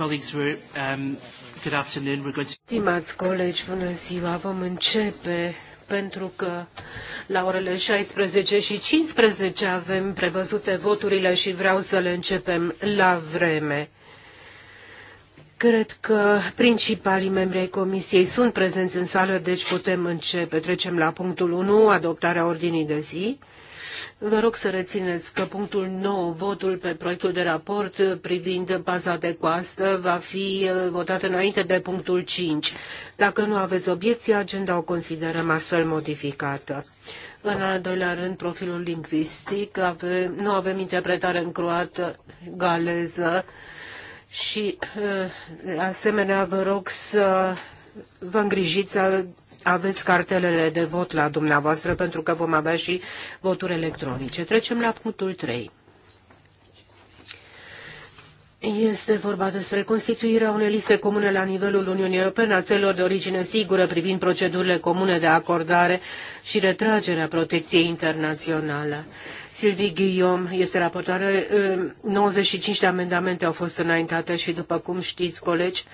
colleagues, we're, um, good afternoon. We're going to... Stimați colegi, bună ziua, vom începe pentru că la orele 16 și 15 avem prevăzute voturile și vreau să le începem la vreme. Cred că principalii membri ai Comisiei sunt prezenți în sală, deci putem începe. Trecem la punctul 1, adoptarea ordinii de zi. Vă rog să rețineți că punctul 9, votul pe proiectul de raport privind baza de coastă, va fi uh, votat înainte de punctul 5. Dacă nu aveți obiecții, agenda o considerăm astfel modificată. În al doilea rând, profilul lingvistic. Ave, nu avem interpretare în croată, galeză și, uh, de asemenea, vă rog să vă îngrijiți aveți cartelele de vot la dumneavoastră pentru că vom avea și voturi electronice. Trecem la punctul 3. Este vorba despre constituirea unei liste comune la nivelul Uniunii Europene a țărilor de origine sigură privind procedurile comune de acordare și retragerea protecției internaționale. Sylvie Guillaume este raportoare. 95 de amendamente au fost înaintate și, după cum știți, colegi,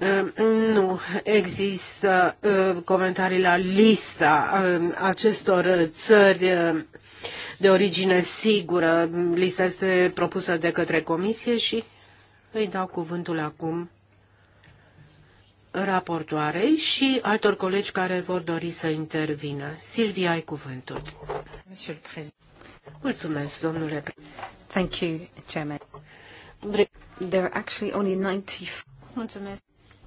Ehm, nu există ehm, comentarii la lista ehm, acestor țări de origine sigură. Lista este propusă de către comisie și îi dau cuvântul acum raportoarei și altor colegi care vor dori să intervină. Silvia, ai cuvântul. Mulțumesc, domnule Thank you, Chairman. There are actually only 90... Mulțumesc.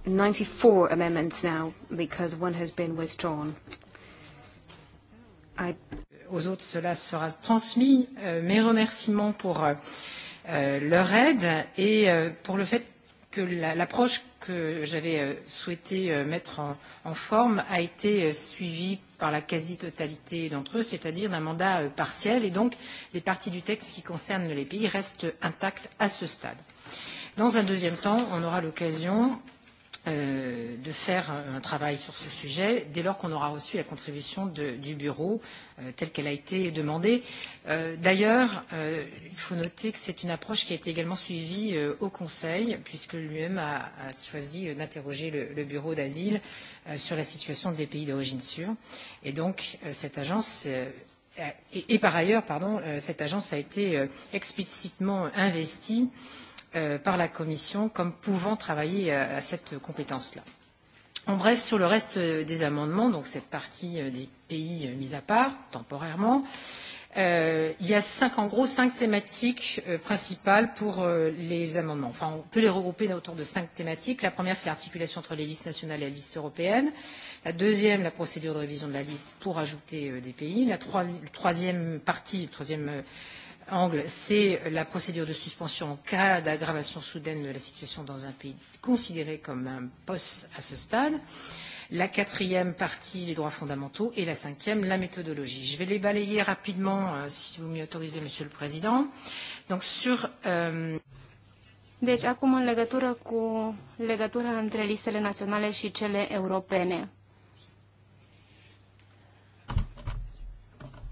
94 amendments now because one has been withdrawn. I... Aux autres, cela sera transmis. Euh, mes remerciements pour euh, euh leur aide et euh, pour le fait que l'approche la, que j'avais euh, souhaité euh, mettre en, en forme a été euh, suivie par la quasi-totalité d'entre eux, c'est-à-dire d'un mandat euh, partiel, et donc les parties du texte qui concernent les pays restent intactes à ce stade. Dans un deuxième temps, on aura l'occasion Euh, de faire un travail sur ce sujet dès lors qu'on aura reçu la contribution de, du bureau euh, telle qu'elle a été demandée. Euh, D'ailleurs, euh, il faut noter que c'est une approche qui a été également suivie euh, au Conseil, puisque lui-même a, a choisi euh, d'interroger le, le bureau d'asile euh, sur la situation des pays d'origine sûre. Et donc, euh, cette agence euh, et, et par ailleurs, pardon, euh, cette agence a été euh, explicitement investie euh, Euh, par la Commission comme pouvant travailler euh, à, cette compétence-là. En bref, sur le reste euh, des amendements, donc cette partie des pays mis à part temporairement, euh, il y a cinq, en gros cinq thématiques euh, principales pour euh, les amendements. Enfin, on peut les regrouper autour de cinq thématiques. La première, c'est l'articulation entre les listes nationales et la liste européenne. La deuxième, la procédure de révision de la liste pour ajouter euh, des pays. La troisi troisième partie, troisième euh, angle, c'est la procédure de suspension en cas d'aggravation soudaine de la situation dans un pays considéré comme un poste à ce stade. La quatrième partie, les droits fondamentaux. Et la cinquième, la méthodologie. Je vais les balayer rapidement, euh, si vous m'y autorisez, Monsieur le Président. Donc, sur... Euh... Deci, acum, în legătură cu legătura între listele naționale și cele europene.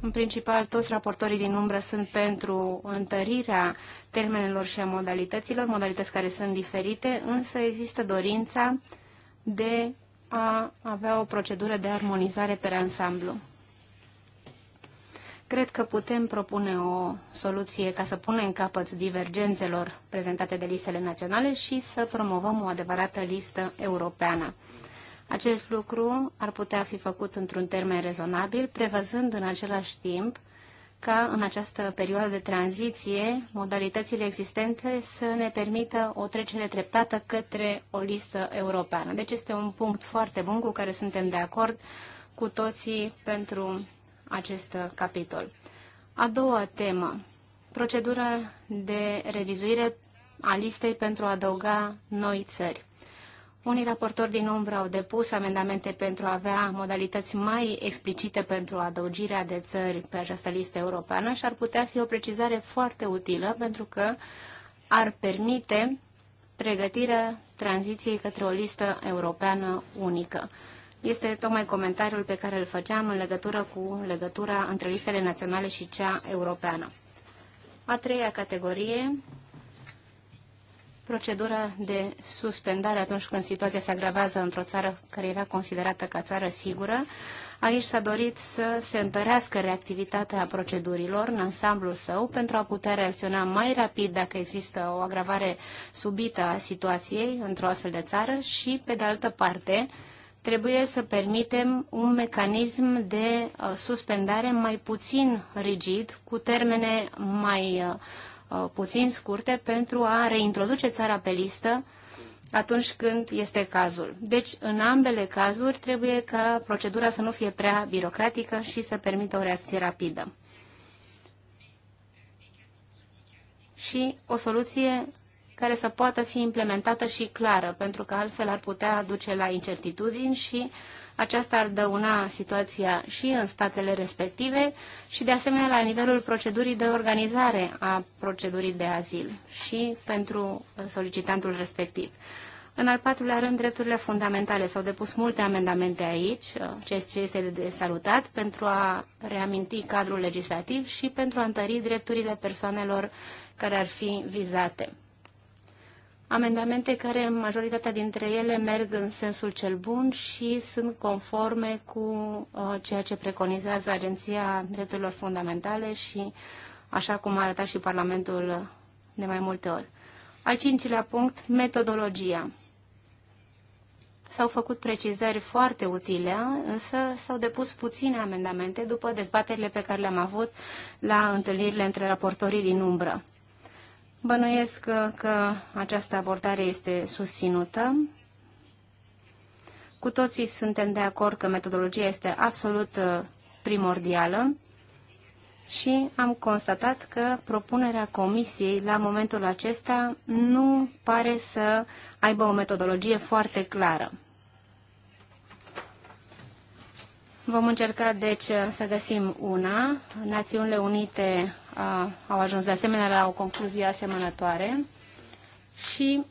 În principal, toți raportorii din umbră sunt pentru întărirea termenelor și a modalităților, modalități care sunt diferite, însă există dorința de a avea o procedură de armonizare pe ansamblu. Cred că putem propune o soluție ca să punem capăt divergențelor prezentate de listele naționale și să promovăm o adevărată listă europeană. Acest lucru ar putea fi făcut într-un termen rezonabil, prevăzând în același timp ca în această perioadă de tranziție modalitățile existente să ne permită o trecere treptată către o listă europeană. Deci este un punct foarte bun cu care suntem de acord cu toții pentru acest capitol. A doua temă, procedura de revizuire a listei pentru a adăuga noi țări. Unii raportori din umbră au depus amendamente pentru a avea modalități mai explicite pentru adăugirea de țări pe această listă europeană și ar putea fi o precizare foarte utilă pentru că ar permite pregătirea tranziției către o listă europeană unică. Este tocmai comentariul pe care îl făceam în legătură cu legătura între listele naționale și cea europeană. A treia categorie procedura de suspendare atunci când situația se agravează într-o țară care era considerată ca țară sigură. Aici s-a dorit să se întărească reactivitatea procedurilor în ansamblul său pentru a putea reacționa mai rapid dacă există o agravare subită a situației într-o astfel de țară și, pe de altă parte, trebuie să permitem un mecanism de uh, suspendare mai puțin rigid, cu termene mai uh, Uh, puțin scurte pentru a reintroduce țara pe listă atunci când este cazul. Deci, în ambele cazuri, trebuie ca procedura să nu fie prea birocratică și să permită o reacție rapidă. Și o soluție care să poată fi implementată și clară, pentru că altfel ar putea duce la incertitudini și uh, aceasta ar dăuna situația și în statele respective și, de asemenea, la nivelul procedurii de organizare a procedurii de azil și pentru solicitantul respectiv. În al patrulea rând, drepturile fundamentale. S-au depus multe amendamente aici, ceea ce este de salutat, pentru a reaminti cadrul legislativ și pentru a întări drepturile persoanelor care ar fi vizate amendamente care majoritatea dintre ele merg în sensul cel bun și sunt conforme cu uh, ceea ce preconizează Agenția Drepturilor Fundamentale și așa cum a arătat și Parlamentul de mai multe ori. Al cincilea punct, metodologia. S-au făcut precizări foarte utile, însă s-au depus puține amendamente după dezbaterile pe care le-am avut la întâlnirile între raportorii din umbră. Bănuiesc că, că această abordare este susținută. Cu toții suntem de acord că metodologia este absolut uh, primordială și am constatat că propunerea comisiei la momentul acesta nu pare să aibă o metodologie foarte clară. Vom încerca, deci, să găsim una. Națiunile Unite au ajuns de asemenea la o concluzie asemănătoare și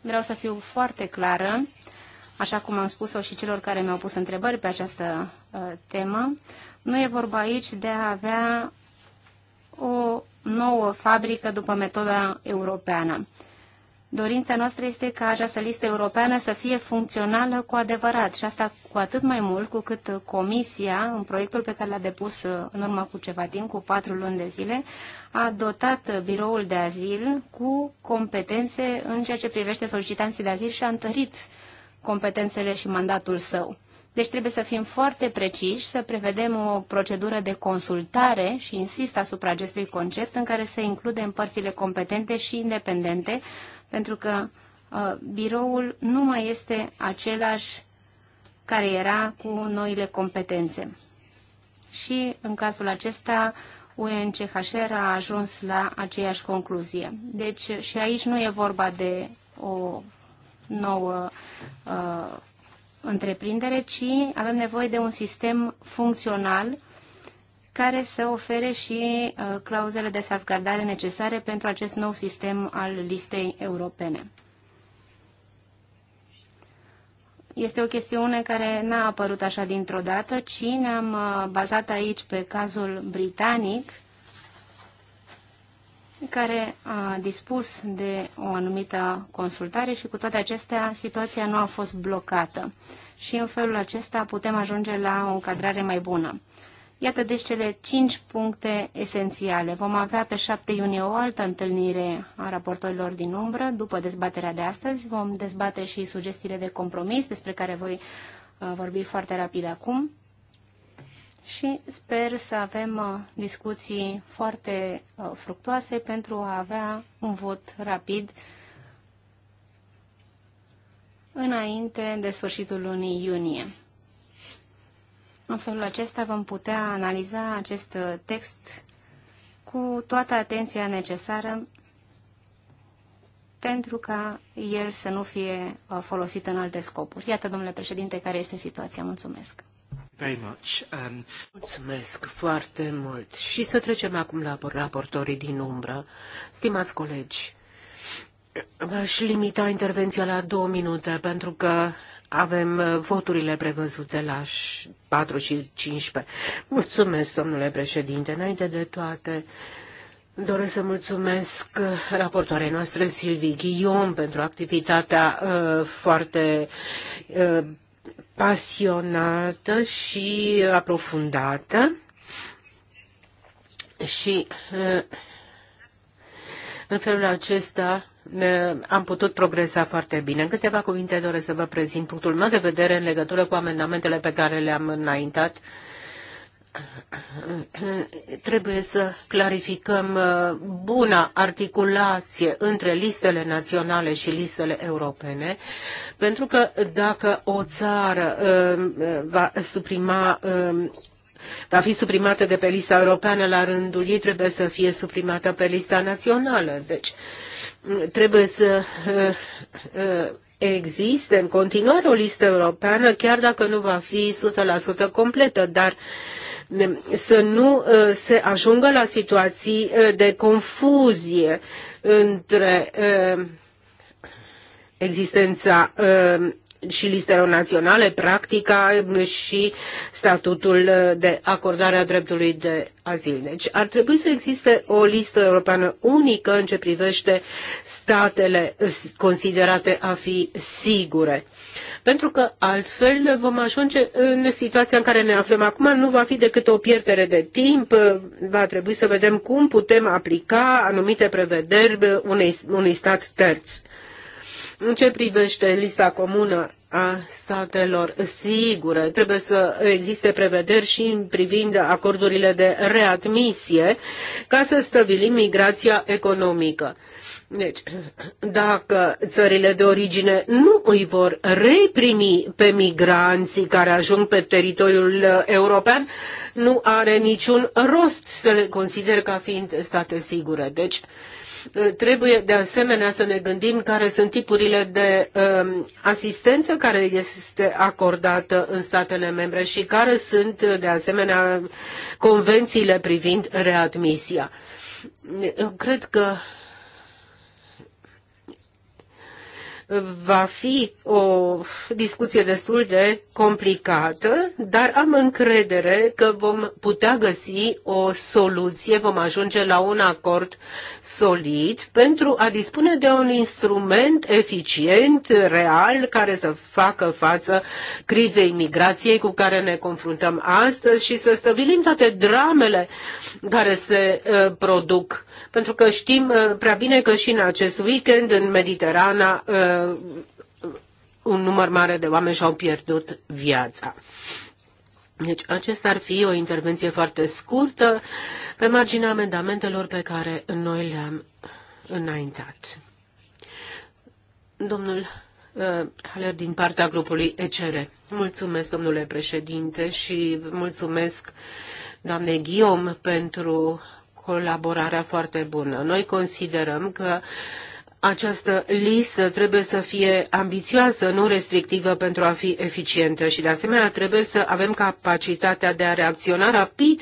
vreau să fiu foarte clară, așa cum am spus-o și celor care mi-au pus întrebări pe această uh, temă, nu e vorba aici de a avea o nouă fabrică după metoda europeană. Uh, Dorința noastră este ca această listă europeană să fie funcțională cu adevărat și asta cu atât mai mult cu cât Comisia, în proiectul pe care l-a depus uh, în urmă cu ceva timp, cu patru luni de zile, a dotat biroul de azil cu competențe în ceea ce privește solicitanții de azil și a întărit competențele și mandatul său. Deci trebuie să fim foarte preciși, să prevedem o procedură de consultare și insist asupra acestui concept în care să includem părțile competente și independente pentru că uh, biroul nu mai este același care era cu noile competențe. Și în cazul acesta, UNCHR a ajuns la aceeași concluzie. Deci și aici nu e vorba de o nouă uh, întreprindere, ci avem nevoie de un sistem funcțional care să ofere și uh, clauzele de salvgardare necesare pentru acest nou sistem al listei europene. Este o chestiune care n-a apărut așa dintr-o dată, ci ne-am uh, bazat aici pe cazul britanic, care a dispus de o anumită consultare și cu toate acestea situația nu a fost blocată. Și în felul acesta putem ajunge la o încadrare mai bună. Iată deci cele cinci puncte esențiale. Vom avea pe 7 iunie o altă întâlnire a raportorilor din umbră. După dezbaterea de astăzi vom dezbate și sugestiile de compromis despre care voi uh, vorbi foarte rapid acum și sper să avem uh, discuții foarte uh, fructoase pentru a avea un vot rapid înainte de sfârșitul lunii iunie. În felul acesta vom putea analiza acest uh, text cu toată atenția necesară pentru ca el să nu fie uh, folosit în alte scopuri. Iată, domnule președinte, care este situația. Mulțumesc. Very much. Um... Mulțumesc foarte mult. Și să trecem acum la raportorii din umbră. Stimați colegi, v-aș limita intervenția la două minute, pentru că avem uh, voturile prevăzute la 4 și 15. Mulțumesc, domnule președinte. Înainte de toate, doresc să mulțumesc uh, raportoare noastre, Silvii Ghion, pentru activitatea uh, foarte uh, pasionată și aprofundată. Și uh, în felul acesta am putut progresa foarte bine. În câteva cuvinte doresc să vă prezint punctul meu de vedere în legătură cu amendamentele pe care le-am înaintat. Trebuie să clarificăm uh, buna articulație între listele naționale și listele europene, pentru că dacă o țară uh, va suprima uh, va fi suprimată de pe lista europeană la rândul ei, trebuie să fie suprimată pe lista națională. Deci, uh, trebuie să uh, uh, existe în continuare o listă europeană, chiar dacă nu va fi 100% completă, dar uh, să nu se ajungă la situații de confuzie între existența și listele naționale, practica și statutul de acordare a dreptului de azil. Deci ar trebui să existe o listă europeană unică în ce privește statele considerate a fi sigure. Pentru că altfel vom ajunge în situația în care ne aflăm acum, nu va fi decât o pierdere de timp, va trebui să vedem cum putem aplica anumite prevederi unei, unui stat terț. În ce privește lista comună a statelor sigure, trebuie să existe prevederi și în privind acordurile de readmisie ca să stabilim migrația economică. Deci, dacă țările de origine nu îi vor reprimi pe migranții care ajung pe teritoriul european, nu are niciun rost să le consider ca fiind state sigure. Deci, Uh, trebuie de asemenea să ne gândim care sunt tipurile de um, asistență care este acordată în statele membre și care sunt uh, de asemenea convențiile privind readmisia. Eu uh, cred că va fi o discuție destul de complicată, dar am încredere că vom putea găsi o soluție, vom ajunge la un acord solid pentru a dispune de un instrument eficient, real, care să facă față crizei migrației cu care ne confruntăm astăzi și să stăvilim toate dramele care se uh, produc. Pentru că știm uh, prea bine că și în acest weekend în Mediterana uh, Uh, un număr mare de oameni și-au pierdut viața. Deci acesta ar fi o intervenție foarte scurtă pe marginea amendamentelor pe care noi le-am înaintat. Domnul uh, Haller din partea grupului ECR. Mulțumesc, domnule președinte, și mulțumesc doamne Ghiom pentru colaborarea foarte bună. Noi considerăm că uh, această listă trebuie să fie ambițioasă, nu restrictivă pentru a fi eficientă și de asemenea trebuie să avem capacitatea de a reacționa rapid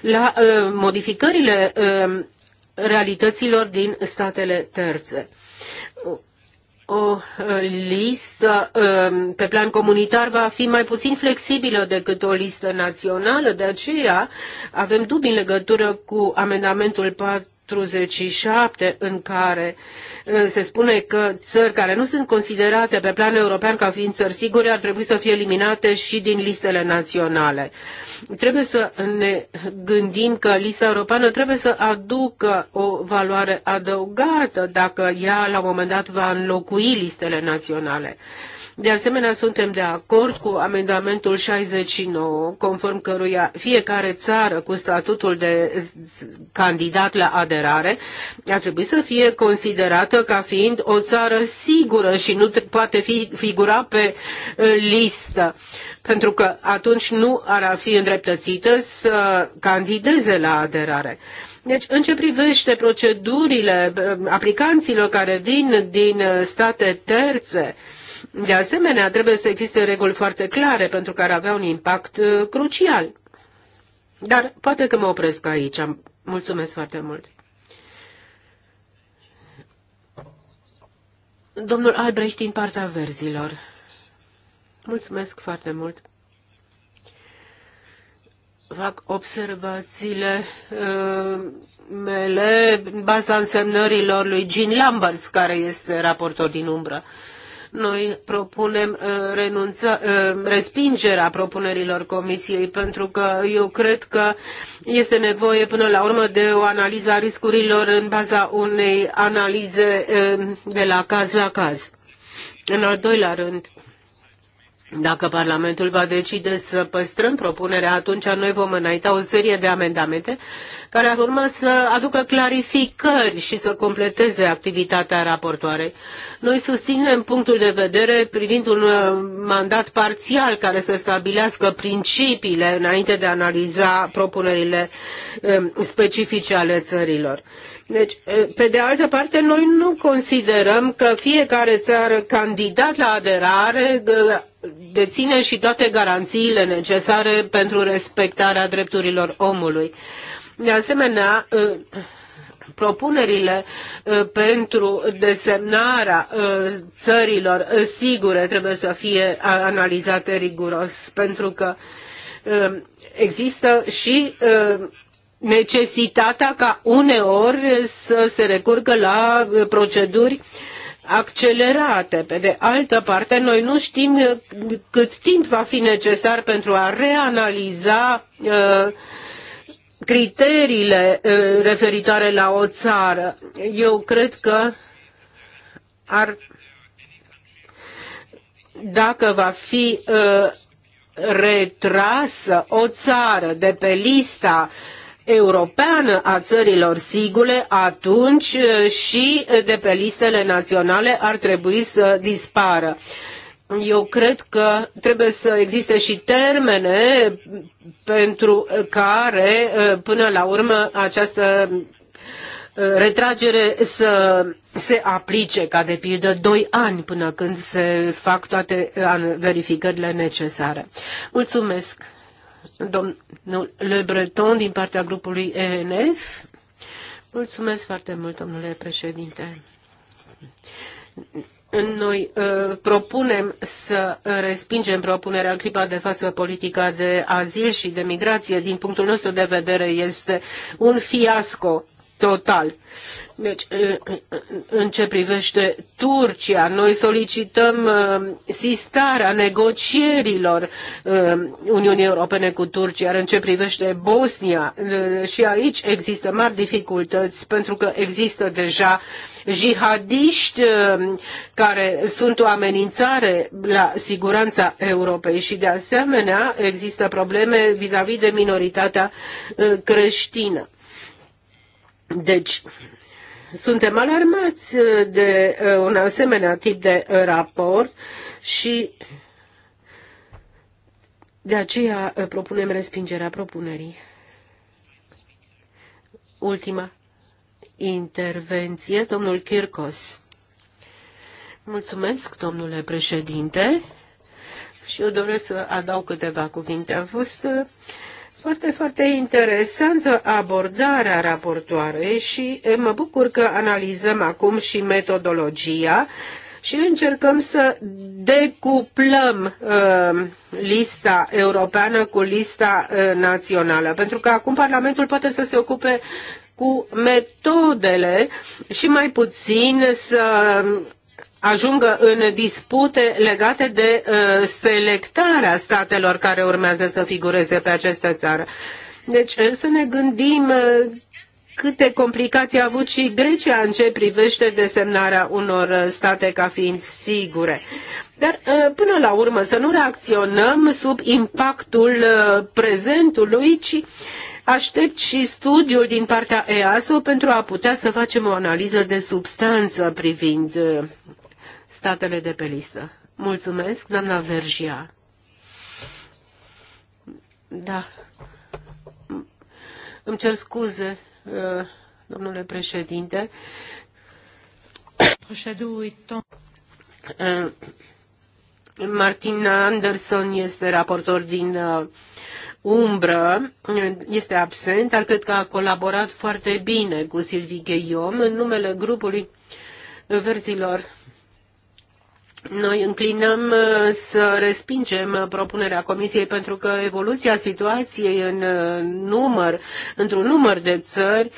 la uh, modificările uh, realităților din statele terțe. O listă uh, pe plan comunitar va fi mai puțin flexibilă decât o listă națională, de aceea avem dubii în legătură cu amendamentul 4 47 în care uh, se spune că țări care nu sunt considerate pe plan european ca fiind țări sigure ar trebui să fie eliminate și din listele naționale. Trebuie să ne gândim că lista europeană trebuie să aducă o valoare adăugată dacă ea la un moment dat va înlocui listele naționale. De asemenea, suntem de acord cu amendamentul 69, conform căruia fiecare țară cu statutul de candidat la aderare ar trebui să fie considerată ca fiind o țară sigură și nu poate fi figura pe eh, listă pentru că atunci nu ar fi îndreptățită să candideze la aderare. Deci, în ce privește procedurile eh, aplicanților care vin din eh, state terțe, de asemenea, trebuie să existe reguli foarte clare pentru care avea un impact uh, crucial. Dar poate că mă opresc aici. Mulțumesc foarte mult. Domnul Albrecht din partea verzilor. Mulțumesc foarte mult. Fac observațiile uh, mele în baza însemnărilor lui Jean Lambers, care este raportor din umbră. Uh, noi propunem uh, renunța, uh, respingerea propunerilor Comisiei pentru că eu cred că este nevoie până la urmă de o analiză a riscurilor în baza unei analize uh, de la caz la caz. În al doilea rând, dacă Parlamentul va decide să păstrăm propunerea, atunci noi vom înainta o serie de amendamente care ar urma să aducă clarificări și să completeze activitatea raportoarei. Noi susținem punctul de vedere privind un uh, mandat parțial care să stabilească principiile înainte de a analiza propunerile um, specifice ale țărilor. Deci, uh, pe de altă parte, noi nu considerăm că fiecare țară candidat la aderare uh, deține și toate garanțiile necesare pentru respectarea drepturilor omului. De asemenea, ă, propunerile ă, pentru desemnarea ă, țărilor sigure trebuie să fie analizate riguros, pentru că există și necesitatea ca uneori să se recurgă la proceduri uh, accelerate. Pe de altă parte, noi nu știm cât timp va fi necesar pentru a reanaliza uh, criteriile uh, referitoare la o țară. Eu cred că ar, dacă va fi uh, retrasă o țară de pe lista uh, europeană a țărilor sigure, atunci și de pe listele naționale ar trebui să dispară. Eu cred că trebuie să existe și termene pentru care, până la urmă, această retragere să se aplice, ca de pildă, doi ani până când se fac toate verificările necesare. Mulțumesc! domnul Le Breton din partea grupului ENF. Mulțumesc foarte mult, domnule președinte. Noi uh, propunem să respingem propunerea în clipa de față politica de azil și de migrație. Din punctul nostru de vedere este un fiasco total. Deci, în ce privește Turcia, noi solicităm uh, sistarea negocierilor uh, Uniunii Europene cu Turcia, iar în ce privește Bosnia, uh, și aici există mari dificultăți, pentru că există deja jihadiști care sunt o amenințare la siguranța Europei și, de asemenea, există probleme vis-a-vis -vis de minoritatea creștină. Deci, suntem alarmați uh, de uh, un asemenea tip de uh, raport și de aceea propunem respingerea propunerii. Ultima intervenție, domnul Kirkos. Mulțumesc, domnule președinte. Și eu doresc să adaug câteva cuvinte. Am fost foarte, foarte interesantă abordarea raportoarei și eh, mă bucur că analizăm acum și metodologia și încercăm să decuplăm uh, lista europeană cu lista uh, națională, pentru că acum Parlamentul poate să se ocupe cu metodele și mai puțin să ajungă în dispute legate de uh, selectarea statelor care urmează să figureze pe această țară. Deci uh, să ne gândim uh, câte complicații a avut și Grecia în ce privește desemnarea unor state ca fiind sigure. Dar până la urmă să nu reacționăm sub impactul prezentului, ci aștept și studiul din partea EASO pentru a putea să facem o analiză de substanță privind statele de pe listă. Mulțumesc, doamna Vergia. Da. Îmi cer scuze, uh, domnule președinte. Uh, Martin Anderson este raportor din uh, umbră, este absent, dar cred că a colaborat foarte bine cu Silvi Gheion în numele grupului verzilor noi înclinăm uh, să respingem uh, propunerea Comisiei pentru că evoluția situației în uh, număr, într-un număr de țări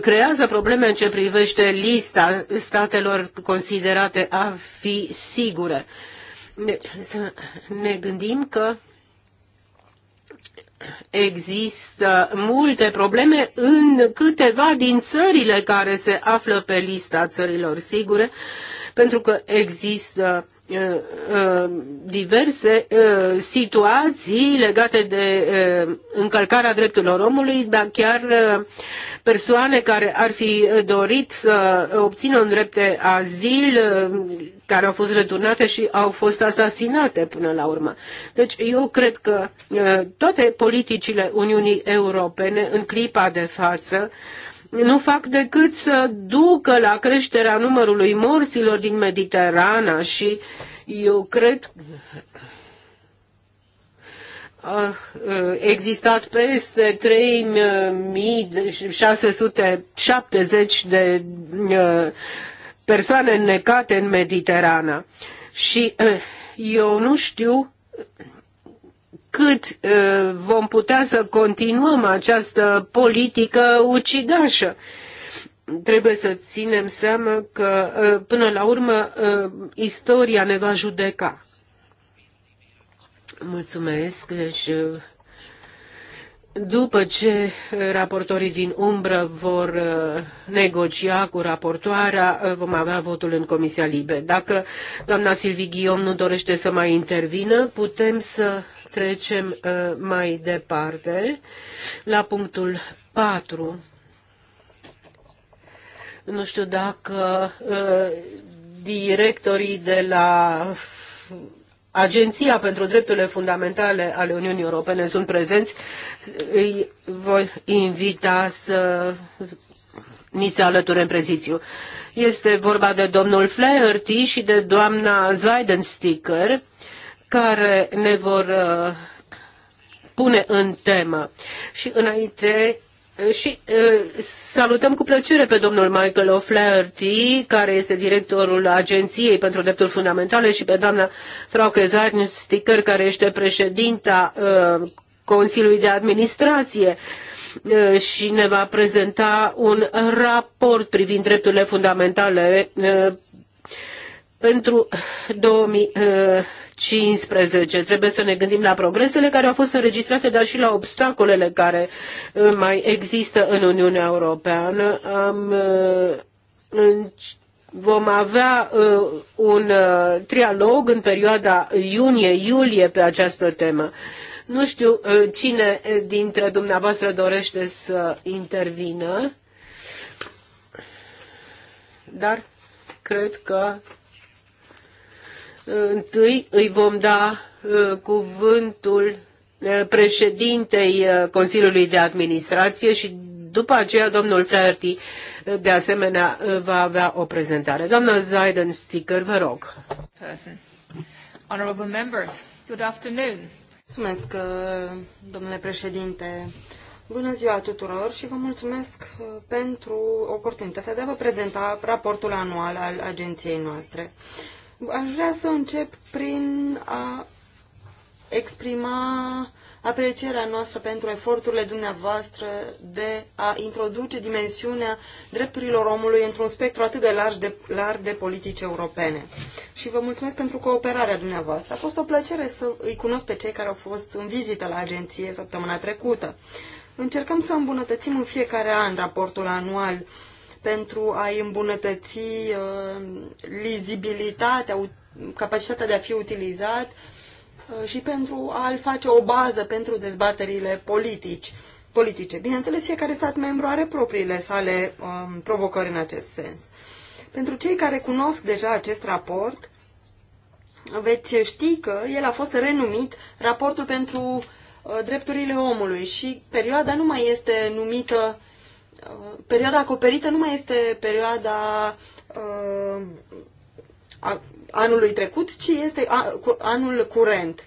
creează probleme în ce privește lista statelor considerate a fi sigure. să ne gândim că există multe probleme în câteva din țările care se află pe lista țărilor sigure pentru că există uh, uh, diverse uh, situații legate de încălcarea drepturilor omului, dar chiar persoane care ar fi dorit să obțină un drept de azil, care au fost returnate și au fost asasinate până la urmă. Deci eu cred că toate politicile Uniunii Europene în clipa de față nu fac decât să ducă la creșterea numărului morților din Mediterana și eu cred a existat peste 3670 de persoane necate în Mediterana. Și eu nu știu cât uh, vom putea să continuăm această politică ucigașă trebuie să ținem seama că uh, până la urmă uh, istoria ne va judeca. Mulțumesc. și după ce raportorii din umbră vor negocia cu raportoarea, vom avea votul în Comisia Libe. Dacă doamna Silvi Ghiom nu dorește să mai intervină, putem să Trecem uh, mai departe la punctul 4. Nu știu dacă uh, directorii de la Agenția pentru Drepturile Fundamentale ale Uniunii Europene sunt prezenți. Îi voi invita să ni se alăture în prezițiu. Este vorba de domnul Flaherty și de doamna Zeidensticker care ne vor uh, pune în temă. Și înainte uh, și uh, salutăm cu plăcere pe domnul Michael O'Flaherty, care este directorul Agenției pentru Drepturi Fundamentale, și pe doamna Frauke Zarnsticker, care este președinta Consiliului de Administrație și ne va prezenta un raport privind drepturile fundamentale pentru 2000 15. Trebuie să ne gândim la progresele care au fost înregistrate, dar și la obstacolele care uh, mai există în Uniunea Europeană. Am, uh, vom avea uh, un trialog în perioada iunie-iulie pe această temă. Nu știu cine dintre dumneavoastră dorește să intervină, dar cred că Întâi îi vom da uh, cuvântul uh, președintei uh, Consiliului de Administrație și după aceea domnul Flaherty de asemenea va avea o prezentare. Doamna Zaiden Sticker, vă rog. Honorable members, good afternoon. Mulțumesc, domnule președinte. Bună ziua tuturor și vă mulțumesc pentru oportunitatea de a vă prezenta raportul anual al agenției noastre. Aș vrea să încep prin a exprima aprecierea noastră pentru eforturile dumneavoastră de a introduce dimensiunea drepturilor omului într-un spectru atât de larg de, larg de politici europene. Și vă mulțumesc pentru cooperarea dumneavoastră. A fost o plăcere să îi cunosc pe cei care au fost în vizită la agenție săptămâna trecută. Încercăm să îmbunătățim în fiecare an raportul anual pentru a îmbunătăți uh, lizibilitatea, capacitatea de a fi utilizat uh, și pentru a-l face o bază pentru dezbaterile politici, politice. Bineînțeles, fiecare stat membru are propriile sale um, provocări în acest sens. Pentru cei care cunosc deja acest raport, veți ști că el a fost renumit raportul pentru uh, drepturile omului și perioada nu mai este numită Uh, perioada acoperită nu mai este perioada uh, a, anului trecut, ci este a, cu, anul curent.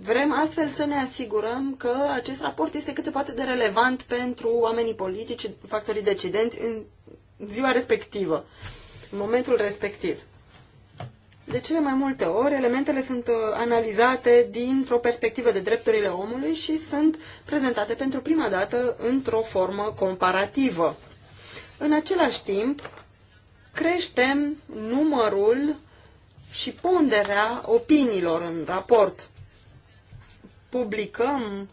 Vrem astfel să ne asigurăm că acest raport este cât se poate de relevant pentru oamenii politici, factorii decidenți în ziua respectivă, în momentul respectiv. De cele mai multe ori, elementele sunt uh, analizate dintr-o perspectivă de drepturile omului și sunt prezentate pentru prima dată într-o formă comparativă. În același timp, creștem numărul și ponderea opiniilor în raport. Publicăm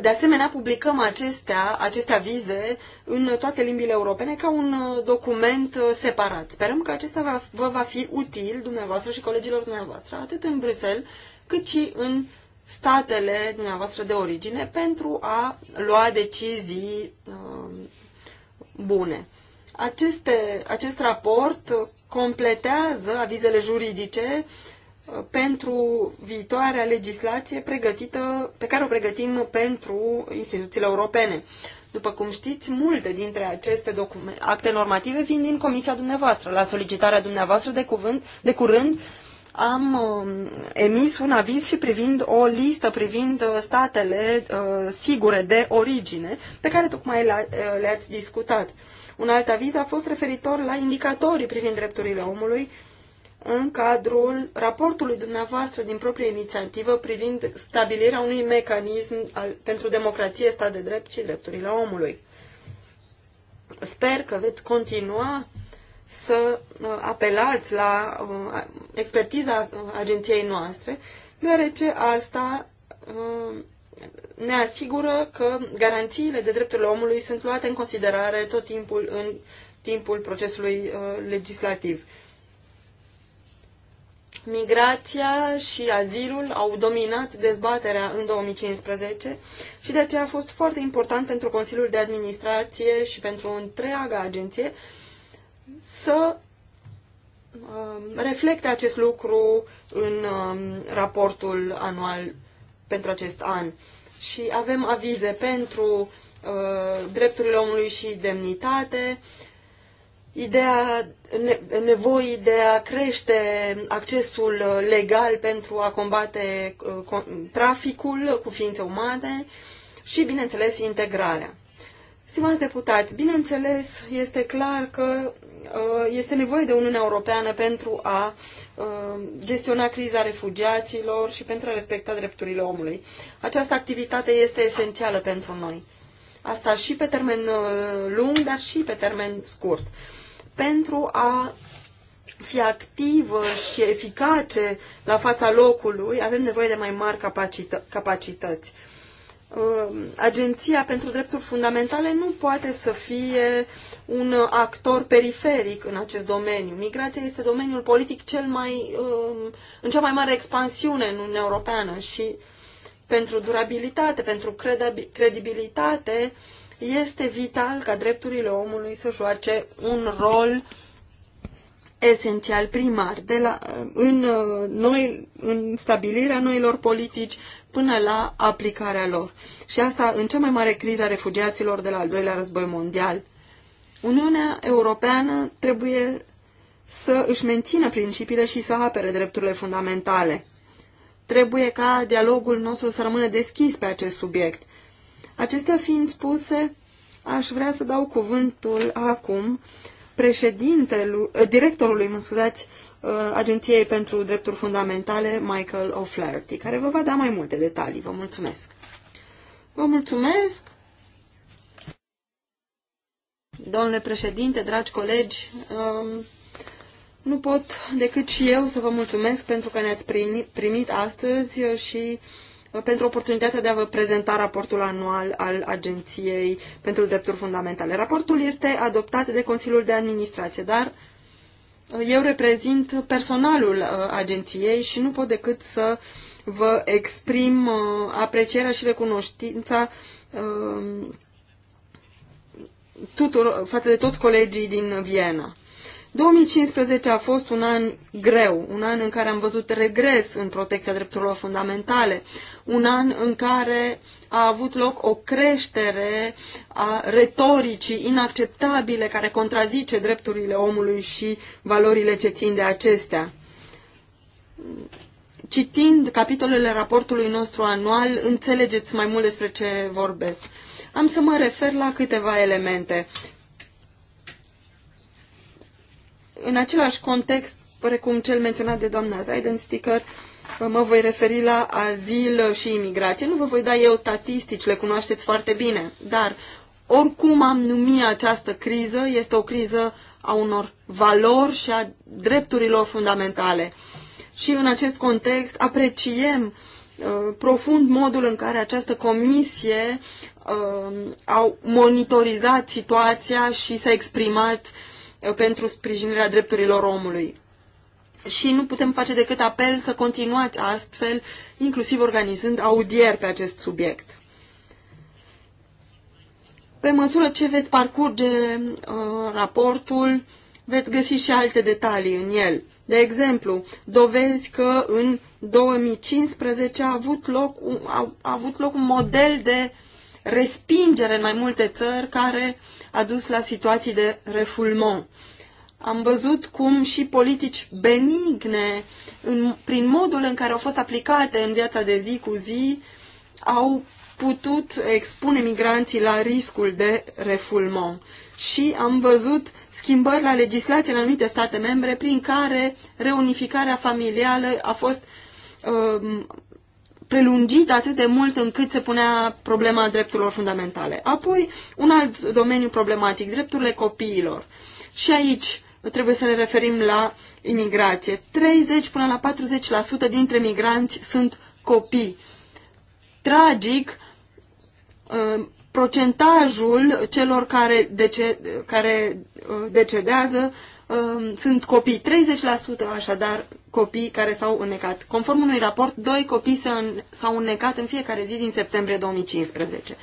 de asemenea, publicăm acestea, aceste avize în toate limbile europene ca un uh, document uh, separat. Sperăm că acesta va, vă va fi util dumneavoastră și colegilor dumneavoastră, atât în Bruxelles, cât și în statele dumneavoastră de origine, pentru a lua decizii uh, bune. Aceste, acest raport uh, completează avizele juridice uh, pentru viitoarea legislație pregătită, pe care o pregătim pentru instituțiile europene. După cum știți, multe dintre aceste acte normative vin din comisia dumneavoastră. La solicitarea dumneavoastră de, cuvânt, de curând am uh, emis un aviz și privind o listă privind uh, statele uh, sigure de origine pe care tocmai uh, le-ați discutat. Un alt aviz a fost referitor la indicatorii privind drepturile omului uh, în cadrul raportului dumneavoastră din proprie inițiativă privind stabilirea unui mecanism al, pentru democrație, stat de drept și drepturile omului. Sper că veți continua să uh, apelați la uh, expertiza uh, agenției noastre, deoarece asta ne asigură că garanțiile de drepturile omului sunt luate în considerare tot timpul în timpul procesului legislativ. Migrația și azilul au dominat dezbaterea în 2015 și de aceea a fost foarte important pentru Consiliul de Administrație și pentru întreaga agenție să um, reflecte acest lucru în um, raportul anual pentru acest an. Și avem avize pentru uh, drepturile omului și demnitate, ideea nevoii de a crește accesul legal pentru a combate uh, traficul cu ființe umane și, bineînțeles, integrarea. Stimați deputați, bineînțeles, este clar că uh, este nevoie de Uniunea Europeană pentru a uh, gestiona criza refugiaților și pentru a respecta drepturile omului. Această activitate este esențială pentru noi. Asta și pe termen lung, dar și pe termen scurt pentru a fi activă și eficace la fața locului, avem nevoie de mai mari capacită- capacități. Um, Agenția pentru Drepturi Fundamentale nu poate să fie un actor periferic în acest domeniu. Migrația este domeniul politic cel mai, um, în cea mai mare expansiune în Uniunea Europeană și pentru durabilitate, pentru credibilitate, este vital ca drepturile omului să joace un rol esențial primar de la, în, uh, noi, în stabilirea noilor politici până la aplicarea lor. Și asta în cea mai mare criză a refugiaților de la al doilea război mondial. Uniunea Europeană trebuie să își mențină principiile și să apere drepturile fundamentale. Trebuie ca dialogul nostru să rămână deschis pe acest subiect Acestea fiind spuse, aș vrea să dau cuvântul acum președintelui, eh, directorului, mă scuzați, eh, Agenției pentru Drepturi Fundamentale, Michael O'Flaherty, care vă va da mai multe detalii. Vă mulțumesc! Vă mulțumesc! Domnule președinte, dragi colegi, ehm, nu pot decât și eu să vă mulțumesc pentru că ne-ați primit astăzi și pentru oportunitatea de a vă prezenta raportul anual al Agenției pentru Drepturi Fundamentale. Raportul este adoptat de Consiliul de Administrație, dar uh, eu reprezint personalul uh, agenției și nu pot decât să vă exprim uh, aprecierea și recunoștința tuturor, față de toți colegii din Viena. 2015 a fost un an greu, un an în care am văzut regres în protecția drepturilor fundamentale, un an în care a avut loc o creștere a retoricii inacceptabile care contrazice drepturile omului și valorile ce țin de acestea. Citind capitolele raportului nostru anual, înțelegeți mai mult despre ce vorbesc. Am să mă refer la câteva elemente în același context precum cel menționat de doamna Zaiden Sticker, mă voi referi la azil și imigrație. Nu vă voi da eu statistici, le cunoașteți foarte bine, dar oricum am numit această criză, este o criză a unor valori și a drepturilor fundamentale. Și în acest context apreciem uh, profund modul în care această comisie uh, au monitorizat situația și s-a exprimat uh, pentru sprijinirea drepturilor omului. Și nu putem face decât apel să continuați astfel, inclusiv organizând audieri pe acest subiect. Pe măsură ce veți parcurge uh, raportul, veți găsi și alte detalii în el. De exemplu, dovezi că în 2015 a avut loc, a, a avut loc un model de respingere în mai multe țări care a dus la situații de refulmon. Am văzut cum și politici benigne, în, prin modul în care au fost aplicate în viața de zi cu zi, au putut expune migranții la riscul de refulmon. Și am văzut schimbări la legislație în anumite state membre prin care reunificarea familială a fost uh, prelungit atât de mult încât se punea problema drepturilor fundamentale. Apoi, un alt domeniu problematic, drepturile copiilor. Și aici trebuie să ne referim la imigrație. 30 până la 40% dintre migranți sunt copii. Tragic, uh, procentajul celor care, dece- care uh, decedează uh, sunt copii. 30% așadar copii care s-au înnecat. Conform unui raport, doi copii s-au înnecat în fiecare zi din septembrie 2015.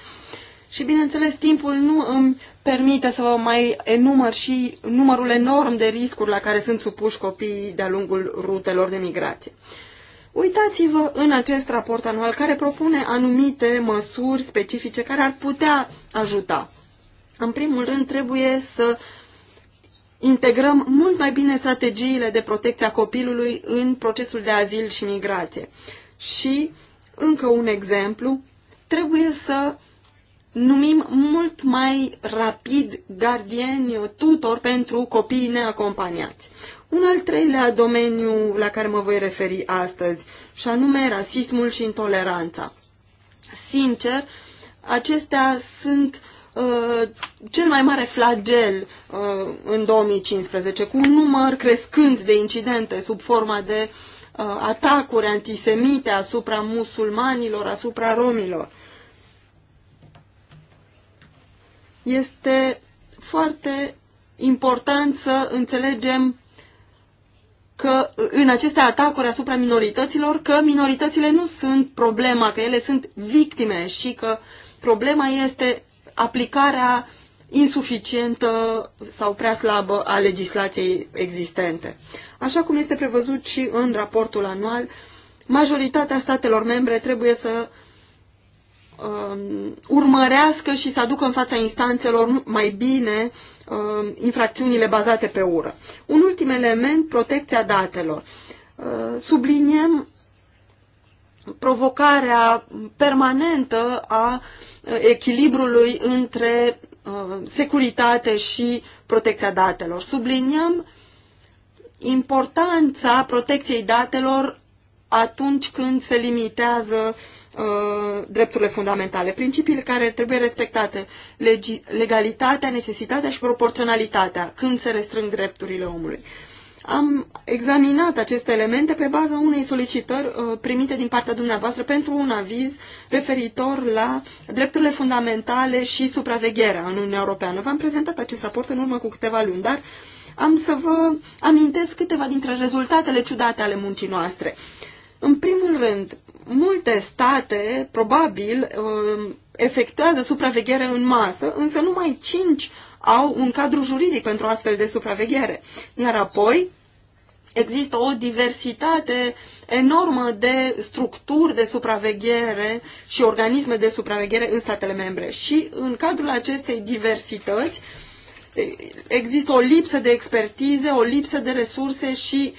Și bineînțeles, timpul nu îmi permite să vă mai enumăr și numărul enorm de riscuri la care sunt supuși copiii de-a lungul rutelor de migrație. Uitați-vă în acest raport anual care propune anumite măsuri specifice care ar putea ajuta. În primul rând, trebuie să integrăm mult mai bine strategiile de protecție a copilului în procesul de azil și migrație. Și, încă un exemplu, trebuie să numim mult mai rapid gardieni tutor pentru copiii neacompaniați. Un al treilea domeniu la care mă voi referi astăzi, și anume rasismul și intoleranța. Sincer, acestea sunt Uh, cel mai mare flagel uh, în 2015, cu un număr crescând de incidente sub forma de uh, atacuri antisemite asupra musulmanilor, asupra romilor. Este foarte important să înțelegem că în aceste atacuri asupra minorităților, că minoritățile nu sunt problema, că ele sunt victime și că problema este aplicarea insuficientă sau prea slabă a legislației existente. Așa cum este prevăzut și în raportul anual, majoritatea statelor membre trebuie să um, urmărească și să aducă în fața instanțelor mai bine um, infracțiunile bazate pe ură. Un ultim element, protecția datelor. Uh, subliniem provocarea permanentă a uh, echilibrului între uh, securitate și protecția datelor. Subliniem importanța protecției datelor atunci când se limitează uh, drepturile fundamentale, principiile care trebuie respectate, legalitatea, necesitatea și proporționalitatea când se restrâng drepturile omului. Am examinat aceste elemente pe baza unei solicitări uh, primite din partea dumneavoastră pentru un aviz referitor la drepturile fundamentale și supravegherea în Uniunea Europeană. V-am prezentat acest raport în urmă cu câteva luni, dar am să vă amintesc câteva dintre rezultatele ciudate ale muncii noastre. În primul rând, multe state probabil uh, efectuează supraveghere în masă, însă numai 5 au un cadru juridic pentru astfel de supraveghere. Iar apoi există o diversitate enormă de structuri de supraveghere și organisme de supraveghere în statele membre. Și în cadrul acestei diversități există o lipsă de expertize, o lipsă de resurse și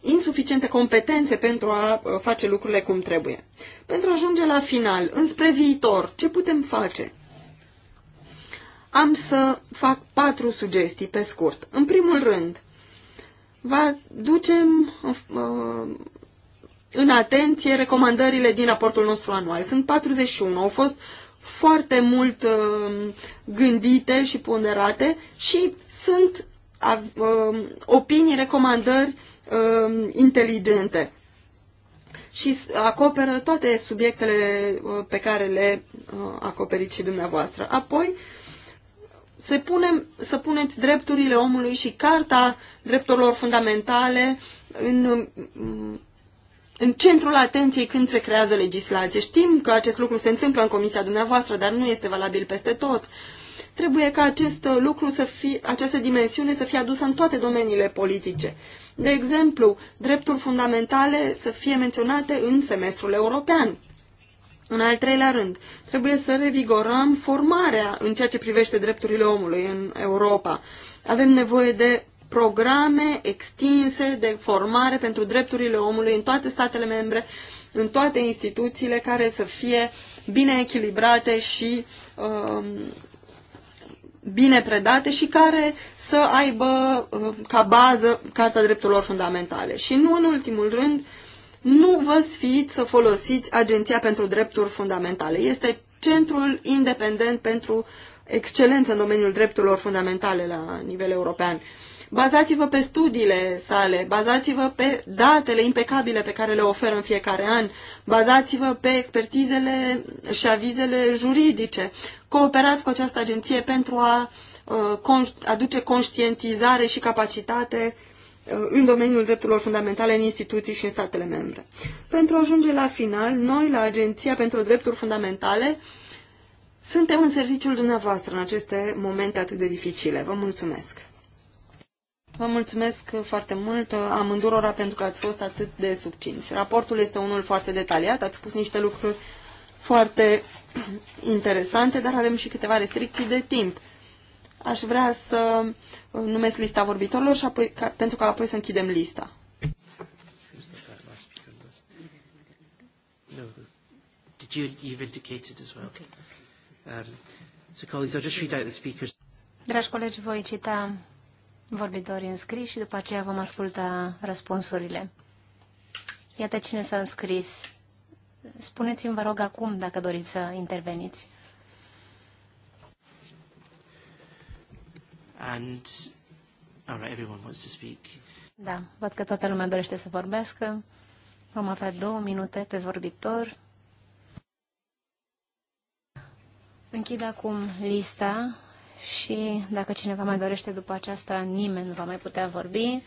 insuficiente competențe pentru a uh, face lucrurile cum trebuie. Pentru a ajunge la final, înspre viitor, ce putem face? Am să fac patru sugestii pe scurt. În primul rând, vă ducem uh, în atenție recomandările din raportul nostru anual. Sunt 41, au fost foarte mult uh, gândite și ponderate și sunt uh, opinii, recomandări inteligente și acoperă toate subiectele pe care le acoperiți și dumneavoastră. Apoi, se punem să puneți drepturile omului și carta drepturilor fundamentale în, în centrul atenției când se creează legislație. Știm că acest lucru se întâmplă în comisia dumneavoastră, dar nu este valabil peste tot. Trebuie ca acest lucru să fie, această dimensiune să fie adusă în toate domeniile politice. De exemplu, drepturi fundamentale să fie menționate în semestrul european în al treilea rând, trebuie să revigorăm formarea în ceea ce privește drepturile omului în Europa. Avem nevoie de programe extinse de formare pentru drepturile omului în toate statele membre, în toate instituțiile care să fie bine echilibrate și um, bine predate și care să aibă um, ca bază Carta Drepturilor Fundamentale. Și nu în ultimul rând, uh, nu vă sfiiți să folosiți Agenția pentru Drepturi Fundamentale. Este centrul independent pentru excelență în domeniul drepturilor fundamentale la nivel european. Bazați-vă pe studiile sale, bazați-vă pe datele impecabile pe care le oferă în fiecare an, bazați-vă pe expertizele și avizele juridice. Cooperați cu această agenție pentru a uh, con aduce conștientizare și capacitate uh, în domeniul drepturilor fundamentale în instituții și în statele membre. Pentru a ajunge la final, noi, la Agenția pentru Drepturi Fundamentale, suntem în serviciul dumneavoastră în aceste momente atât de dificile. Vă mulțumesc! Vă mulțumesc foarte mult amândurora pentru că ați fost atât de subcinți. Raportul este unul foarte detaliat, ați spus niște lucruri foarte interesante, dar avem și câteva restricții de timp. Aș vrea să numesc lista vorbitorilor și apoi, ca, pentru că apoi să închidem lista. Um, Dragi colegi, voi cita vorbitorii înscriși și după aceea vom asculta răspunsurile. Iată cine s-a înscris. Spuneți-mi, vă rog, acum dacă doriți să interveniți. And, all right, everyone wants to speak. Da, văd că toată lumea dorește să vorbească. Vom avea două minute pe vorbitor. Închid acum lista și dacă cineva mai dorește după aceasta, nimeni nu va mai putea vorbi.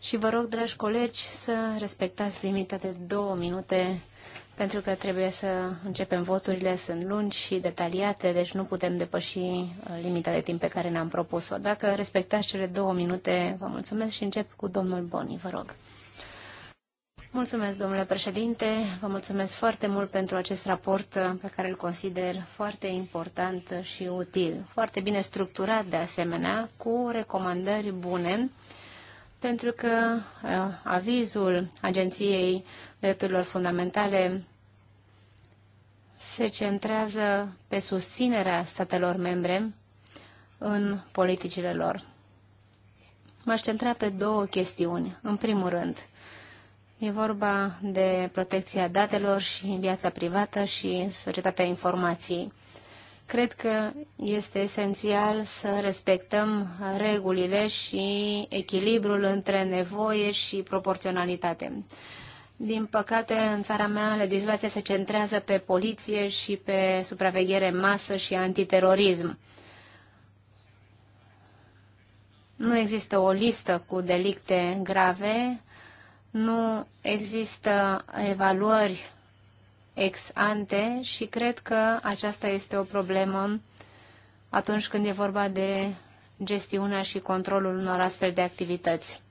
Și vă rog, dragi colegi, să respectați limita de două minute pentru că trebuie să începem voturile, sunt lungi și detaliate, deci nu putem depăși uh, limita de timp pe care ne-am propus-o. Dacă respectați cele două minute, vă mulțumesc și încep cu domnul Boni, vă rog. Mulțumesc, domnule președinte, vă mulțumesc foarte mult pentru acest raport uh, pe care îl consider foarte important și util, foarte bine structurat de asemenea, cu recomandări bune pentru că uh, avizul Agenției Drepturilor Fundamentale se centrează pe susținerea statelor membre în politicile lor. M-aș centra pe două chestiuni. În primul rând, e vorba de protecția datelor și viața privată și societatea informației. Cred că este esențial să respectăm regulile și echilibrul între nevoie și proporționalitate. Din păcate, în țara mea, legislația se centrează pe poliție și pe supraveghere masă și antiterorism. Nu există o listă cu delicte grave, nu există evaluări ex ante și cred că aceasta este o problemă atunci când e vorba de gestiunea și controlul unor astfel de activități.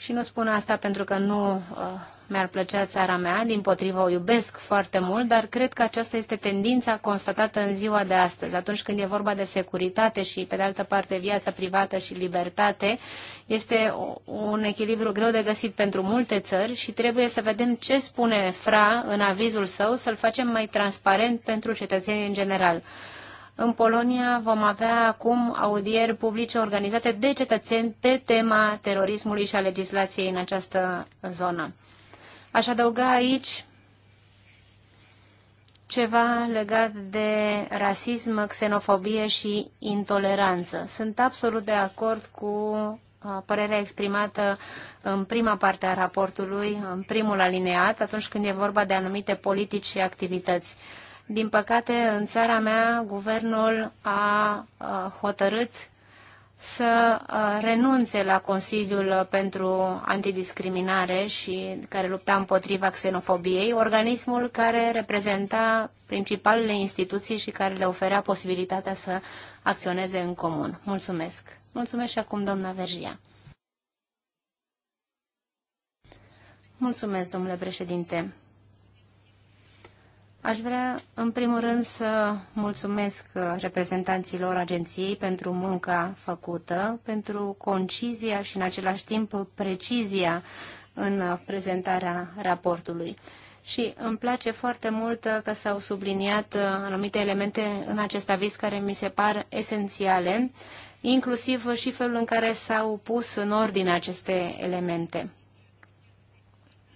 Și nu spun asta pentru că nu uh, mi-ar plăcea țara mea, din potrivă o iubesc foarte mult, dar cred că aceasta este tendința constatată în ziua de astăzi. Atunci când e vorba de securitate și, pe de altă parte, viața privată și libertate, este un echilibru greu de găsit pentru multe țări și trebuie să vedem ce spune FRA în avizul său, să-l facem mai transparent pentru cetățenii în general. În Polonia vom avea acum audieri publice organizate de cetățeni pe tema terorismului și a legislației în această zonă. Aș adăuga aici ceva legat de rasism, xenofobie și intoleranță. Sunt absolut de acord cu uh, părerea exprimată în prima parte a raportului, în primul alineat, atunci când e vorba de anumite politici și activități. Din păcate, în țara mea, guvernul a hotărât să renunțe la Consiliul pentru Antidiscriminare și care lupta împotriva xenofobiei, organismul care reprezenta principalele instituții și care le oferea posibilitatea să acționeze în comun. Mulțumesc. Mulțumesc și acum, doamna Vergia. Mulțumesc, domnule președinte. Aș vrea, în primul rând, să mulțumesc uh, reprezentanților agenției pentru munca făcută, pentru concizia și, în același timp, precizia în uh, prezentarea raportului. Și îmi place foarte mult uh, că s-au subliniat anumite elemente în acest aviz care mi se par esențiale, inclusiv și felul în care s-au pus în ordine aceste elemente.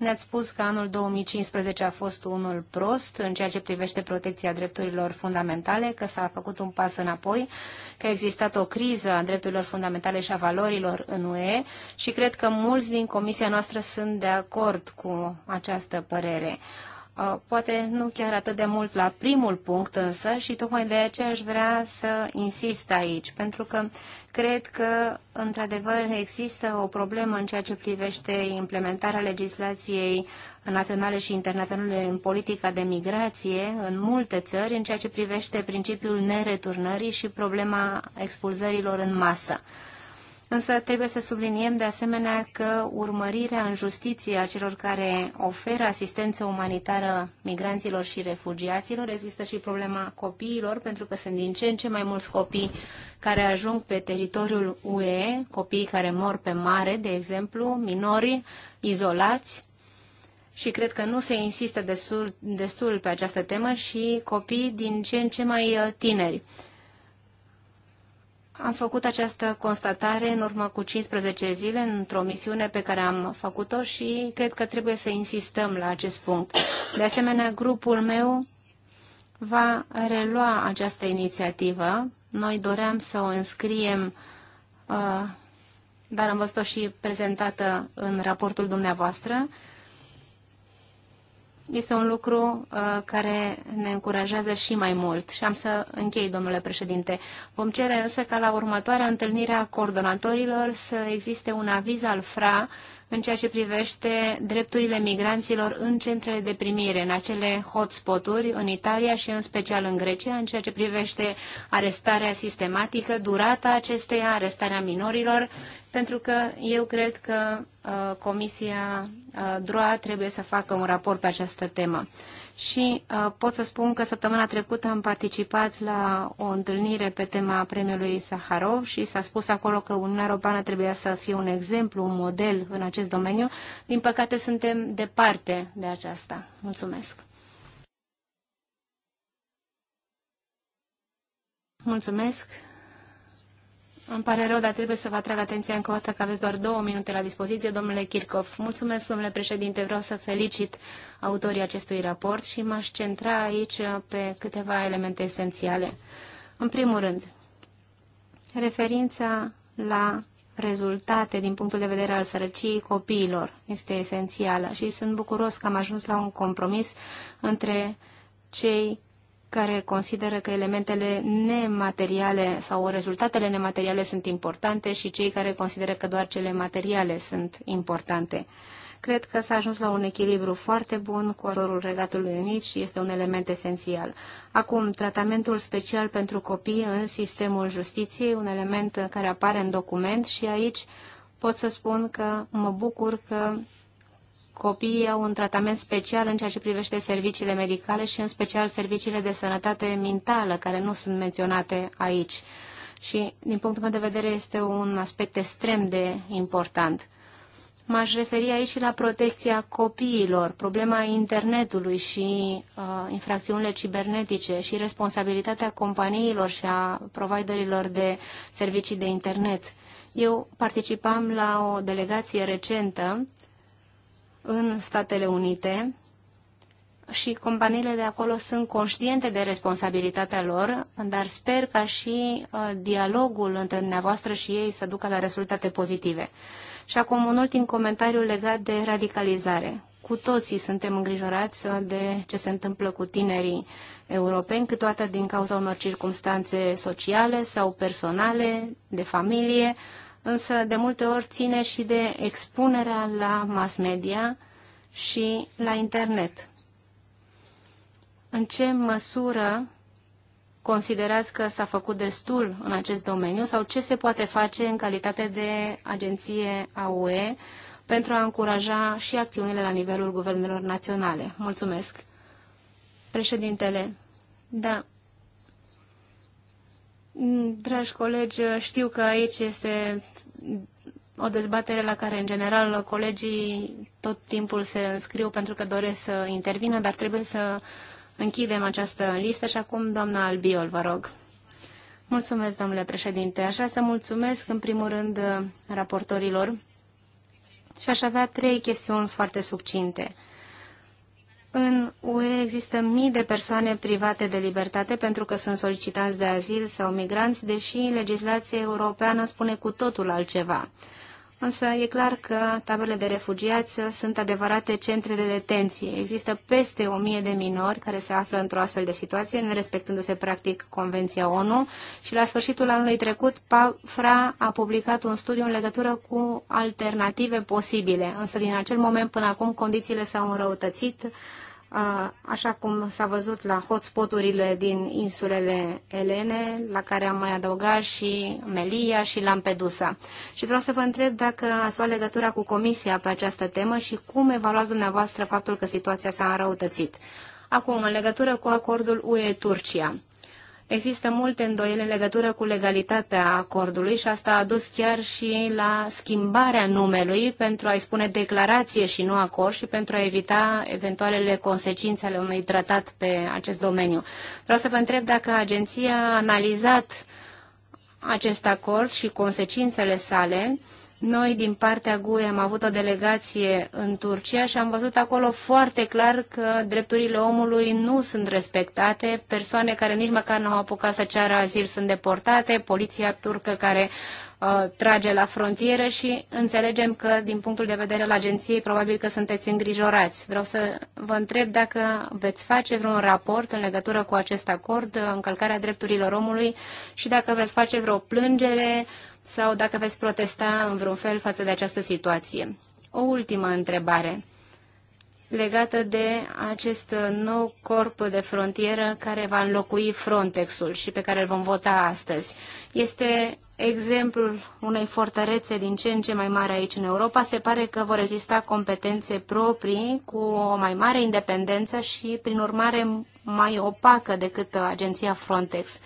Ne-ați spus că anul 2015 a fost unul prost în ceea ce privește protecția drepturilor fundamentale, că s-a făcut un pas înapoi, că a existat o criză a drepturilor fundamentale și a valorilor în UE și cred că mulți din comisia noastră sunt de acord cu această părere. Uh, poate nu chiar atât de mult la primul punct însă și tocmai de aceea aș vrea să insist aici, pentru că cred că într-adevăr există o problemă în ceea ce privește implementarea legislației naționale și internaționale în politica de migrație în multe țări, în ceea ce privește principiul nereturnării și problema expulzărilor în masă. Însă trebuie să subliniem de asemenea că urmărirea în justiție a celor care oferă asistență umanitară migranților și refugiaților există și problema copiilor, pentru că sunt din ce în ce mai mulți copii care ajung pe teritoriul UE, copii care mor pe mare, de exemplu, minori izolați, și cred că nu se insistă destul, destul pe această temă și copii din ce în ce mai uh, tineri. Am făcut această constatare în urmă cu 15 zile într-o misiune pe care am făcut-o și cred că trebuie să insistăm la acest punct. De asemenea, grupul meu va relua această inițiativă. Noi doream să o înscriem, uh, dar am văzut-o și prezentată în raportul dumneavoastră este un lucru uh, care ne încurajează și mai mult. Și am să închei, domnule președinte. Vom cere însă ca la următoarea întâlnire a coordonatorilor să existe un aviz al FRA în ceea ce privește drepturile migranților în centrele de primire, în acele hotspot-uri în Italia și în special în Grecia, în ceea ce privește arestarea sistematică, durata acesteia, arestarea minorilor, pentru că eu cred că uh, Comisia uh, DROA trebuie să facă un raport pe această temă și uh, pot să spun că săptămâna trecută am participat la o întâlnire pe tema premiului Saharov și s-a spus acolo că Uniunea Europeană trebuia să fie un exemplu, un model în acest domeniu. Din păcate suntem departe de aceasta. Mulțumesc! Mulțumesc! Îmi pare rău, dar trebuie să vă atrag atenția încă o dată că aveți doar două minute la dispoziție, domnule Kirchhoff. Mulțumesc, domnule președinte, vreau să felicit autorii acestui raport și m-aș centra aici pe câteva elemente esențiale. În primul rând, referința la rezultate din punctul de vedere al sărăciei copiilor este esențială și sunt bucuros că am ajuns la un compromis între cei care consideră că elementele nemateriale sau rezultatele nemateriale sunt importante și cei care consideră că doar cele materiale sunt importante. Cred că s-a ajuns la un echilibru foarte bun cu ajutorul Regatului Unit și este un element esențial. Acum, tratamentul special pentru copii în sistemul justiției, un element care apare în document și aici pot să spun că mă bucur că copiii au un tratament special în ceea ce privește serviciile medicale și în special serviciile de sănătate mentală, care nu sunt menționate aici. Și, din punctul meu de vedere, este un aspect extrem de important. M-aș referi aici și la protecția copiilor, problema internetului și uh, infracțiunile cibernetice și responsabilitatea companiilor și a providerilor de servicii de internet. Eu participam la o delegație recentă în Statele Unite și companiile de acolo sunt conștiente de responsabilitatea lor, dar sper ca și uh, dialogul între dumneavoastră și ei să ducă la rezultate pozitive. Și acum un ultim comentariu legat de radicalizare. Cu toții suntem îngrijorați uh, de ce se întâmplă cu tinerii europeni, câteodată din cauza unor circumstanțe sociale sau personale, de familie, uh, însă de multe ori ține și de expunerea la mass media și la internet. În ce măsură considerați că s-a făcut destul în acest domeniu sau ce se poate face în calitate de agenție AUE pentru a încuraja și acțiunile la nivelul guvernelor naționale? Mulțumesc. Președintele, da, Mm, dragi colegi, știu că aici este o dezbatere la care, în general, colegii tot timpul se înscriu pentru că doresc să intervină, dar trebuie să închidem această listă și acum, doamna Albiol, vă rog. Mulțumesc, domnule președinte. Așa să mulțumesc, în primul rând, raportorilor și aș avea trei chestiuni foarte subcinte. În UE există mii de persoane private de libertate pentru că sunt solicitați de azil sau migranți, deși legislația europeană spune cu totul altceva. Însă e clar că taberele de refugiați sunt adevărate centre de detenție. Există peste o mie de minori care se află într-o astfel de situație, nerespectându-se practic Convenția ONU și la sfârșitul anului trecut PAFRA a publicat un studiu în legătură cu alternative posibile. Însă din acel moment până acum condițiile s-au înrăutățit așa cum s-a văzut la hotspoturile din insulele Elene, la care am mai adăugat și Melia și Lampedusa. Și vreau să vă întreb dacă ați luat legătura cu Comisia pe această temă și cum evaluați dumneavoastră faptul că situația s-a înrăutățit. Acum, în legătură cu acordul UE-Turcia. Există multe îndoieli în legătură cu legalitatea acordului și asta a dus chiar și la schimbarea numelui pentru a-i spune declarație și nu acord și pentru a evita eventualele consecințe ale unui tratat pe acest domeniu. Vreau să vă întreb dacă agenția a analizat acest acord și consecințele sale noi, din partea GUE, am avut o delegație în Turcia și am văzut acolo foarte clar că drepturile omului nu sunt respectate, persoane care nici măcar nu au apucat să ceară azil sunt deportate, poliția turcă care uh, trage la frontieră și înțelegem că, din punctul de vedere al agenției, probabil că sunteți îngrijorați. Vreau să vă întreb dacă veți face vreun raport în legătură cu acest acord, uh, încălcarea drepturilor omului și dacă veți face vreo plângere uh, sau dacă veți protesta în vreun fel față de această situație. O ultimă întrebare legată de acest nou corp de frontieră care va înlocui Frontexul și pe care îl vom vota astăzi. Este exemplul unei fortărețe din ce în ce mai mare aici în Europa. Se pare că vor rezista competențe proprii cu o mai mare independență și, prin urmare, mai opacă decât agenția Frontex.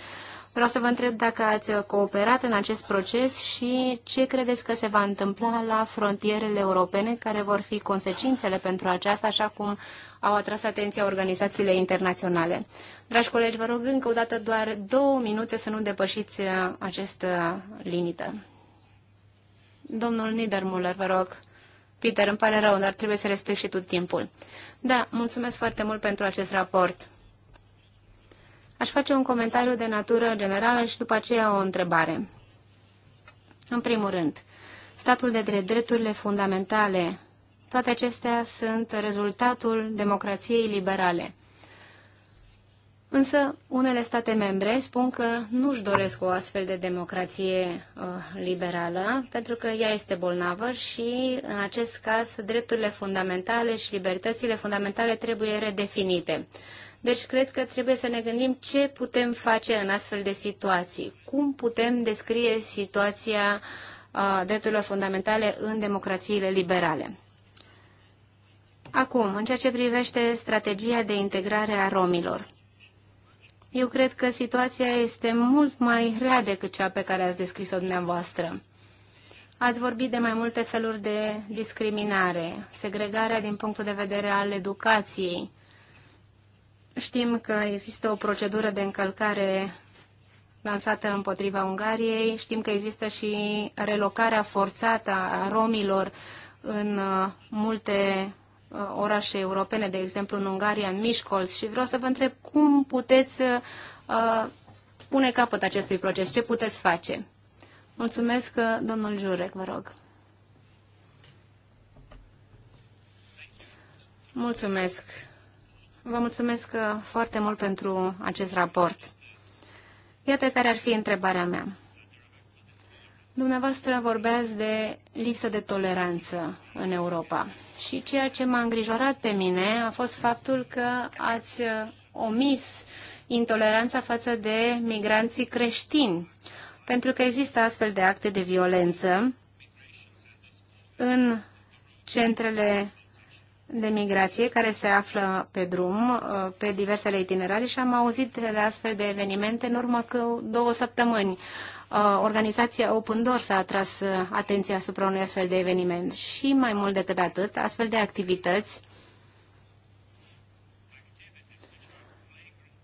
Vreau să vă întreb dacă ați cooperat în acest proces și ce credeți că se va întâmpla la frontierele europene, care vor fi consecințele pentru aceasta, așa cum au atras atenția organizațiile internaționale. Dragi colegi, vă rog încă o dată doar două minute să nu depășiți uh, această limită. Domnul Niedermuller, vă rog. Peter, îmi pare rău, dar trebuie să respect și tot timpul. Da, mulțumesc foarte mult pentru acest raport. Aș face un comentariu de natură generală și după aceea o întrebare. În primul rând, statul de drept, drepturile fundamentale, toate acestea sunt rezultatul democrației liberale. Însă, unele state membre spun că nu-și doresc o astfel de democrație uh, liberală, pentru că ea este bolnavă și, în acest caz, drepturile fundamentale și libertățile fundamentale trebuie redefinite. Deci cred că trebuie să ne gândim ce putem face în astfel de situații. Cum putem descrie situația uh, drepturilor fundamentale în democrațiile liberale. Acum, în ceea ce privește strategia de integrare a romilor. Eu cred că situația este mult mai rea decât cea pe care ați descris-o dumneavoastră. Ați vorbit de mai multe feluri de discriminare, segregarea din punctul de vedere al educației, Știm că există o procedură de încălcare lansată împotriva Ungariei. Știm că există și relocarea forțată a romilor în uh, multe uh, orașe europene, de exemplu în Ungaria, în Mișcolț. Și vreau să vă întreb cum puteți uh, pune capăt acestui proces, ce puteți face? Mulțumesc, domnul Jurek, vă rog. Mulțumesc, Vă mulțumesc uh, foarte mult pentru acest raport. Iată care ar fi întrebarea mea. Dumneavoastră vorbeați de lipsă de toleranță în Europa și ceea ce m-a îngrijorat pe mine a fost faptul că ați uh, omis intoleranța față de migranții creștini, pentru că există astfel de acte de violență în centrele de migrație care se află pe drum, uh, pe diversele itinerarii și am auzit de astfel de evenimente în urmă cu două săptămâni. Uh, organizația Open Doors a atras uh, atenția asupra unui astfel de eveniment și mai mult decât atât, astfel de activități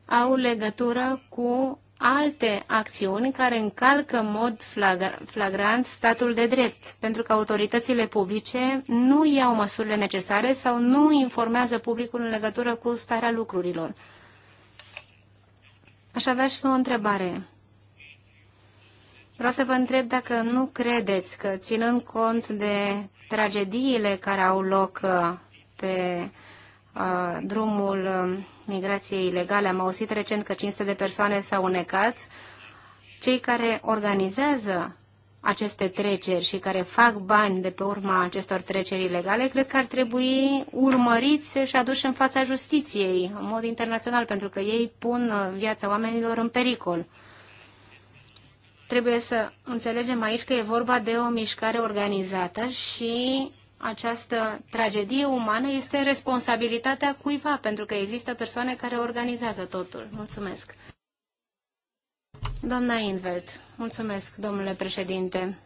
au legătură cu alte acțiuni care încalcă în mod flagrant statul de drept, pentru că autoritățile publice nu iau măsurile necesare sau nu informează publicul în legătură cu starea lucrurilor. Aș avea și o întrebare. Vreau să vă întreb dacă nu credeți că, ținând cont de tragediile care au loc uh, pe drumul um, migrației ilegale. Am auzit recent că 500 de persoane s-au unecat. Cei care organizează aceste treceri și care fac bani de pe urma acestor treceri ilegale, cred că ar trebui urmăriți și aduși în fața justiției, în mod internațional, pentru că ei pun uh, viața oamenilor în pericol. Trebuie să înțelegem aici că e vorba de o mișcare organizată și această tragedie umană este responsabilitatea cuiva, pentru că există persoane care organizează totul. Mulțumesc. Doamna Invert, mulțumesc, domnule președinte.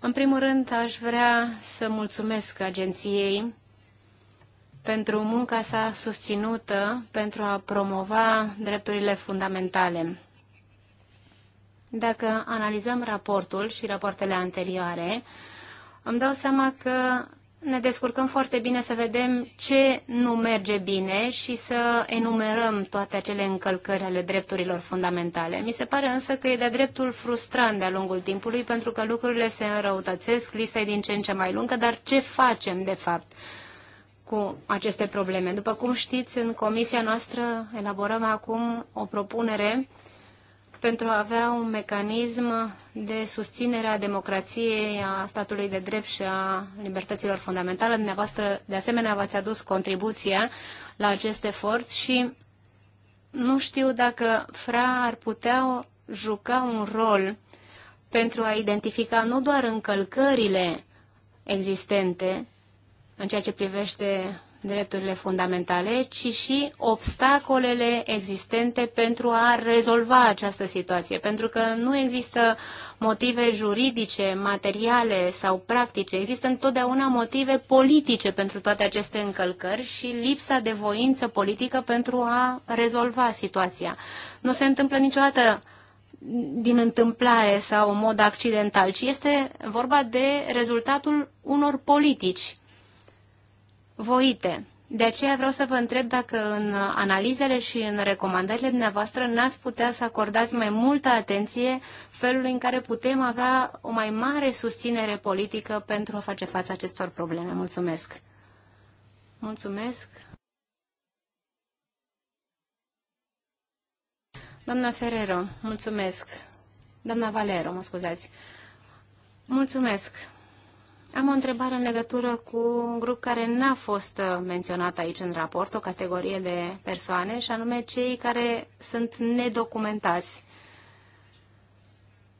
În primul rând, aș vrea să mulțumesc agenției pentru munca sa susținută pentru a promova drepturile fundamentale. Dacă analizăm raportul și rapoartele anterioare, îmi dau seama că ne descurcăm foarte bine să vedem ce nu merge bine și să enumerăm toate acele încălcări ale drepturilor fundamentale. Mi se pare însă că e de-a dreptul frustrant de-a lungul timpului pentru că lucrurile se înrăutățesc, lista e din ce în ce mai lungă, dar ce facem de fapt cu aceste probleme? După cum știți, în comisia noastră elaborăm acum o propunere uh, pentru a avea un mecanism de susținere a democrației, a statului de drept și a libertăților fundamentale. Dumneavoastră, de asemenea, v-ați adus contribuția la acest efort și nu știu dacă FRA ar putea juca un rol pentru a identifica nu doar încălcările existente în ceea ce privește drepturile fundamentale, ci și obstacolele existente pentru a rezolva această situație, pentru că nu există motive juridice, materiale sau practice, există întotdeauna motive politice pentru toate aceste încălcări și lipsa de voință politică pentru a rezolva situația. Nu se întâmplă niciodată din întâmplare sau în mod accidental, ci este vorba de rezultatul unor politici voite. De aceea vreau să vă întreb dacă în analizele și în recomandările dumneavoastră n-ați putea să acordați mai multă atenție felului în care putem avea o mai mare susținere politică pentru a face față acestor probleme. Mulțumesc! Mulțumesc! Doamna Ferrero, mulțumesc! Doamna Valero, mă scuzați! Mulțumesc! Am o întrebare în legătură cu un grup care n-a fost uh, menționat aici în raport, o categorie de persoane, și anume cei care sunt nedocumentați.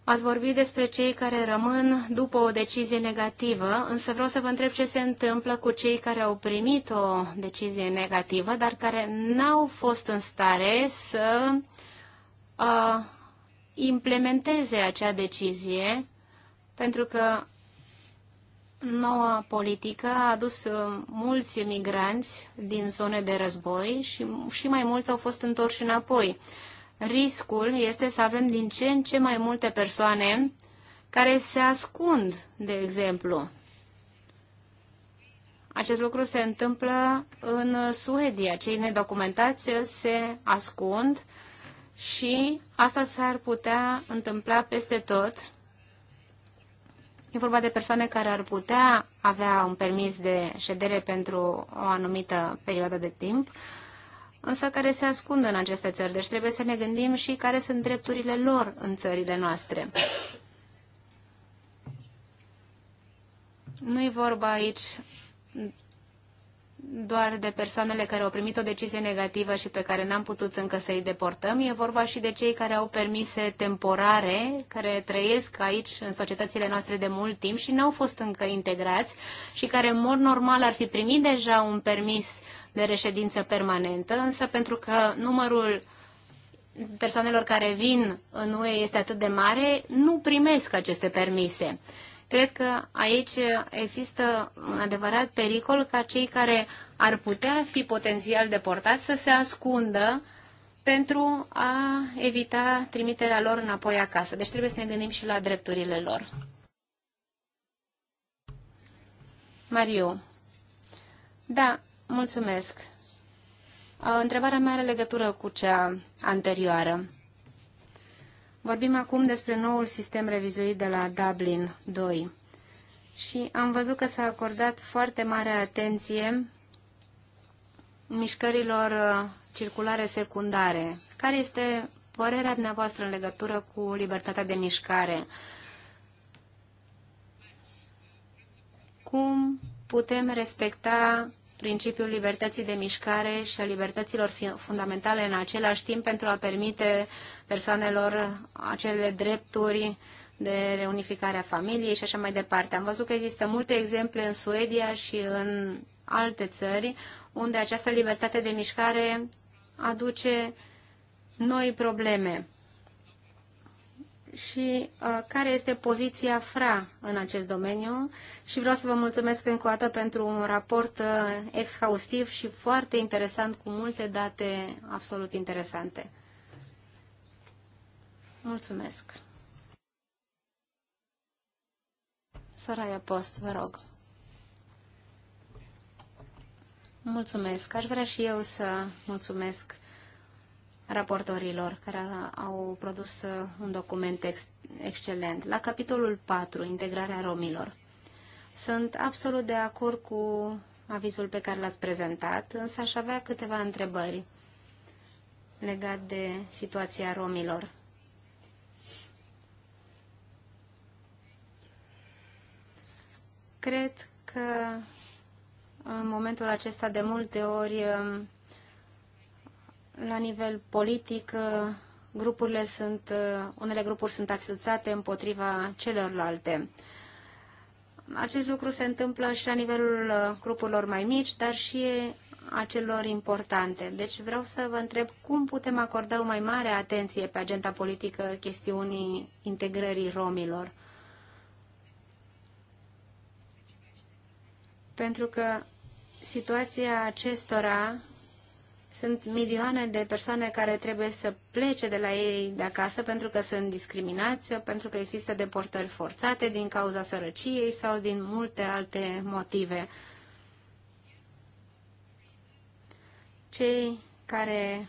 Ați vorbit despre cei care rămân după o decizie negativă, însă vreau să vă întreb ce se întâmplă cu cei care au primit o decizie negativă, dar care n-au fost în stare să uh, implementeze acea decizie, pentru că noua politică a adus uh, mulți migranți din zone de război și, și mai mulți au fost întorși înapoi. Riscul este să avem din ce în ce mai multe persoane care se ascund, de exemplu. Acest lucru se întâmplă în Suedia. Cei nedocumentați se ascund și asta s-ar putea întâmpla peste tot E vorba de persoane care ar putea avea un permis de ședere pentru o anumită perioadă de timp, însă care se ascund în aceste țări. Deci trebuie să ne gândim și care sunt drepturile lor în țările noastre. Nu e vorba aici doar de persoanele care au primit o decizie negativă și pe care n-am putut încă să-i deportăm, e vorba și de cei care au permise temporare, care trăiesc aici în societățile noastre de mult timp și n-au fost încă integrați și care în mod normal ar fi primit deja un permis de reședință permanentă, însă pentru că numărul persoanelor care vin în UE este atât de mare, nu primesc aceste permise. Cred că aici există un adevărat pericol ca cei care ar putea fi potențial deportați să se ascundă pentru a evita trimiterea lor înapoi acasă. Deci trebuie să ne gândim și la drepturile lor. Mariu. Da, mulțumesc. Întrebarea mea are legătură cu cea anterioară. Vorbim acum despre noul sistem revizuit de la Dublin 2 și am văzut că s-a acordat foarte mare atenție mișcărilor uh, circulare secundare. Care este părerea dumneavoastră în legătură cu libertatea de mișcare? Cum putem respecta principiul libertății de mișcare și a libertăților fundamentale în același timp pentru a permite persoanelor acele drepturi de reunificare a familiei și așa mai departe. Am văzut că există multe exemple în Suedia și în alte țări unde această libertate de mișcare aduce noi probleme și uh, care este poziția FRA în acest domeniu și vreau să vă mulțumesc încă o dată pentru un raport uh, exhaustiv și foarte interesant cu multe date absolut interesante. Mulțumesc. Soraya Post, vă rog. Mulțumesc. Aș vrea și eu să mulțumesc raportorilor care au produs uh, un document ex excelent. La capitolul 4, integrarea romilor. Sunt absolut de acord cu avizul pe care l-ați prezentat, însă aș avea câteva întrebări legat de situația romilor. Cred că în momentul acesta de multe ori um, la nivel politic, uh, grupurile sunt, uh, unele grupuri sunt atâțate împotriva celorlalte. Acest lucru se întâmplă și la nivelul uh, grupurilor mai mici, dar și a celor importante. Deci vreau să vă întreb cum putem acorda o mai mare atenție pe agenda politică chestiunii integrării romilor. Pentru că situația acestora sunt milioane de persoane care trebuie să plece de la ei de acasă pentru că sunt discriminați, pentru că există deportări forțate din cauza sărăciei sau din multe alte motive. Cei care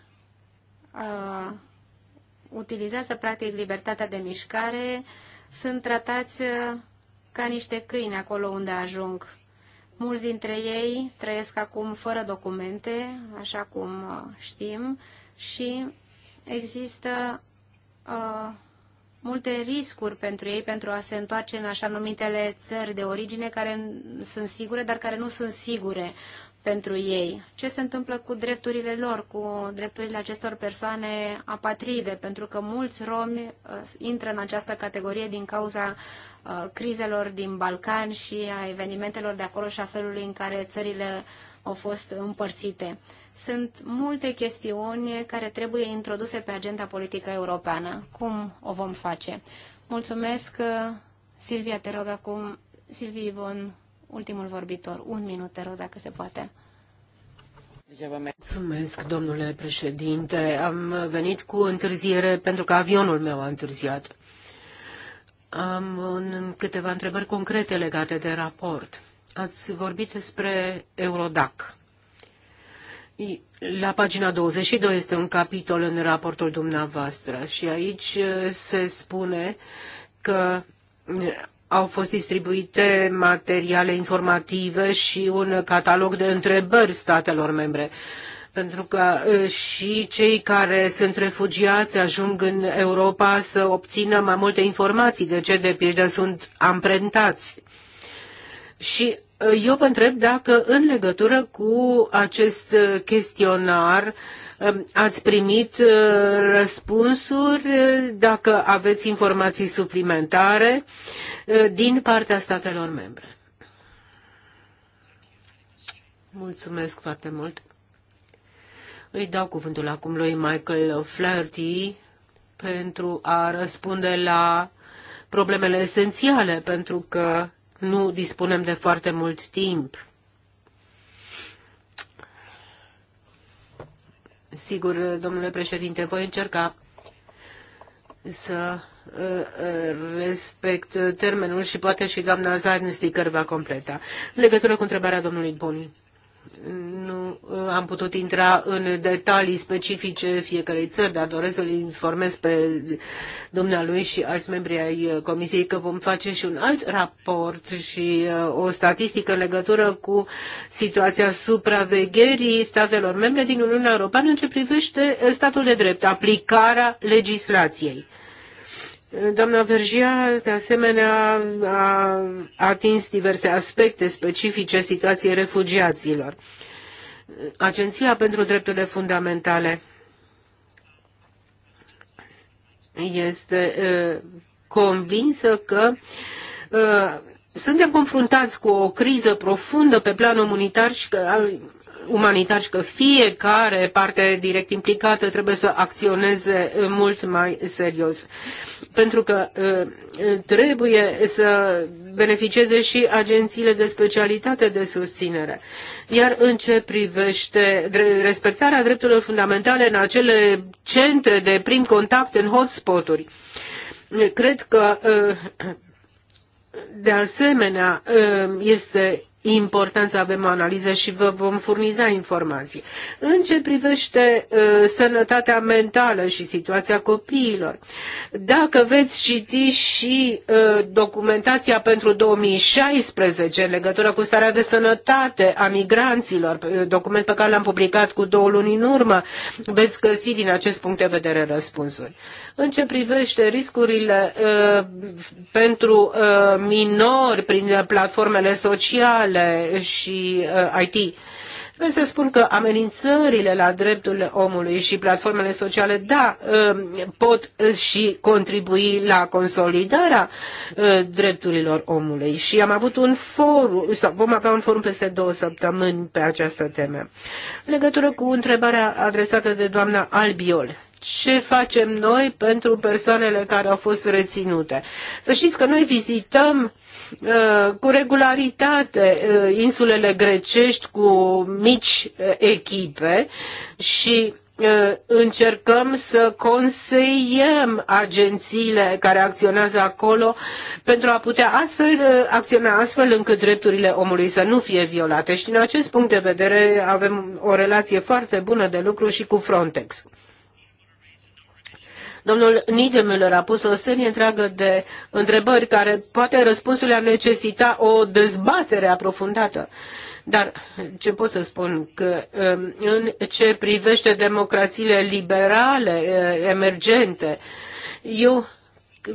uh, utilizează practic libertatea de mișcare sunt tratați uh, ca niște câini acolo unde ajung Mulți dintre ei trăiesc acum fără documente, așa cum uh, știm, și există uh, multe riscuri pentru ei pentru a se întoarce în așa numitele țări de origine care sunt sigure, dar care nu sunt sigure pentru ei. Ce se întâmplă cu drepturile lor, cu drepturile acestor persoane apatride, pentru că mulți romi uh, intră în această categorie din cauza uh, crizelor din Balcan și a evenimentelor de acolo și a felului în care țările au fost împărțite. Sunt multe chestiuni care trebuie introduse pe agenda politică europeană. Cum o vom face? Mulțumesc, uh, Silvia, te rog acum, Silvia Ivon ultimul vorbitor. Un minut, te rog, dacă se poate. Mulțumesc, domnule președinte. Am venit cu întârziere pentru că avionul meu a întârziat. Am în câteva întrebări concrete legate de raport. Ați vorbit despre Eurodac. La pagina 22 este un capitol în raportul dumneavoastră și aici se spune că au fost distribuite materiale informative și un catalog de întrebări statelor membre pentru că uh, și cei care sunt refugiați ajung în Europa să obțină mai multe informații de ce, de pildă, sunt amprentați. Și uh, eu vă întreb dacă în legătură cu acest uh, chestionar Ehm, ați primit eh, răspunsuri eh, dacă aveți informații suplimentare eh, din partea statelor membre. Mulțumesc foarte mult. Îi dau cuvântul acum lui Michael Flaherty pentru a răspunde la problemele esențiale, pentru că nu dispunem de foarte mult timp. Sigur, domnule președinte, voi încerca să uh, uh, respect termenul și poate și doamna Zarnsticker va completa. În legătură cu întrebarea domnului Boni nu uh, am putut intra în detalii specifice fiecarei țări, dar doresc să-l informez pe dumnealui și alți membri ai uh, Comisiei că vom face și un alt raport și uh, o statistică în legătură cu situația supravegherii statelor membre din Uniunea Europeană în ce privește statul de drept, aplicarea legislației. Doamna Vergia, de asemenea, a atins diverse aspecte specifice situației refugiaților. Agenția pentru Drepturile Fundamentale este convinsă că suntem confruntați cu o criză profundă pe plan umanitar și că umanitar și că fiecare parte direct implicată trebuie să acționeze mult mai serios. Pentru că trebuie să beneficieze și agențiile de specialitate de susținere. Iar în ce privește respectarea drepturilor fundamentale în acele centre de prim contact în hotspoturi, cred că de asemenea este important să avem analize și vă vom furniza informații. În ce privește uh, sănătatea mentală și situația copiilor, dacă veți citi și uh, documentația pentru 2016 în legătură cu starea de sănătate a migranților, uh, document pe care l-am publicat cu două luni în urmă, veți găsi din acest punct de vedere răspunsuri. În ce privește riscurile uh, pentru uh, minori prin uh, platformele sociale, medicinale și uh, IT. Trebuie să spun că amenințările la dreptul omului și platformele sociale, da, um, pot și contribui la consolidarea uh, drepturilor omului. Și am avut un forum, sau vom avea un forum peste două săptămâni pe această temă. În legătură cu întrebarea adresată de doamna Albiol, ce facem noi pentru persoanele care au fost reținute. Să știți că noi vizităm uh, cu regularitate uh, insulele grecești cu mici uh, echipe și uh, încercăm să conseiem agențiile care acționează acolo pentru a putea astfel uh, acționa astfel încât drepturile omului să nu fie violate. Și din acest punct de vedere avem o relație foarte bună de lucru și cu Frontex. Domnul Niedermüller a pus o serie întreagă de întrebări care poate răspunsul ar necesita o dezbatere aprofundată. Dar ce pot să spun? Că um, în ce privește democrațiile liberale, uh, emergente, eu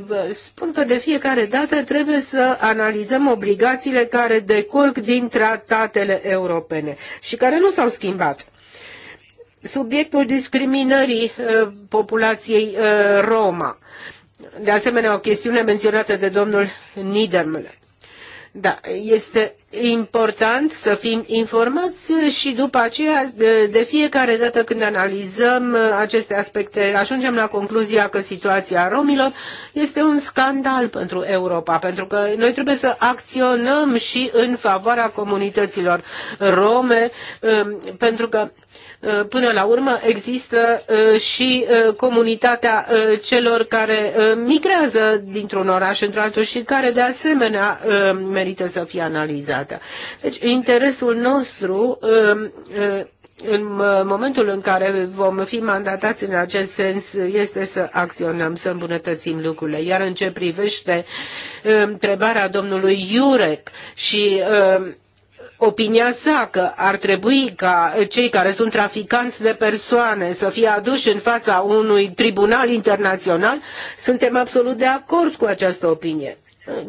vă spun că de fiecare dată trebuie să analizăm obligațiile care decurg din tratatele europene și care nu s-au schimbat subiectul discriminării uh, populației uh, Roma. De asemenea, o chestiune menționată de domnul Niedermüller. Da, este important să fim informați și după aceea, de fiecare dată când analizăm uh, aceste aspecte, ajungem la concluzia că situația romilor este un scandal pentru Europa, pentru că noi trebuie să acționăm și în favoarea comunităților rome, um, pentru că Uh, până la urmă există uh, și uh, comunitatea celor care migrează dintr-un oraș într-altul și care de asemenea merită să fie analizată. Deci interesul nostru um, în momentul în care vom fi mandatați în acest sens este să acționăm, să îmbunătățim lucrurile. Iar în ce privește întrebarea domnului Iurec și opinia sa că ar trebui ca cei care sunt traficanți de persoane să fie aduși în fața unui tribunal internațional, suntem absolut de acord cu această opinie.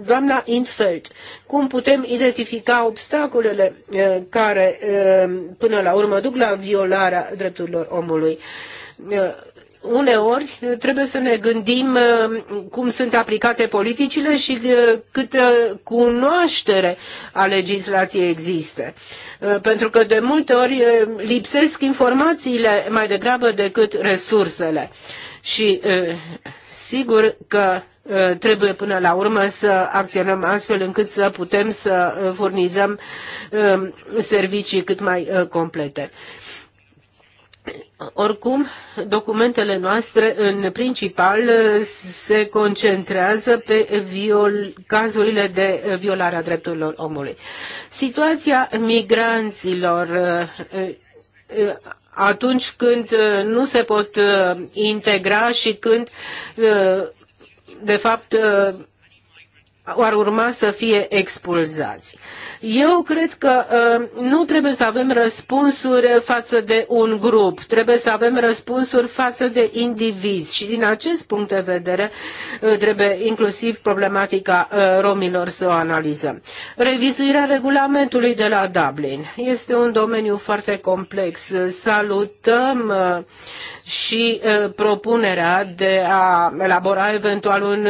Doamna Infeld, cum putem identifica obstacolele eh, care eh, până la urmă duc la violarea drepturilor omului? Eh, uneori trebuie să ne gândim uh, cum sunt aplicate politicile și uh, câtă cunoaștere a legislației există. Uh, pentru că de multe ori lipsesc informațiile mai degrabă decât resursele. Și sigur că trebuie până la urmă să acționăm astfel încât să putem să furnizăm servicii cât mai complete. Oricum, documentele noastre în principal se concentrează pe viol, cazurile de violare a drepturilor omului. Situația migranților uh, uh, atunci când uh, nu se pot integra și când, de fapt, ar urma să fie expulzați. Eu cred că uh, nu trebuie să avem răspunsuri față de un grup, trebuie să avem răspunsuri față de indivizi și din acest punct de vedere uh, trebuie inclusiv problematica uh, romilor să o analizăm. Revizuirea regulamentului de la Dublin este un domeniu foarte complex. Salutăm și propunerea de a elabora eventual un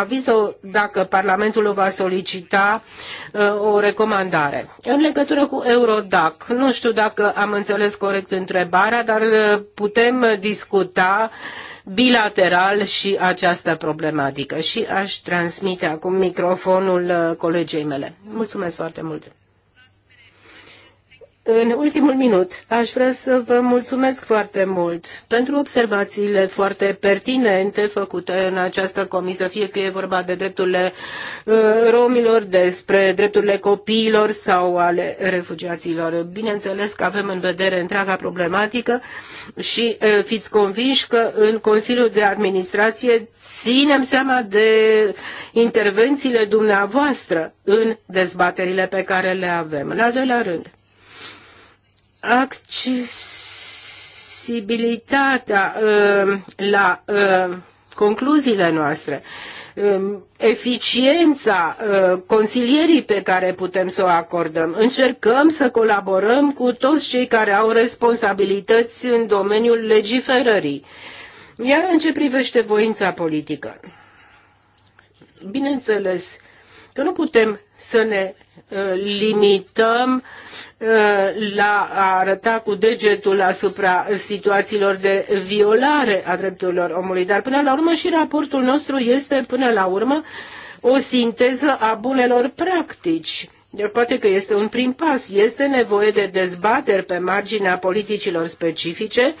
aviz dacă Parlamentul o va solicita o recomandare. În legătură cu Eurodac, nu știu dacă am înțeles corect întrebarea, dar putem discuta bilateral și această problematică. Și aș transmite acum microfonul colegei mele. Mulțumesc foarte mult! În ultimul minut, aș vrea să vă mulțumesc foarte mult pentru observațiile foarte pertinente făcute în această comisie, fie că e vorba de drepturile uh, romilor, despre drepturile copiilor sau ale refugiaților. Bineînțeles că avem în vedere întreaga problematică și uh, fiți convinși că în Consiliul de Administrație ținem seama de intervențiile dumneavoastră în dezbaterile pe care le avem. În al doilea rând, accesibilitatea uh, la uh, concluziile noastre, um, eficiența uh, consilierii pe care putem să o acordăm. Încercăm să colaborăm cu toți cei care au responsabilități în domeniul legiferării. Iar în ce privește voința politică, bineînțeles că nu putem să ne uh, limităm uh, la a arăta cu degetul asupra situațiilor de violare a drepturilor omului. Dar până la urmă și raportul nostru este până la urmă o sinteză a bunelor practici. Poate că este un prim pas. Este nevoie de dezbateri pe marginea politicilor specifice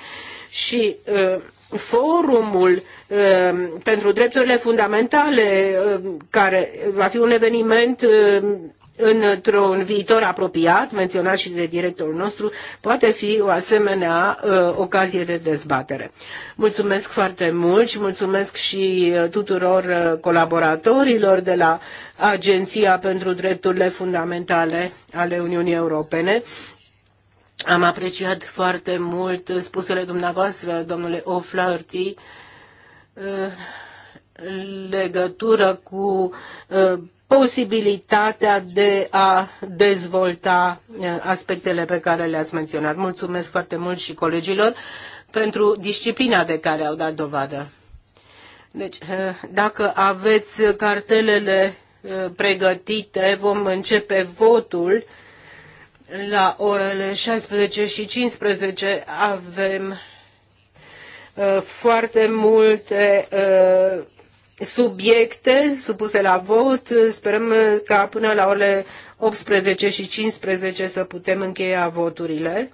și uh, forumul Um, pentru drepturile fundamentale, um, care va fi un eveniment um, într-un viitor apropiat, menționat și de directorul nostru, poate fi o asemenea uh, ocazie de dezbatere. Mulțumesc foarte mult și mulțumesc și uh, tuturor uh, colaboratorilor de la Agenția pentru Drepturile Fundamentale ale Uniunii Europene. Am apreciat foarte mult spusele dumneavoastră, domnule O'Flaherty, legătură cu uh, posibilitatea de a dezvolta uh, aspectele pe care le-ați menționat. Mulțumesc foarte mult și colegilor pentru disciplina de care au dat dovadă. Deci, uh, dacă aveți cartelele pregătite, vom începe votul la orele 16 și 15. Avem Uh, foarte multe uh, subiecte supuse la vot. Sperăm ca până la orele 18 și 15 să putem încheia voturile.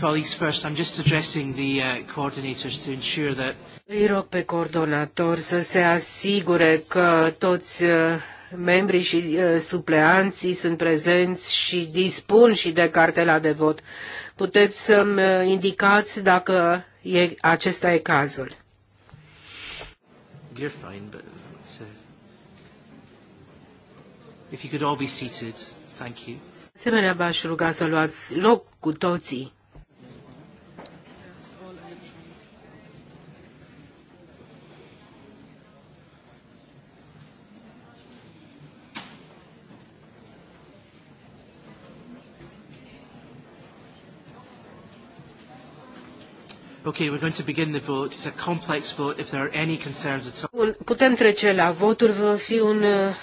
colleagues first. I'm just addressing the uh, coordinators to ensure that îi rog pe coordonator să se asigure că toți uh, membrii și uh, supleanții sunt prezenți și dispun și de cartela de vot. Puteți să-mi uh, indicați dacă e, acesta e cazul. You're fine, but so if you could all be seated, thank you. Asemenea, v-aș ruga să luați loc cu toții. Okay, we're going to begin the vote. It's a complex vote. If there are any concerns at all. Putem trece la voturi. Va fi uh,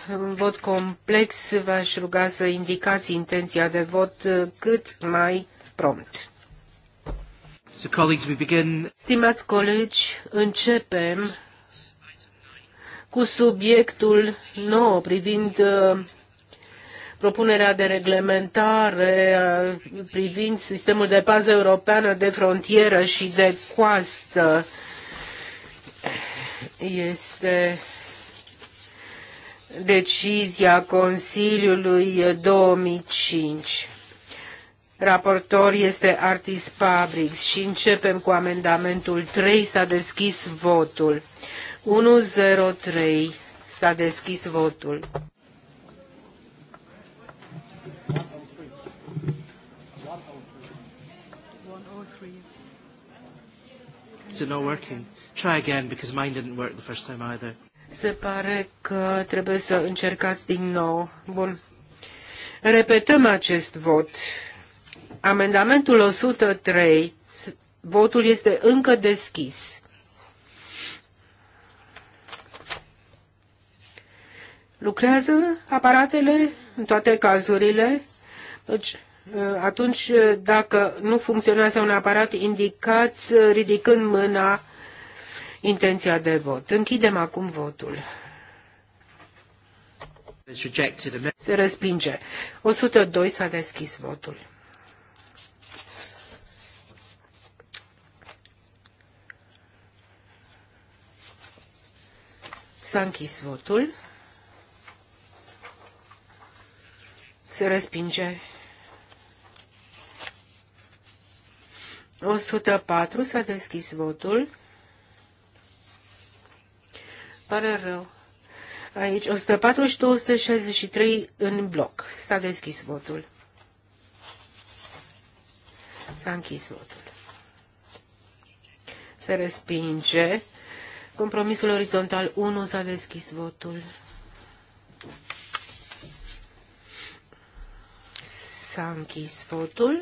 un, vot complex. V-aș ruga să indicați intenția de vot uh, cât mai prompt. So, colleagues, we begin... Stimați colegi, începem cu subiectul nou privind uh, propunerea de reglementare uh, privind sistemul de pază europeană de frontieră și de coastă este decizia Consiliului 2005. Raportor este Artis Pabrix și începem cu amendamentul 3. S-a deschis votul. 103. S-a deschis votul. 103. Is it not working? Try again because mine didn't work the first time either. Se pare că trebuie să încercați din nou. Bun. Repetăm acest vot. Amendamentul 103. Votul este încă deschis. Lucrează aparatele în toate cazurile? Deci, Eh, atunci eh, dacă nu funcționează un aparat, indicați eh, ridicând mâna intenția de vot. Închidem acum votul. Se respinge. 102 s-a deschis votul. S-a închis votul. Se respinge 104 s-a deschis votul. Pare rău. Aici 104 și 263 în bloc. S-a deschis votul. S-a închis votul. Se respinge. Compromisul orizontal 1 s-a deschis votul. S-a închis votul.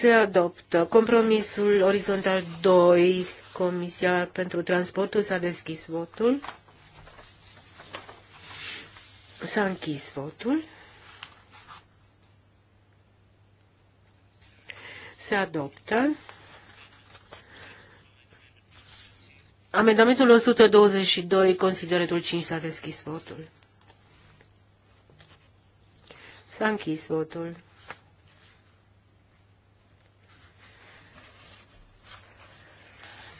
Se adoptă. Compromisul orizontal 2. Comisia pentru transportul s-a deschis votul. S-a închis votul. Se adoptă. Amendamentul 122, consideretul 5, s-a deschis votul. S-a închis votul.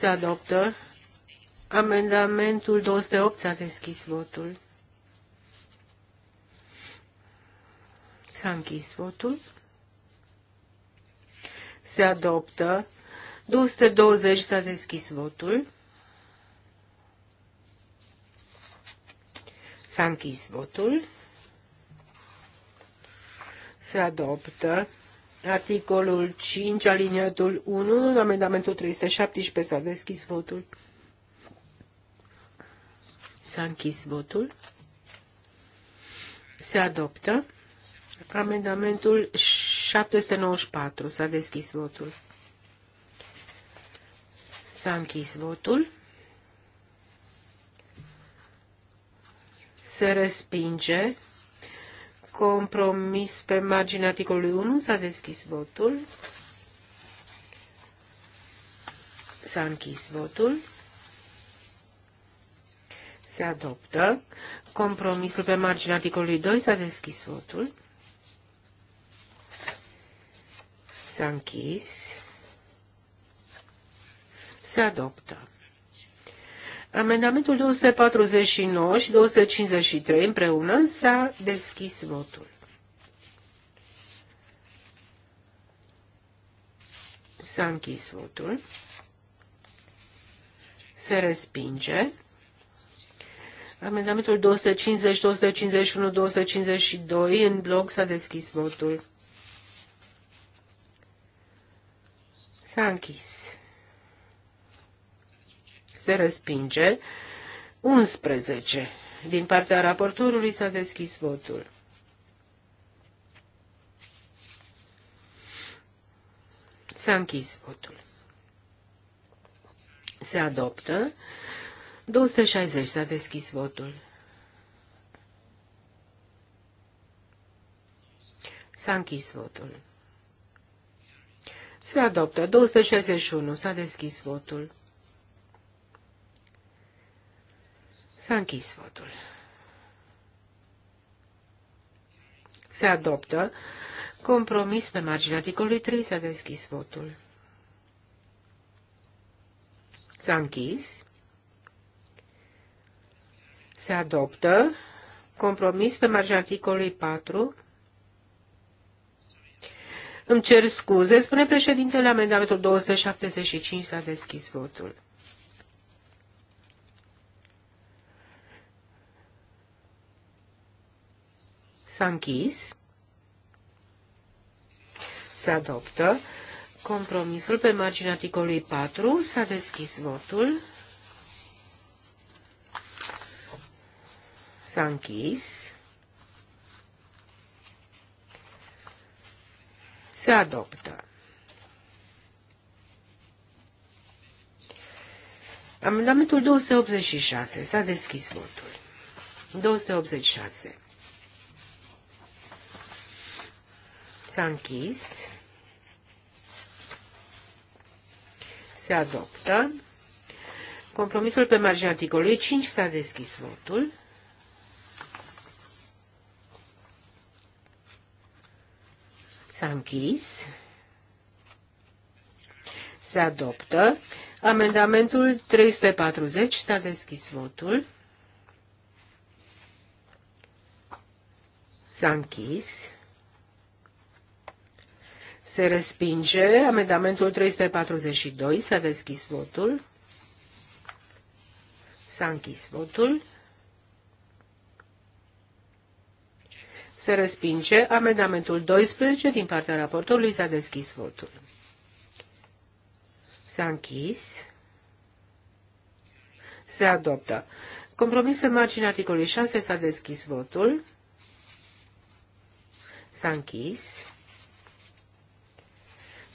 Se adoptă. Amendamentul 208 s-a deschis votul. S-a închis votul. Se adoptă. 220 s-a deschis votul. S-a închis votul. Se adoptă. Articolul 5, aliniatul 1, amendamentul 317, s-a deschis votul. S-a închis votul. Se adoptă. Amendamentul 794, s-a deschis votul. S-a închis votul. Se respinge compromis pe marginea articolului 1. S-a deschis votul. S-a închis votul. Se adoptă. Compromisul pe marginea articolului 2 s-a deschis votul. S-a închis. Se adoptă. Amendamentul 249 și 253 împreună s-a deschis votul. S-a închis votul. Se respinge. Amendamentul 250, 251, 252 în bloc s-a deschis votul. S-a închis se respinge. 11. Din partea raportorului s-a deschis votul. S-a închis votul. Se adoptă. 260 s-a deschis votul. S-a închis votul. Se adoptă. 261 s-a deschis votul. S-a închis votul. Se adoptă. Compromis pe marginea articolului 3 s-a deschis votul. S-a închis. Se adoptă. Compromis pe marginea articolului 4. Îmi cer scuze, spune președintele, amendamentul 275 s-a deschis votul. S-a închis. Se adoptă. Compromisul pe marginea articolului 4. S-a deschis votul. S-a închis. Se adoptă. Amendamentul 286. S-a deschis votul. 286. S-a închis. Se adoptă. Compromisul pe marginea articolului 5 s-a deschis votul. S-a închis. Se adoptă. Amendamentul 340 s-a deschis votul. S-a închis. Se respinge amendamentul 342. S-a deschis votul. S-a închis votul. Se respinge amendamentul 12 din partea raportului, S-a deschis votul. S-a închis. Se adoptă. Compromis pe marginea articolului 6 s-a deschis votul. S-a închis.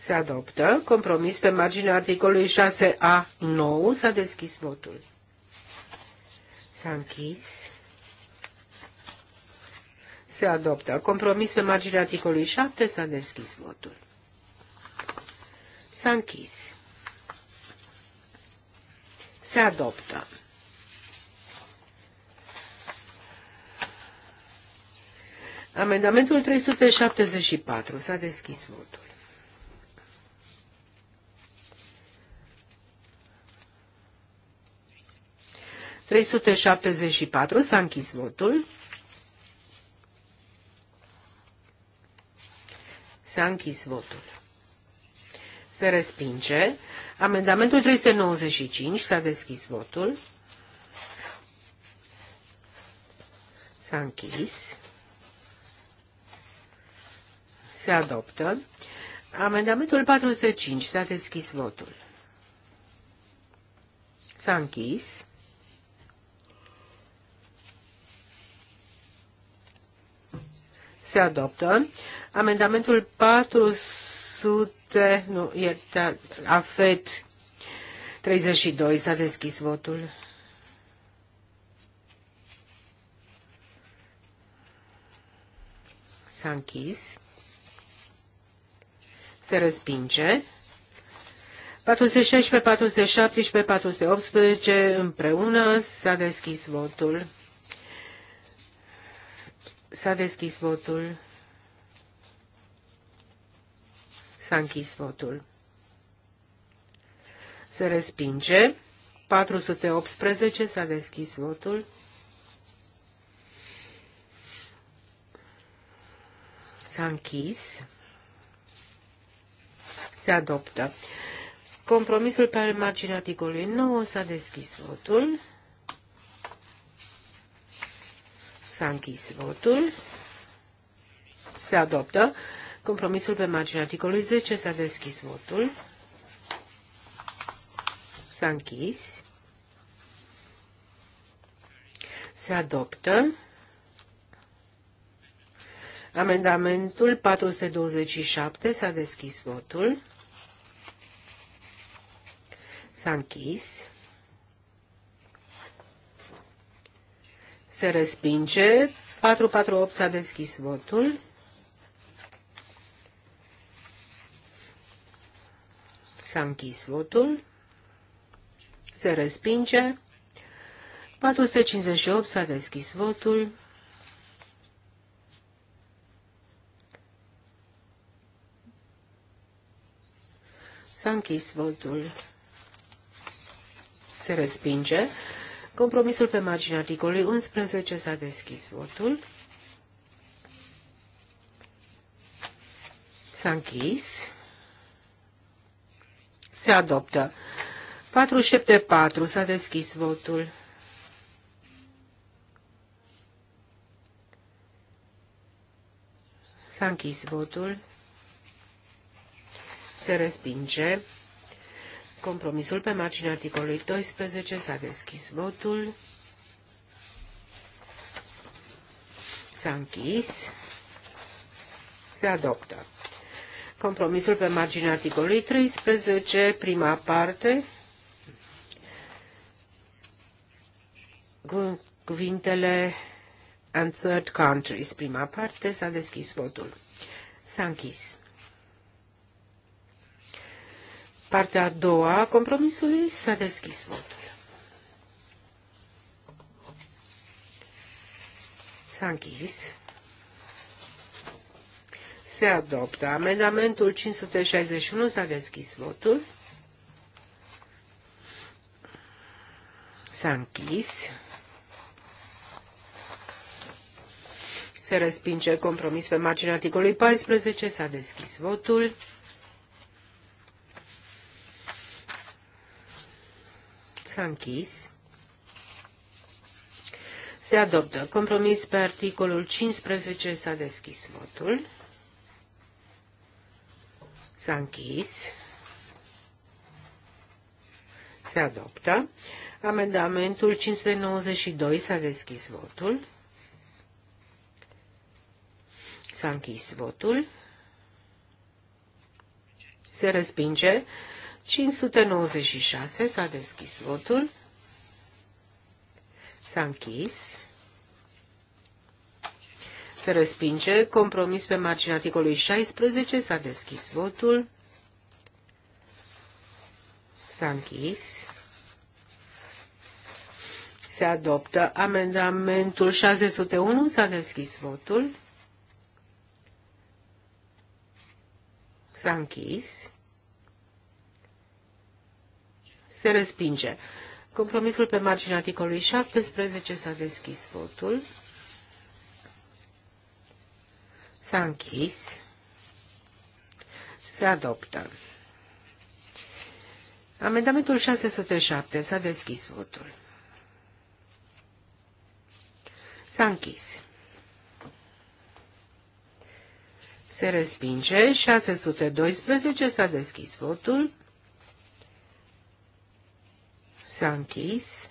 Se adoptă. Compromis pe marginea articolului 6A9. S-a deschis votul. S-a închis. Se adoptă. Compromis pe marginea articolului 7. S-a deschis votul. S-a închis. Se adoptă. Amendamentul 374. S-a deschis votul. 374 s-a închis votul. S-a închis votul. Se respinge. Amendamentul 395 s-a deschis votul. S-a închis. Se adoptă. Amendamentul 405 s-a deschis votul. S-a închis. se adoptă. Amendamentul 400, nu, iertă, afet 32, s-a deschis votul. S-a închis. Se respinge. 416, 417, 418 împreună s-a deschis votul. S-a deschis votul. S-a închis votul. Se respinge. 418 s-a deschis votul. S-a închis. Se adoptă. Compromisul pe marginea articolului 9 s-a deschis votul. S-a închis votul. Se adoptă. Compromisul pe marginea articolului 10. S-a deschis votul. S-a închis. Se adoptă. Amendamentul 427 s-a deschis votul. S-a închis. se respinge. 448 s-a deschis votul. S-a închis votul. Se respinge. 458 s-a deschis votul. S-a închis votul. Se respinge. Compromisul pe marginea articolului 11 s-a deschis votul. S-a închis. Se adoptă. 474 s-a deschis votul. S-a închis votul. Se respinge. Compromisul pe marginea articolului 12 s-a deschis votul. S-a închis. Se adoptă. Compromisul pe marginea articolului 13, prima parte, cu cuvintele and third countries, prima parte, s-a deschis votul. S-a închis. partea a doua a compromisului s-a deschis votul. S-a închis. Se adoptă. Amendamentul 561 s-a deschis votul. S-a închis. Se respinge compromis pe marginea articolului 14. S-a deschis votul. S-a închis. Se adoptă. Compromis pe articolul 15. S-a deschis votul. S-a închis. Se adoptă. Amendamentul 592 s-a deschis votul. S-a închis votul. Se respinge. 596 s-a deschis votul. S-a închis. Se respinge. Compromis pe marginea articolului 16 s-a deschis votul. S-a închis. Se adoptă amendamentul 601. S-a deschis votul. S-a închis. Se respinge. Compromisul pe marginea articolului 17 s-a deschis votul. S-a închis. Se adoptă. Amendamentul 607 s-a deschis votul. S-a închis. Se respinge. 612 s-a deschis votul. S-a închis.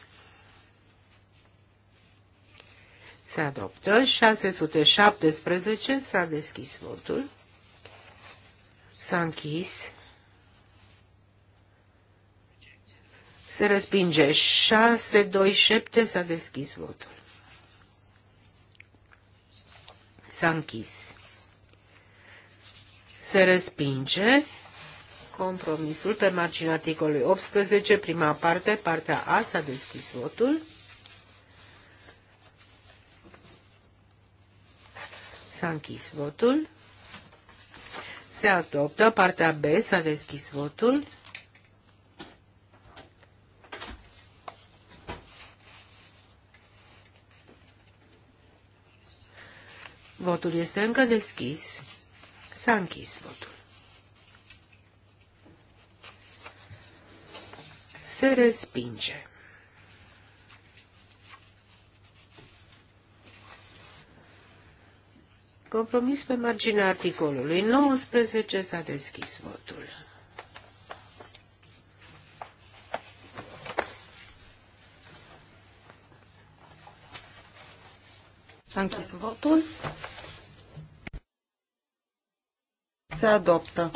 Se adoptă. 617. S-a deschis votul. S-a închis. Se respinge. 627. S-a deschis votul. S-a închis. Se respinge compromisul pe marginea articolului 18, prima parte, partea A, s-a deschis votul. S-a închis votul. Se adoptă. Partea B s-a deschis votul. Votul este încă deschis. S-a închis votul. se respinge. Compromis pe marginea articolului 19 s-a deschis votul. S-a închis votul. Se adoptă.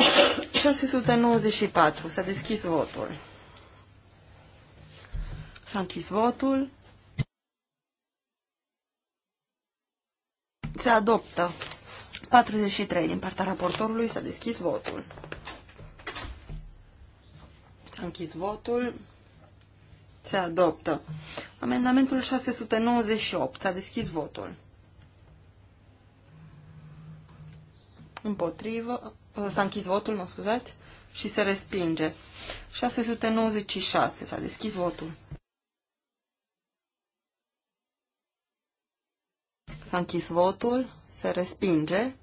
694. S-a deschis votul. S-a închis votul. Se adoptă. 43 din partea raportorului s-a deschis votul. S-a închis votul. Se adoptă. Amendamentul 698. S-a deschis votul. Împotrivă. S-a închis votul, mă scuzați. Și se respinge. 696. S-a deschis votul. S-a închis votul, se respinge.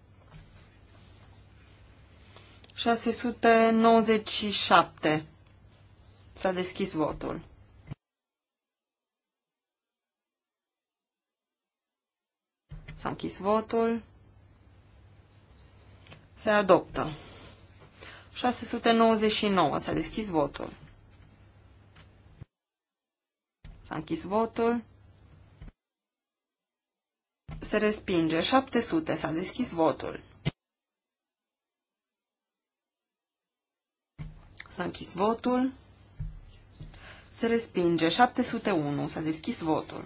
697. S-a deschis votul. S-a închis votul. Se adoptă. 699. S-a deschis votul. S-a închis votul. Se respinge. 700. S-a deschis votul. S-a închis votul. Se respinge. 701. S-a deschis votul.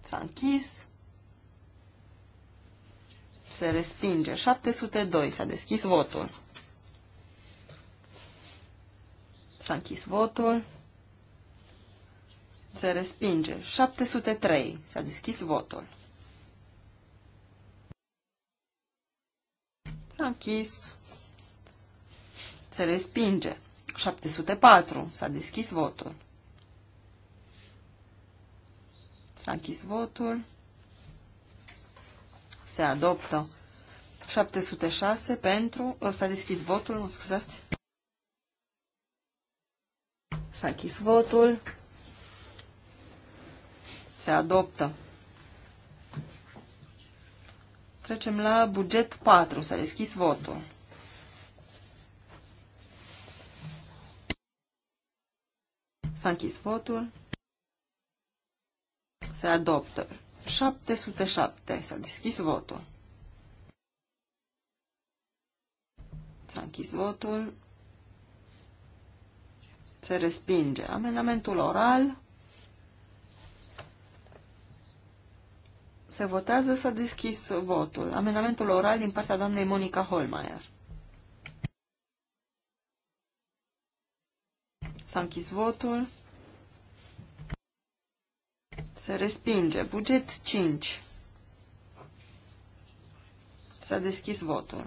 S-a închis. Se respinge. 702. S-a deschis votul. S-a închis votul. Se respinge. 703. S-a deschis votul. S-a închis. Se respinge. 704. S-a deschis votul. S-a închis votul. Se adoptă. 706 pentru... Uh, s-a deschis votul, mă scuzați. S-a închis votul. Se adoptă. Trecem la buget 4. S-a deschis votul. S-a închis votul. Se adoptă. 707. S-a deschis votul. S-a închis votul. Se respinge. Amendamentul oral. Se votează, s-a deschis votul. Amendamentul oral din partea doamnei Monica Holmeier. S-a închis votul. Se respinge. Buget 5. S-a deschis votul.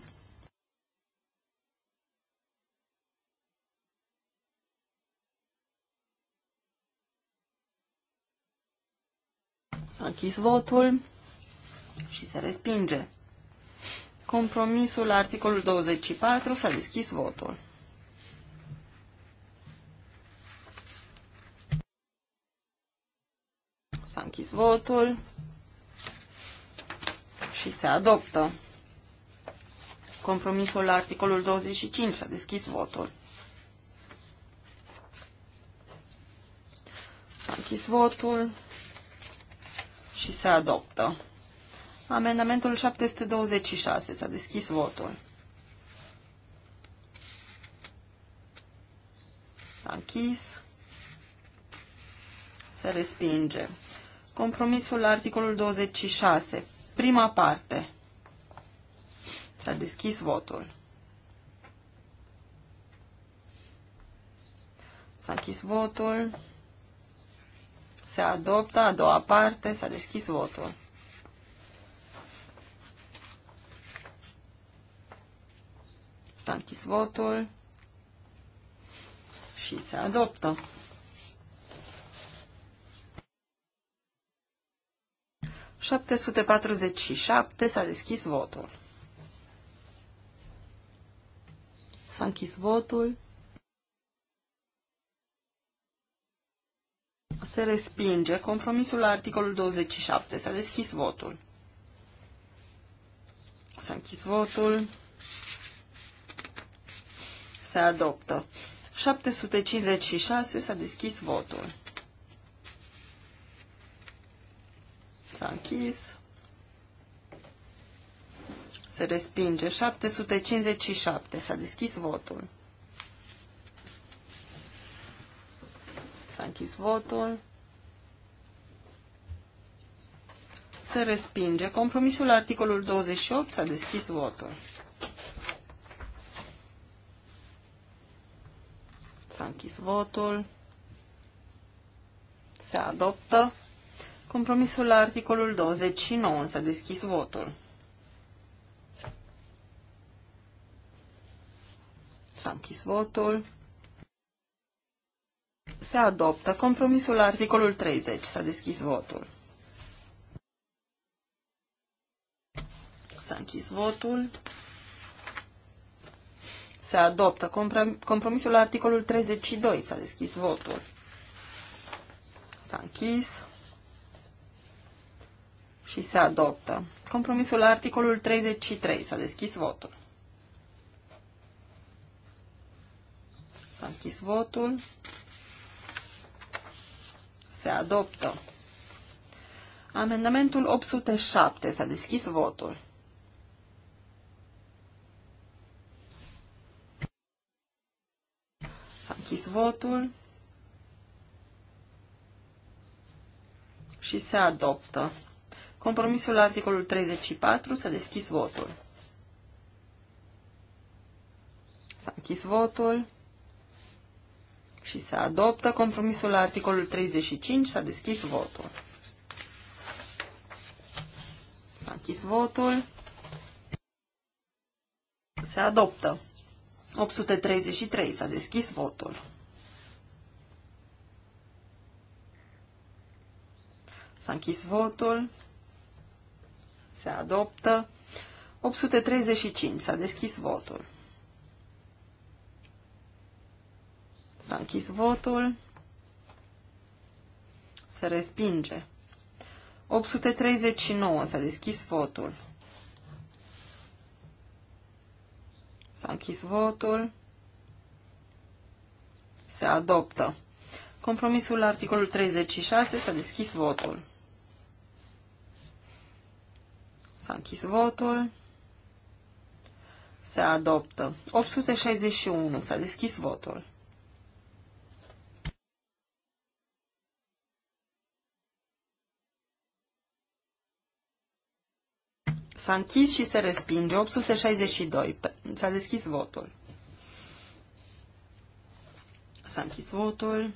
S-a închis votul și se respinge. Compromisul articolul 24 s-a deschis votul. S-a închis votul și se adoptă. Compromisul la articolul 25 s-a deschis votul. S-a închis votul și se adoptă. Amendamentul 726. S-a deschis votul. S-a închis. Se respinge. Compromisul la articolul 26. Prima parte. S-a deschis votul. S-a închis votul. Se adoptă a doua parte. S-a deschis votul. S-a închis votul și se adoptă. șapte s-a deschis votul. S-a închis votul. Se respinge compromisul la articolul 27. S-a deschis votul. S-a închis votul se adoptă. 756 s-a deschis votul. S-a închis. Se respinge. 757 s-a deschis votul. S-a închis votul. Se respinge. Compromisul articolul 28 s-a deschis votul. S-a închis votul. Se adoptă. Compromisul la articolul 29. S-a deschis votul. S-a închis votul. Se adoptă. Compromisul la articolul 30. S-a deschis votul. S-a închis votul. Se adoptă. Compromisul la articolul 32. S-a deschis votul. S-a închis. Și se adoptă. Compromisul la articolul 33. S-a deschis votul. S-a închis votul. Se adoptă. Amendamentul 807. S-a deschis votul. deschis votul și se adoptă. Compromisul la articolul 34 s-a deschis votul. S-a închis votul și se adoptă. Compromisul la articolul 35 s-a deschis votul. S-a închis votul. Se adoptă. 833. S-a deschis votul. S-a închis votul. Se adoptă. 835. S-a deschis votul. S-a închis votul. Se respinge. 839. S-a deschis votul. S-a închis votul. Se adoptă. Compromisul la articolul 36 s-a deschis votul. S-a închis votul. Se adoptă. 861 s-a deschis votul. S-a închis și se respinge. 862. S-a deschis votul. S-a închis votul.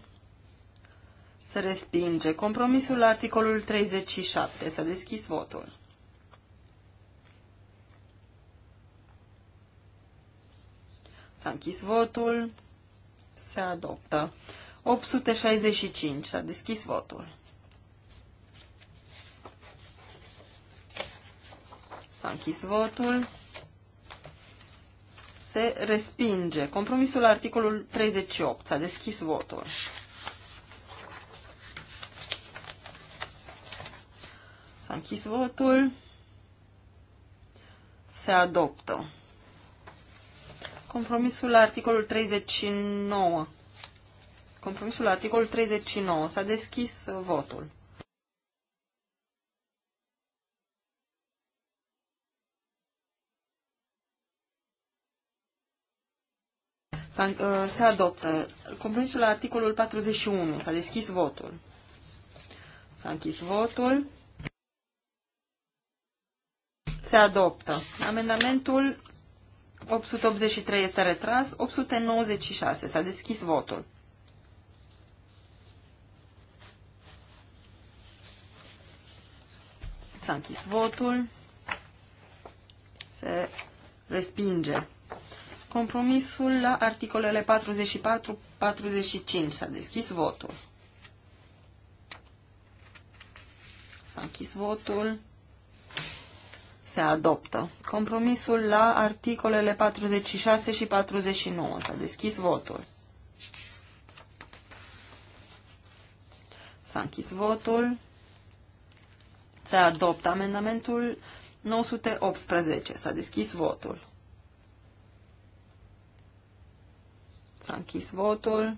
Se respinge. Compromisul la articolul 37. S-a deschis votul. S-a închis votul. Se adoptă. 865. S-a deschis votul. S-a închis votul. Se respinge. Compromisul articolul 38. S-a deschis votul. S-a închis votul. Se adoptă. Compromisul la articolul 39. Compromisul la articolul 39. S-a deschis votul. Uh, se adoptă. Compromisul la articolul 41. S-a deschis votul. S-a închis votul. Se adoptă. Amendamentul 883 este retras. 896. S-a deschis votul. S-a închis votul. Se respinge. Compromisul la articolele 44-45. S-a deschis votul. S-a închis votul. Se adoptă. Compromisul la articolele 46 și 49. S-a deschis votul. S-a închis votul. Se adoptă amendamentul 918. S-a deschis votul. S-a închis votul.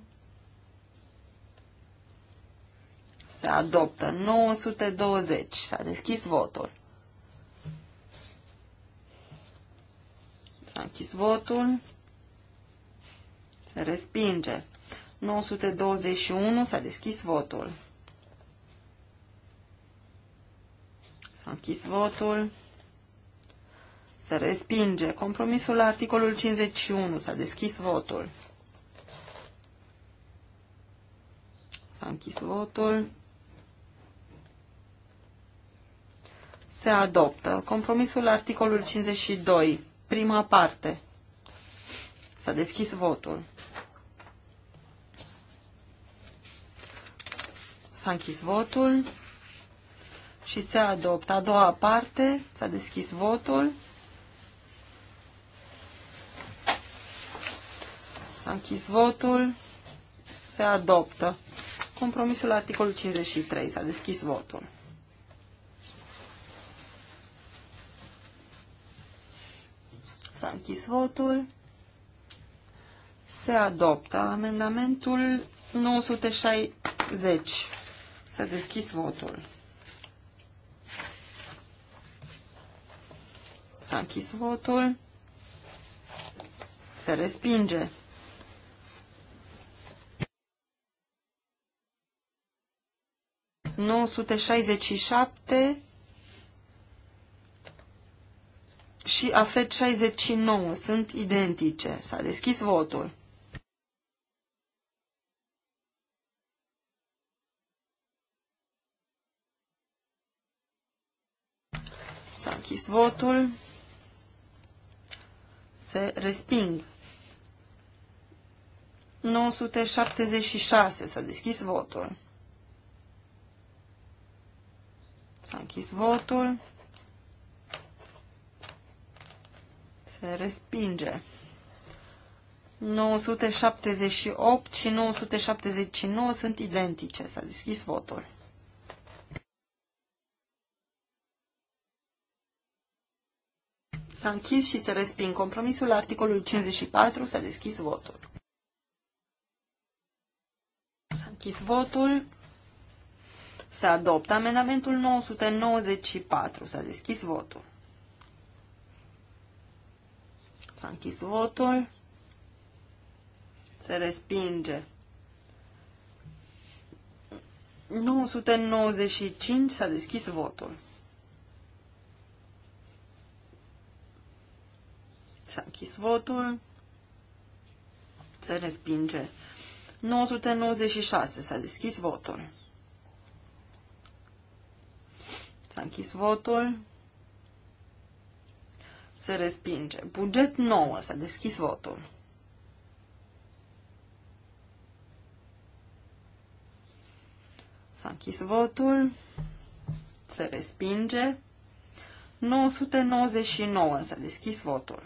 Se adoptă 920. S-a deschis votul. S-a închis votul. Se respinge. 921. S-a deschis votul. S-a închis votul. Se respinge. Compromisul la articolul 51. S-a deschis votul. S-a închis votul. Se adoptă. Compromisul articolul 52, prima parte. S-a deschis votul. S-a închis votul și se adoptă. A doua parte, s-a deschis votul. S-a închis votul, se adoptă. Compromisul articolul 53. S-a deschis votul. S-a închis votul. Se adoptă amendamentul 960. S-a deschis votul. S-a închis votul. Se respinge. 967 și AFET 69 sunt identice. S-a deschis votul. S-a închis votul. Se resping. 976 s-a deschis votul. S-a închis votul. Se respinge. 978 și 979 sunt identice. S-a deschis votul. S-a închis și se resping compromisul la articolul 54. S-a deschis votul. S-a închis votul. Se adoptă amendamentul 994. S-a deschis votul. S-a închis votul. Se respinge. 995 s-a deschis votul. S-a închis votul. Se respinge. 996 s-a deschis votul. S-a închis votul. Se respinge. Buget 9. S-a deschis votul. S-a închis votul. Se respinge. 999. S-a deschis votul.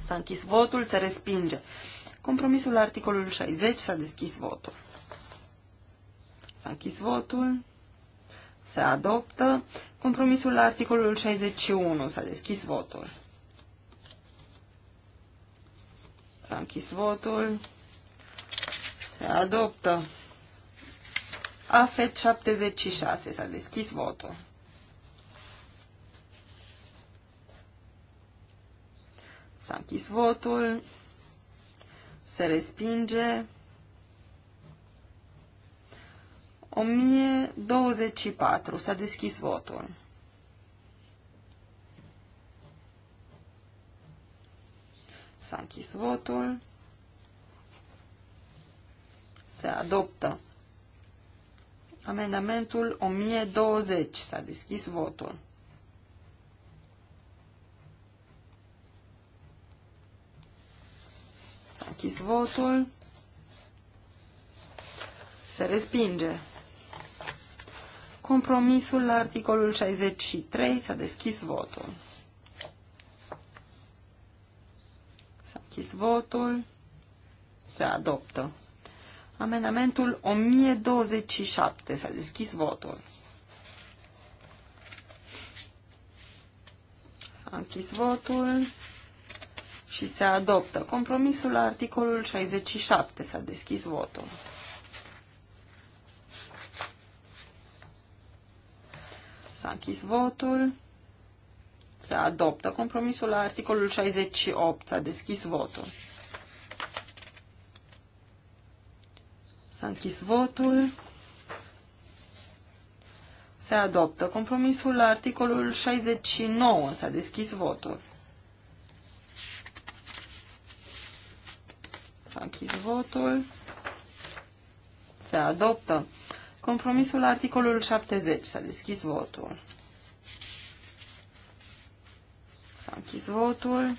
S-a închis votul, se respinge. Compromisul la articolul 60 s-a deschis votul. S-a închis votul. Se adoptă. Compromisul la articolul 61 s-a deschis votul. S-a închis votul. Se adoptă. AFET 76 s-a deschis votul. S-a închis votul se respinge. 1024. S-a deschis votul. S-a închis votul. Se adoptă. Amendamentul 1020. S-a deschis votul. Închis votul. Se respinge. Compromisul la articolul 63 s-a deschis votul. S-a închis votul. Se adoptă. Amendamentul 1027 s-a deschis votul. S-a închis votul și se adoptă. Compromisul la articolul 67 s-a deschis votul. S-a închis votul. Se adoptă. Compromisul la articolul 68 s-a deschis votul. S-a închis votul. Se adoptă. Compromisul la articolul 69 s-a deschis votul. închis votul. Se adoptă. Compromisul articolul 70. S-a deschis votul. S-a închis votul.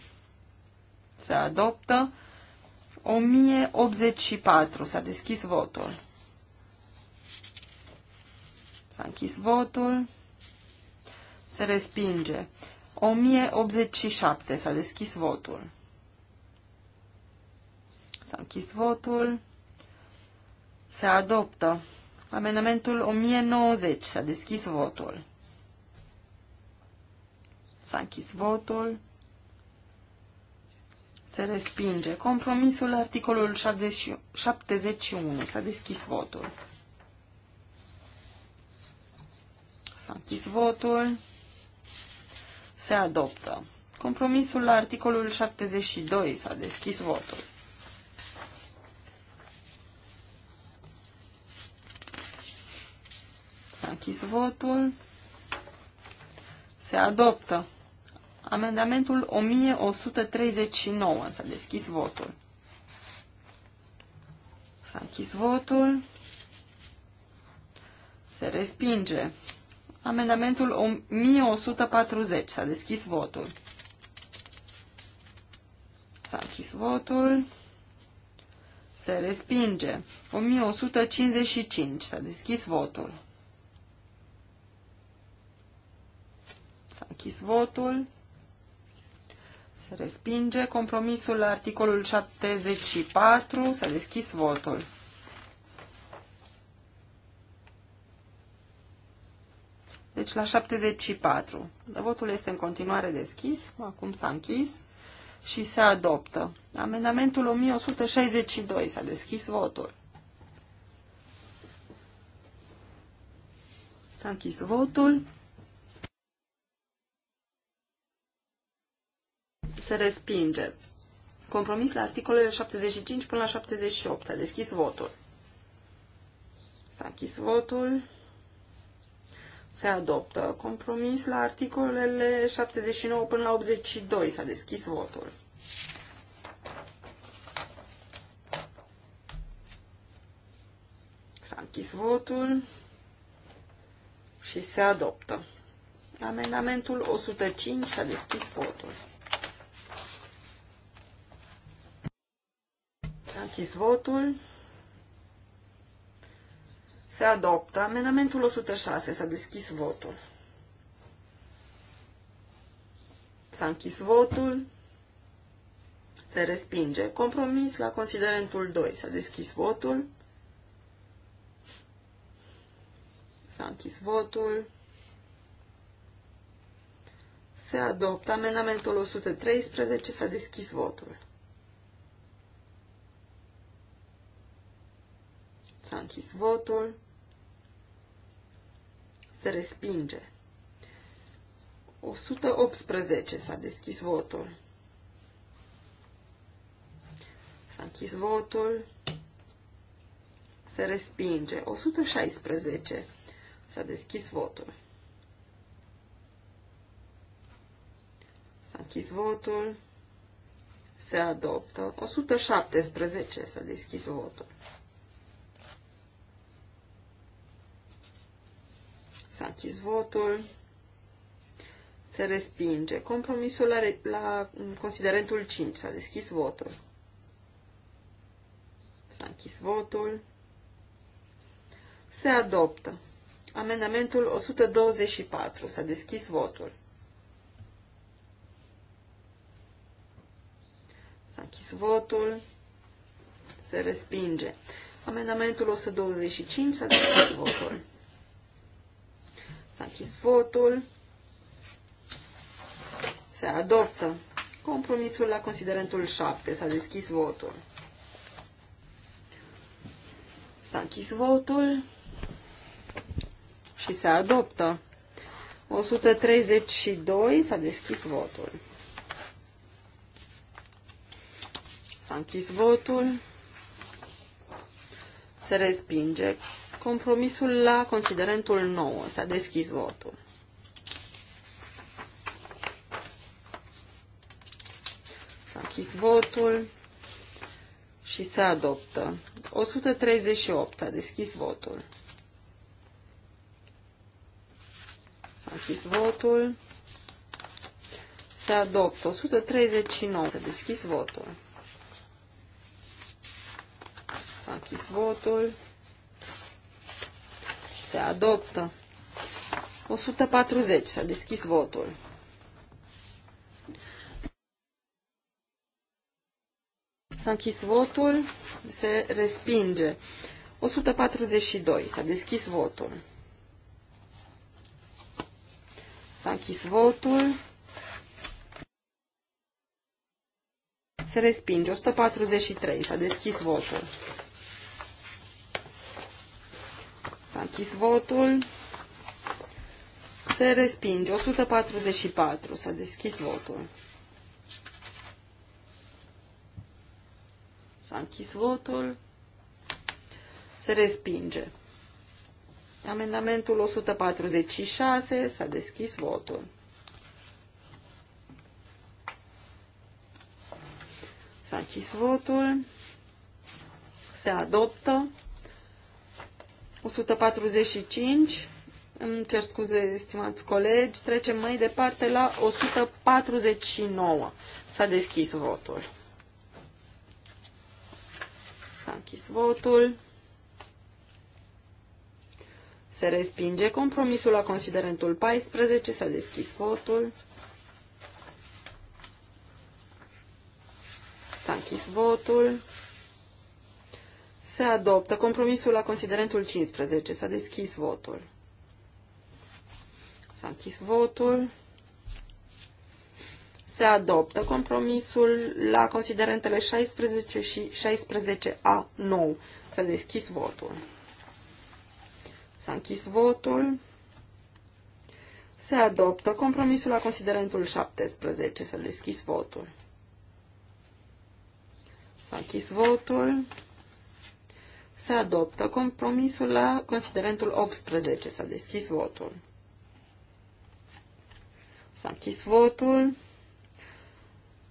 Se adoptă. 1084. S-a deschis votul. S-a închis votul. Se respinge. 1087. S-a deschis votul. S-a închis votul. Se adoptă. Amendamentul 1090. S-a deschis votul. S-a închis votul. Se respinge. Compromisul articolul 70, 71. S-a deschis votul. S-a închis votul. Se adoptă. Compromisul la articolul 72. S-a deschis votul. închis votul. Se adoptă. Amendamentul 1139. S-a deschis votul. S-a închis votul. Se respinge. Amendamentul 1140. S-a deschis votul. S-a închis votul. Se respinge. 1155. S-a deschis votul. închis votul. Se respinge compromisul la articolul 74. S-a deschis votul. Deci la 74. Votul este în continuare deschis. Acum s-a închis și se adoptă. Amendamentul 1162. S-a deschis votul. S-a închis votul. se respinge. Compromis la articolele 75 până la 78. S-a deschis votul. S-a închis votul. Se adoptă. Compromis la articolele 79 până la 82. S-a deschis votul. S-a închis votul și se adoptă. Amendamentul 105 s-a deschis votul. închis votul. Se adoptă. Amendamentul 106. S-a deschis votul. S-a închis votul. Se respinge. Compromis la considerentul 2. S-a deschis votul. S-a închis votul. Se adoptă amendamentul 113. S-a deschis votul. S-a închis votul. Se respinge. 118. S-a deschis votul. S-a închis votul. Se respinge. 116. S-a deschis votul. S-a închis votul. Se adoptă. 117. S-a deschis votul. S-a închis votul. Se respinge. Compromisul la, la mm, considerentul 5. S-a deschis votul. S-a închis votul. Se adoptă. Amendamentul 124. S-a deschis votul. S-a închis votul. Se respinge. Amendamentul 125 s-a deschis votul. S-a închis votul. Se adoptă. Compromisul la considerentul 7. S-a deschis votul. S-a închis votul și se adoptă. 132 s-a deschis votul. S-a închis votul. Se respinge Compromisul la considerentul 9. S-a deschis votul. S-a închis votul și se adoptă. 138. S-a deschis votul. S-a închis votul. Se adoptă. 139. S-a deschis votul. S-a închis votul se adoptă. 140, s-a deschis votul. S-a închis votul, se respinge. 142, s-a deschis votul. S-a închis votul. Se respinge. 143. S-a deschis votul. S-a închis votul. Se respinge. 144. S-a deschis votul. S-a închis votul. Se respinge. Amendamentul 146. S-a deschis votul. S-a închis votul. Se adoptă. 145, îmi cer scuze, stimați colegi, trecem mai departe la 149. S-a deschis votul. S-a închis votul. Se respinge compromisul la considerentul 14. S-a deschis votul. S-a închis votul. Se adoptă compromisul la considerentul 15. S-a deschis votul. S-a închis votul. Se adoptă compromisul la considerentele 16 și 16A nou. S-a deschis votul. S-a închis votul. Se adoptă compromisul la considerentul 17. S-a deschis votul. S-a închis votul. Se adoptă compromisul la considerentul 18. S-a deschis votul. S-a închis votul.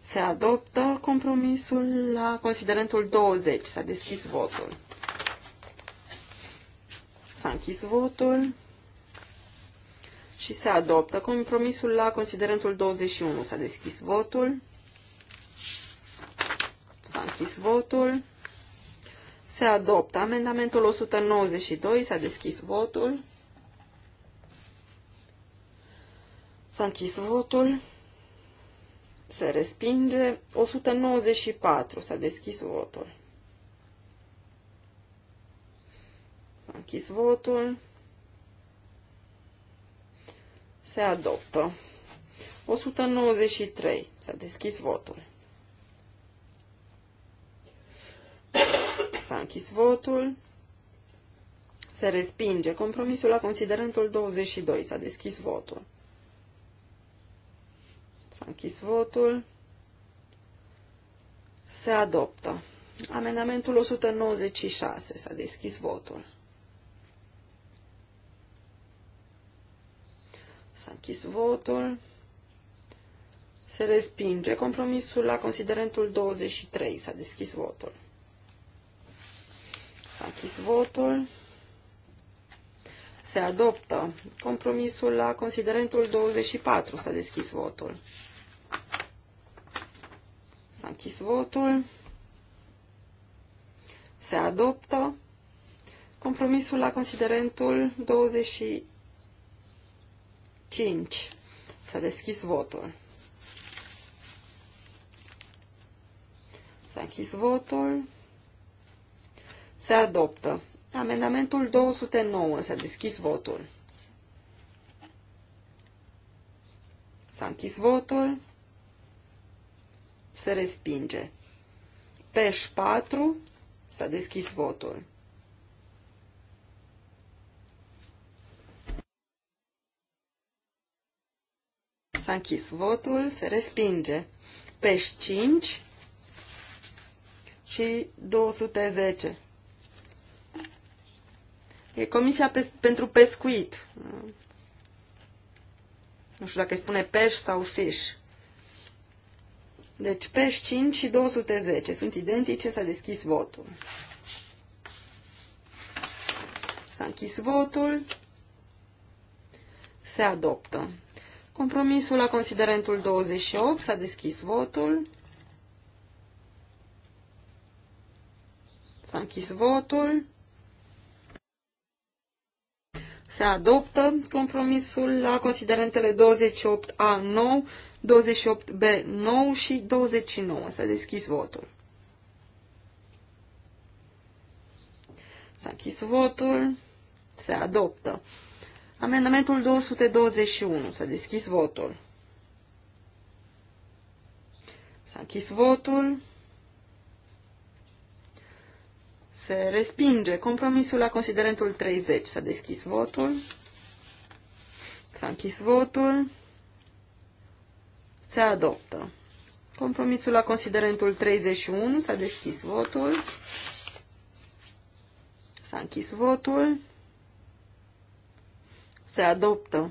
Se adoptă compromisul la considerentul 20. S-a deschis votul. S-a închis votul și se adoptă compromisul la considerentul 21. S-a deschis votul. S-a închis votul. Se adoptă. Amendamentul 192. S-a deschis votul. S-a închis votul. Se respinge. 194. S-a deschis votul. S-a închis votul. Se adoptă. 193. S-a deschis votul. S-a închis votul. Se respinge. Compromisul la considerentul 22. S-a deschis votul. S-a închis votul. Se adoptă. Amendamentul 196. S-a deschis votul. S-a închis votul. Se respinge. Compromisul la considerentul 23. S-a deschis votul. S-a închis votul. Se adoptă compromisul la considerentul 24. S-a deschis votul. S-a închis votul. Se adoptă compromisul la considerentul 25. S-a deschis votul. S-a închis votul. Se adoptă. Amendamentul 209. S-a deschis votul. S-a închis votul. Se respinge. Peș 4. S-a deschis votul. S-a închis votul, se respinge. Peș 5 și 210. E Comisia pe, pentru Pescuit. Nu știu dacă îi spune peș sau fish. Deci peș 5 și 210 sunt identice, s-a deschis votul. S-a închis votul. Se adoptă. Compromisul la considerentul 28 s-a deschis votul. S-a închis votul. Se adoptă compromisul la considerentele 28A9, 28B9 și 29. S-a deschis votul. S-a închis votul. Se adoptă. Amendamentul 221. S-a deschis votul. S-a închis votul. Se respinge compromisul la considerentul 30. S-a deschis votul. S-a închis votul. Se adoptă. Compromisul la considerentul 31. S-a deschis votul. S-a închis votul. Se adoptă.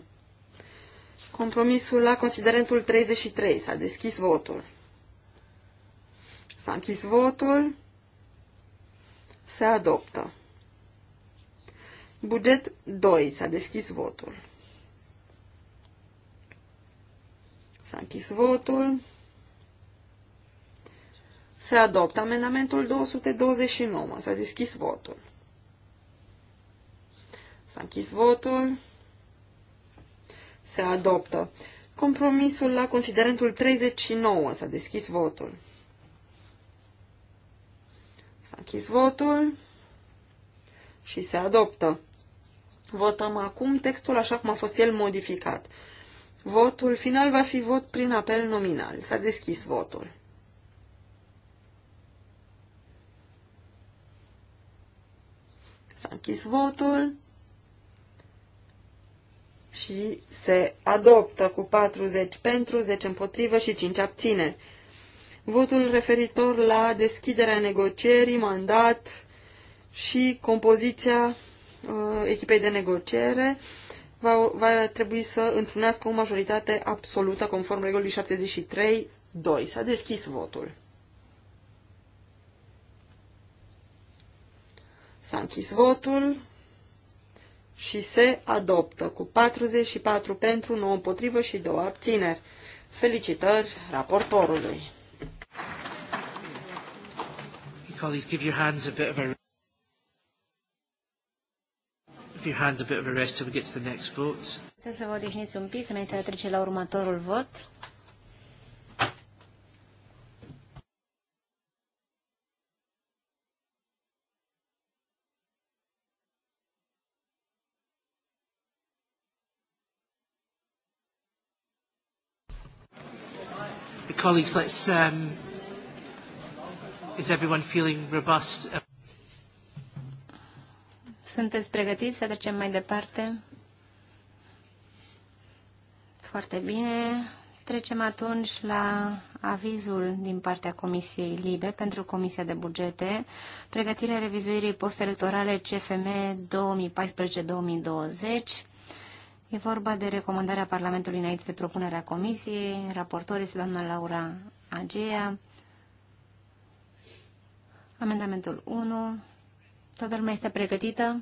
Compromisul la considerentul 33. S-a deschis votul. S-a închis votul. Se adoptă. Buget 2. S-a deschis votul. S-a închis votul. Se adoptă amendamentul 229. S-a deschis votul. S-a închis votul. Se adoptă. Compromisul la considerentul 39. S-a deschis votul. S-a închis votul și se adoptă. Votăm acum textul așa cum a fost el modificat. Votul final va fi vot prin apel nominal. S-a deschis votul. S-a închis votul și se adoptă cu 40 pentru, 10 împotrivă și 5 abțineri votul referitor la deschiderea negocierii, mandat și compoziția uh, echipei de negociere va, va trebui să întrunească o majoritate absolută conform regulii 73.2. 2. S-a deschis votul. S-a închis votul și se adoptă cu 44 pentru, 9 împotrivă și 2 abțineri. Felicitări raportorului! colleagues, give your hands a bit of a give your hands a bit of a rest till we get to the next vote. Puteți să vă odihniți un pic înainte de a trece la următorul vot. Colleagues, let's um, is everyone feeling robust? Sunteți pregătiți să trecem mai departe? Foarte bine. Trecem atunci la avizul din partea Comisiei Libe pentru Comisia de Bugete, pregătirea revizuirii postelectorale CFM 2014-2020. E vorba de recomandarea Parlamentului înainte de propunerea Comisiei. Raportor este doamna Laura Agea. Amendamentul 1. Toată lumea este pregătită?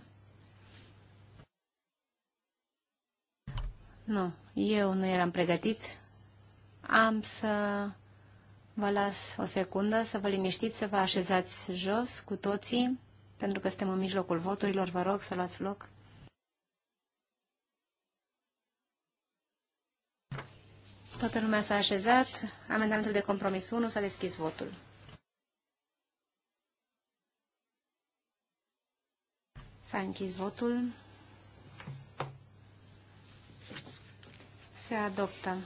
Nu, eu nu eram pregătit. Am să vă las o secundă să vă liniștiți, să vă așezați jos cu toții, pentru că suntem în mijlocul voturilor. Vă rog să luați loc. Toată lumea s-a așezat. Amendamentul de compromis 1 s-a deschis votul. S-a închis votul. Se adoptă.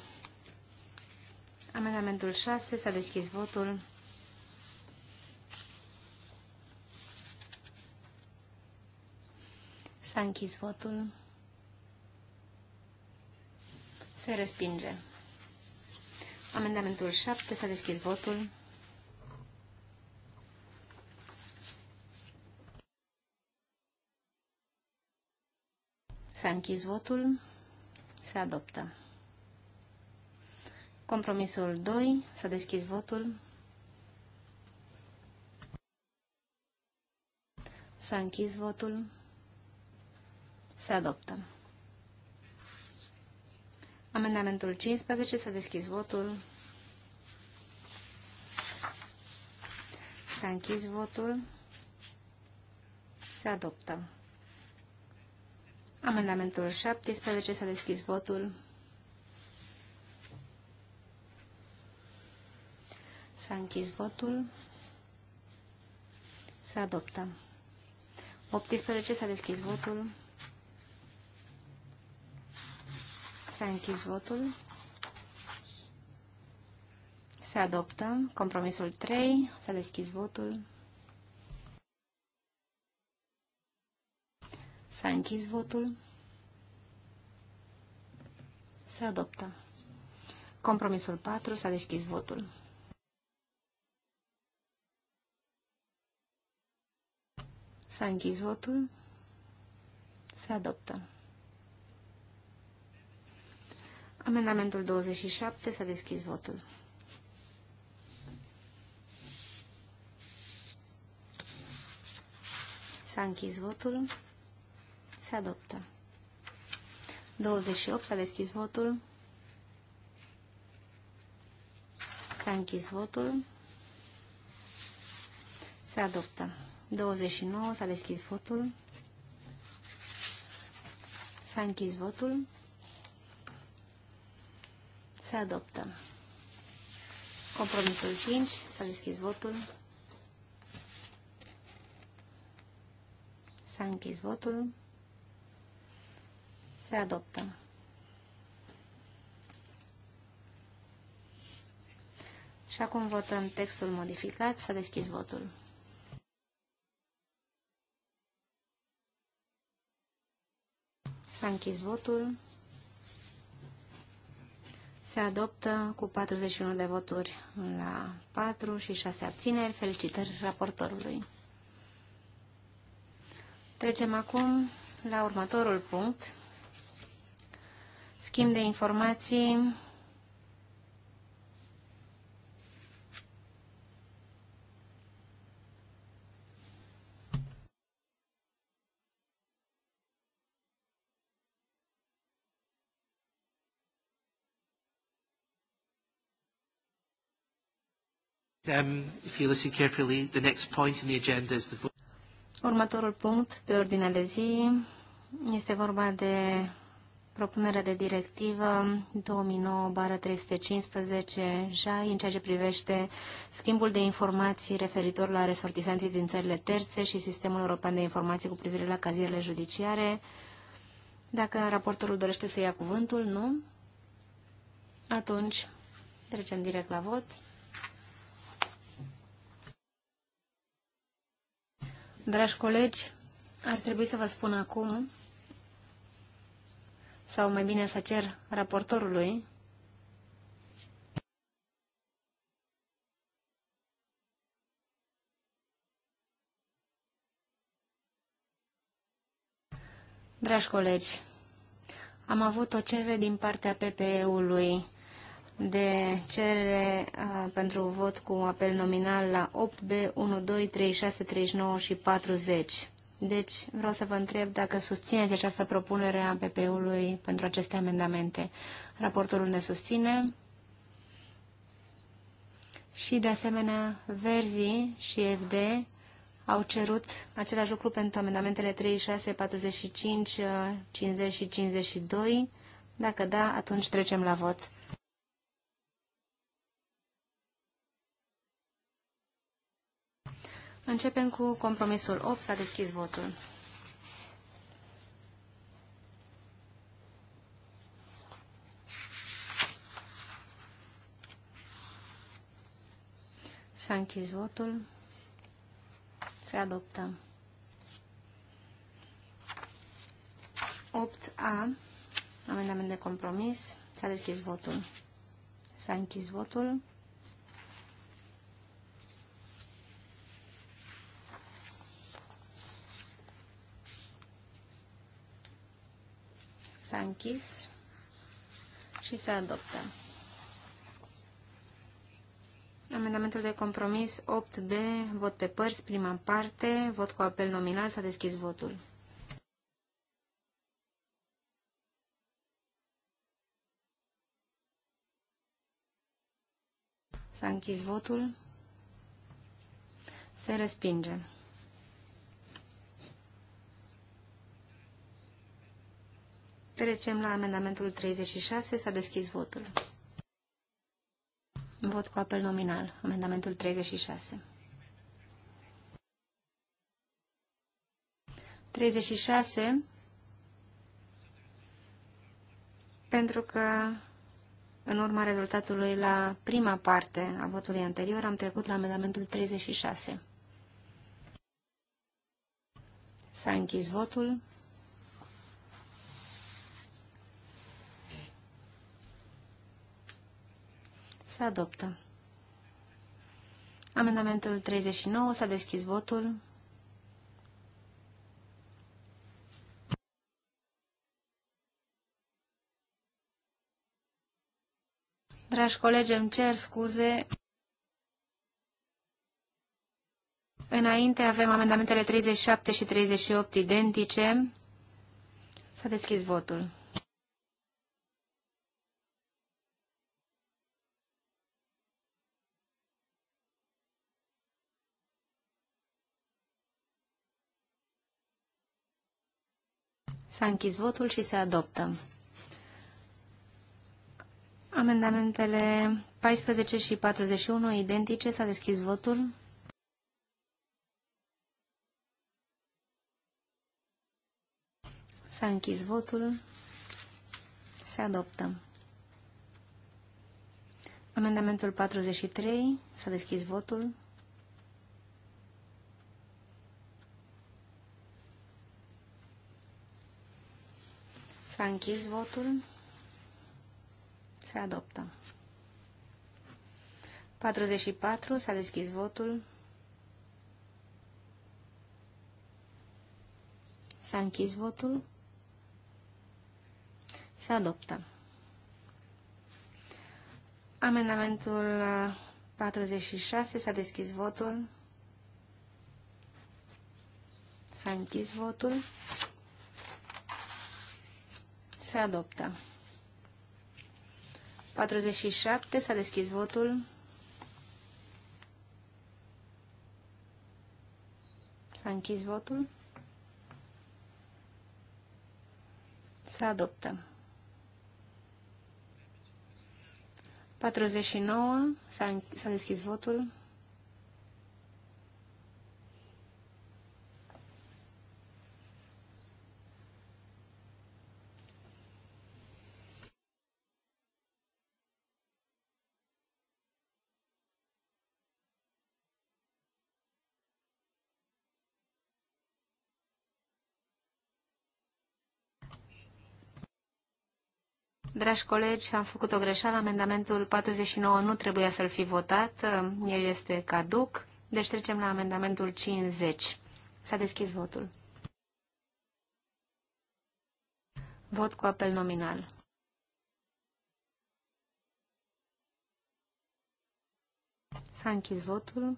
Amendamentul 6. S-a deschis votul. S-a închis votul. Se respinge. Amendamentul 7. S-a deschis votul. S-a închis votul. Se adoptă. Compromisul 2. S-a deschis votul. S-a închis votul. Se adoptă. Amendamentul 15. S-a deschis votul. S-a închis votul. Se adoptă. Amendamentul 17 s-a deschis votul. S-a închis votul. Se adoptă. 18 s-a deschis votul. S-a închis votul. Se adoptă. Compromisul 3 s-a deschis votul. S-a închis votul. Se adoptă. Compromisul 4. S-a deschis votul. S-a închis votul. Se adoptă. Amendamentul 27. S-a deschis votul. S-a închis votul se adoptă. 28, s-a deschis votul. S-a închis votul. Se adoptă. 29, s-a deschis votul. S-a închis votul. Se adoptă. Compromisul 5, s-a deschis votul. S-a închis votul. Se adoptă. Și acum votăm textul modificat. Să a deschis votul. S-a închis votul. Se adoptă cu 41 de voturi la 4 și 6 abțineri. Felicitări raportorului. Trecem acum la următorul punct schimb de informații. Um, if you listen carefully, the next point in the agenda is the Următorul punct pe ordinea de zi este vorba de propunerea de directivă 2009-315 JAI în ceea ce privește schimbul de informații referitor la resortisanții din țările terțe și sistemul european de informații cu privire la cazierele judiciare. Dacă raportorul dorește să ia cuvântul, nu? Atunci trecem direct la vot. Dragi colegi, ar trebui să vă spun acum sau mai bine să cer raportorului Dragi colegi, am avut o cerere din partea PPE-ului de cerere a, pentru vot cu apel nominal la 8B, 123639 și 40. Deci vreau să vă întreb dacă susțineți această propunere a PP-ului pentru aceste amendamente. Raportorul ne susține și de asemenea Verzi și FD au cerut același lucru pentru amendamentele 36, 45, 50 și 52. Dacă da, atunci trecem la vot. Începem cu compromisul 8. S-a deschis votul. S-a închis votul. Se adoptă. 8A, amendament de compromis. S-a deschis votul. S-a închis votul. S-a închis și se adoptă. Amendamentul de compromis 8B, vot pe părți, prima parte, vot cu apel nominal, s-a deschis votul. S-a închis votul. Se respinge. Trecem la amendamentul 36. S-a deschis votul. Vot cu apel nominal. Amendamentul 36. 36. Pentru că în urma rezultatului la prima parte a votului anterior am trecut la amendamentul 36. S-a închis votul. Se adoptă. Amendamentul 39. S-a deschis votul. Dragi colegi, îmi cer scuze. Înainte avem amendamentele 37 și 38 identice. S-a deschis votul. S-a închis votul și se adoptă. Amendamentele 14 și 41 identice. S-a deschis votul. S-a închis votul. Se adoptă. Amendamentul 43. S-a deschis votul. S-a închis votul. Se adoptă. 44. S-a deschis votul. S-a închis votul. Se adoptă. Amendamentul 46. S-a deschis votul. S-a închis votul. Se adoptă. 47. S-a deschis votul. S-a închis votul. Se adoptă. 49. S-a deschis votul. Dragi colegi, am făcut o greșeală. Amendamentul 49 nu trebuia să-l fi votat. El este caduc. Deci trecem la amendamentul 50. S-a deschis votul. Vot cu apel nominal. S-a închis votul.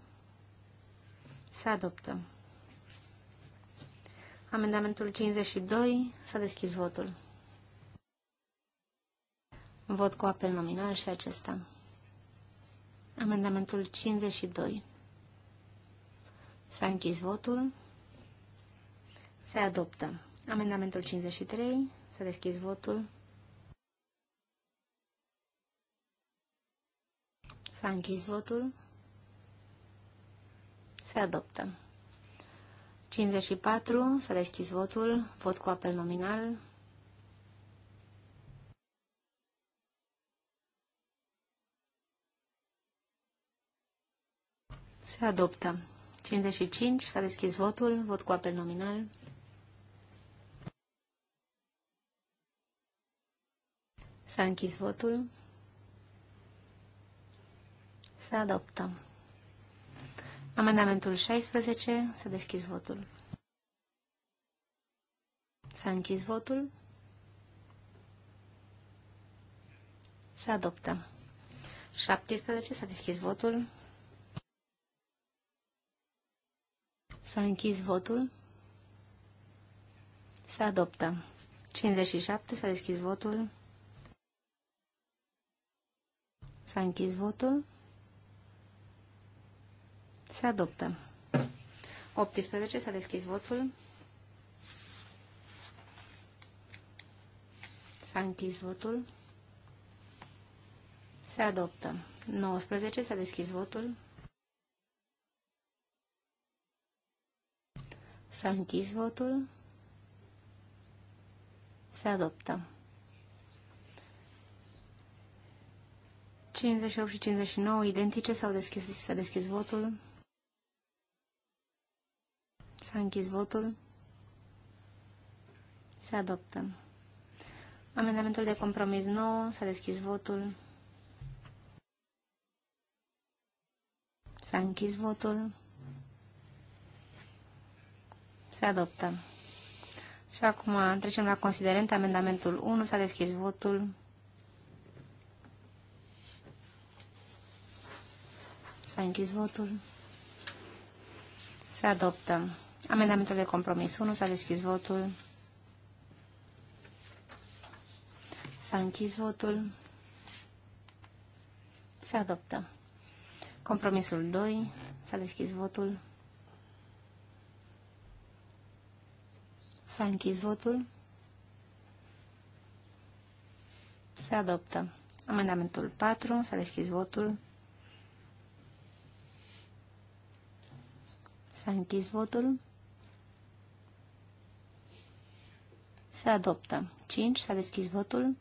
Se adoptă. Amendamentul 52. S-a deschis votul. Vot cu apel nominal și acesta. Amendamentul 52. S-a închis votul. Se adoptă. Amendamentul 53. S-a deschis votul. S-a închis votul. Se adoptă. 54. S-a deschis votul. Vot cu apel nominal. Se adoptă. 55. S-a deschis votul. Vot cu apel nominal. S-a închis votul. Se adoptă. Amendamentul 16. S-a deschis votul. S-a închis votul. Se adoptă. 17. S-a deschis votul. S-a închis votul. Se adoptă. 57. S-a deschis votul. S-a închis votul. Se adoptă. 18. S-a deschis votul. S-a închis votul. Se adoptă. 19. S-a deschis votul. S-a închis votul. Se adoptă. 58 și 59 identice s-au deschis, s-a deschis votul. S-a închis votul. Se adoptă. Amendamentul de compromis nou s-a deschis votul. S-a închis votul. Se adoptă. Și acum trecem la considerent. Amendamentul 1. S-a deschis votul. S-a închis votul. Se adoptă. Amendamentul de compromis 1. S-a deschis votul. S-a închis votul. Se adoptă. Compromisul 2. S-a deschis votul. S-a închis votul. Se adoptă. Amendamentul 4. S-a deschis votul. S-a închis votul. Se adoptă. 5. S-a deschis votul.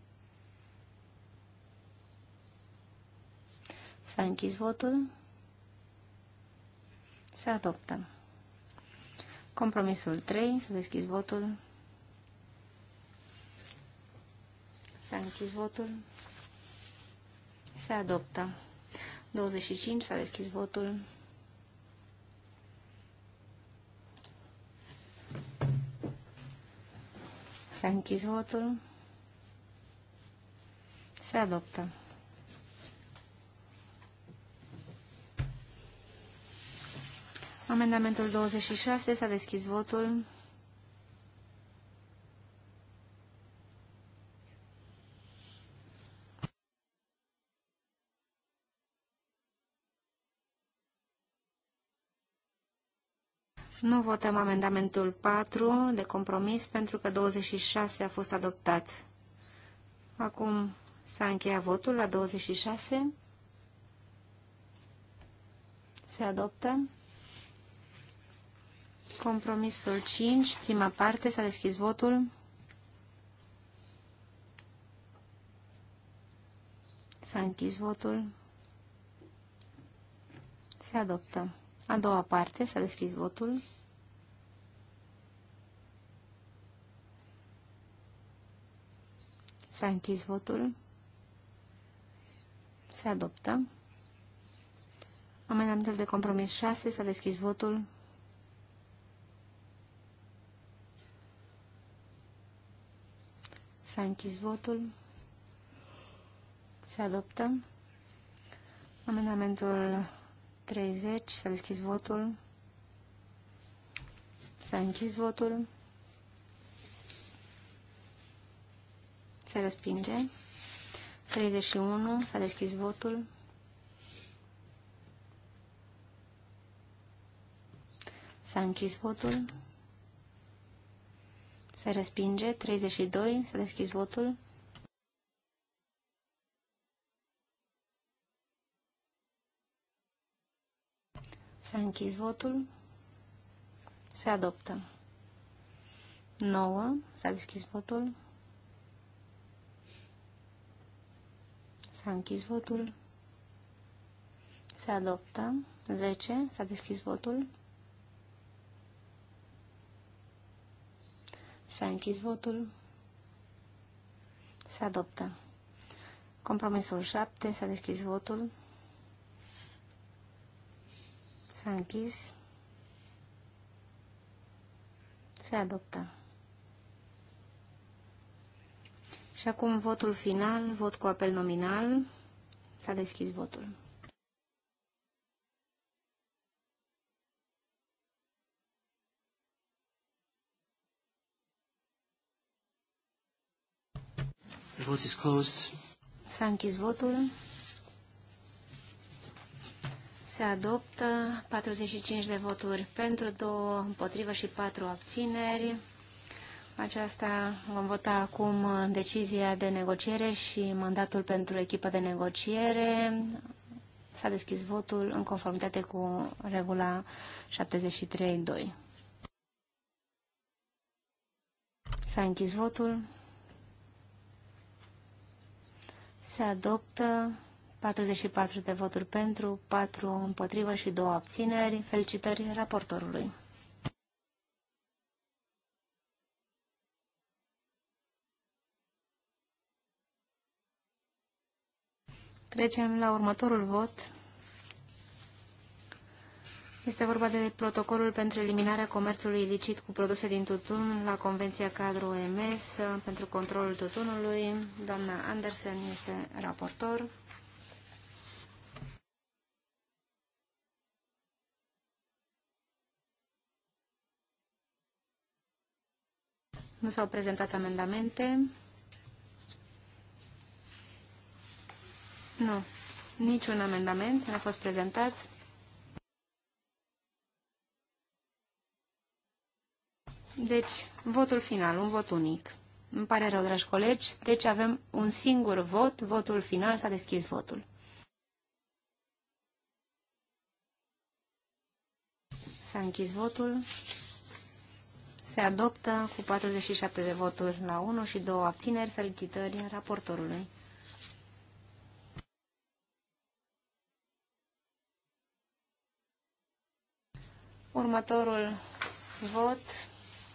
S-a închis votul. Se adoptă. Compromisul 3, să deschizi votul. S-a închis votul. Se adoptă. 25, s-a deschis votul. S-a închis votul. Se adoptă. Amendamentul 26. S-a deschis votul. Nu votăm amendamentul 4 de compromis pentru că 26 a fost adoptat. Acum s-a încheiat votul la 26. Se adoptă. Compromisul 5, prima parte, s-a deschis votul. S-a închis votul. Se adoptă. A doua parte, s-a deschis votul. S-a închis votul. Se adoptă. Amendamentul de compromis 6, s-a deschis votul. S-a închis votul. Se adoptă. Amendamentul 30. S-a deschis votul. S-a închis votul. Se respinge. 31. S-a deschis votul. S-a închis votul. Se respinge. 32. S-a deschis votul. S-a închis votul. Se adoptă. 9. S-a deschis votul. S-a închis votul. Se adoptă. 10. S-a deschis votul. S-a închis votul. Se adoptă. Compromisul 7. S-a deschis votul. S-a închis. Se adoptă. Și acum votul final, vot cu apel nominal. S-a deschis votul. The vote is closed. S-a închis votul. Se adoptă 45 de voturi pentru, 2 împotrivă și 4 abțineri. Aceasta vom vota acum decizia de negociere și mandatul pentru echipa de negociere. S-a deschis votul în conformitate cu regula 73.2. S-a închis votul. Se adoptă 44 de voturi pentru, 4 împotrivă și 2 abțineri. Felicitări raportorului. Trecem la următorul vot. Este vorba de protocolul pentru eliminarea comerțului ilicit cu produse din tutun la Convenția Cadru OMS pentru controlul tutunului. Doamna Andersen este raportor. Nu s-au prezentat amendamente. Nu. Niciun amendament nu a fost prezentat. Deci, votul final, un vot unic. Îmi pare rău, dragi colegi, deci avem un singur vot, votul final, s-a deschis votul. S-a închis votul. Se adoptă cu 47 de voturi la 1 și 2 abțineri. Felicitări raportorului. Următorul vot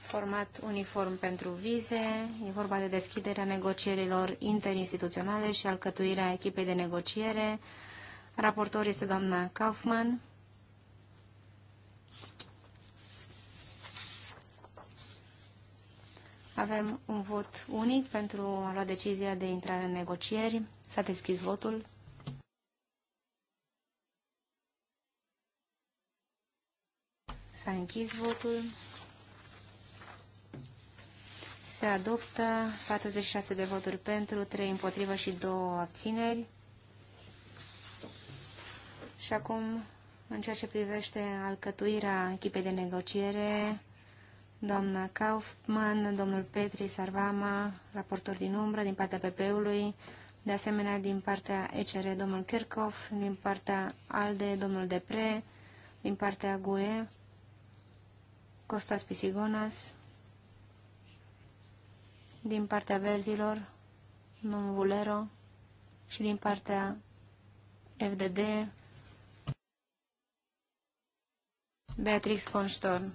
format uniform pentru vize, e vorba de deschiderea negocierilor interinstituționale și alcătuirea echipei de negociere. Raportor este doamna Kaufmann. Avem un vot unic pentru a lua decizia de intrare în negocieri. S-a deschis votul. S-a închis votul. Se adoptă 46 de voturi pentru, 3 împotrivă și 2 abțineri. Și acum, în ceea ce privește alcătuirea echipei de negociere, doamna Kaufmann, domnul Petri Sarvama, raportor din umbră din partea PP-ului, de asemenea din partea ECR, domnul Kirchhoff, din partea ALDE, domnul Depre, din partea GUE, Costas Pisigonas, din partea verzilor, domnul Vulero, și din partea FDD, Beatrix Constorn.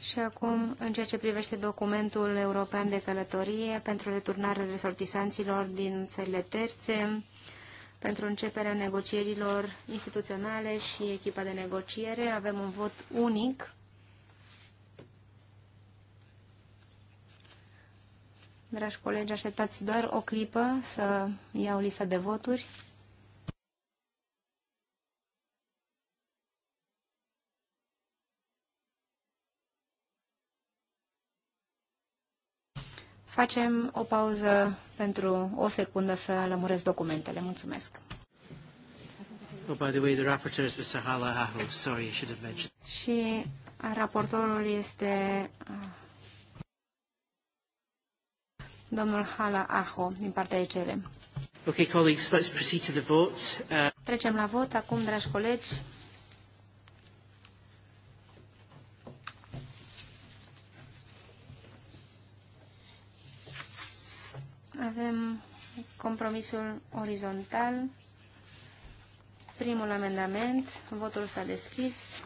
Și acum, în ceea ce privește documentul european de călătorie pentru returnarea resortisanților din țările terțe, pentru începerea negocierilor instituționale și echipa de negociere, avem un vot unic Dragi colegi, așteptați doar o clipă să iau lista de voturi. Facem o pauză pentru o secundă să lămuresc documentele. Mulțumesc. Oh, by the way, the rapporteur is Mr. Hala Ahu. Sorry, I should have mentioned. Și raportorul este domnul Hala Aho, din partea ECR. Okay, colleagues, let's proceed to the vote. Uh... Trecem la vot acum, dragi colegi. Avem compromisul orizontal, primul amendament, votul s-a deschis,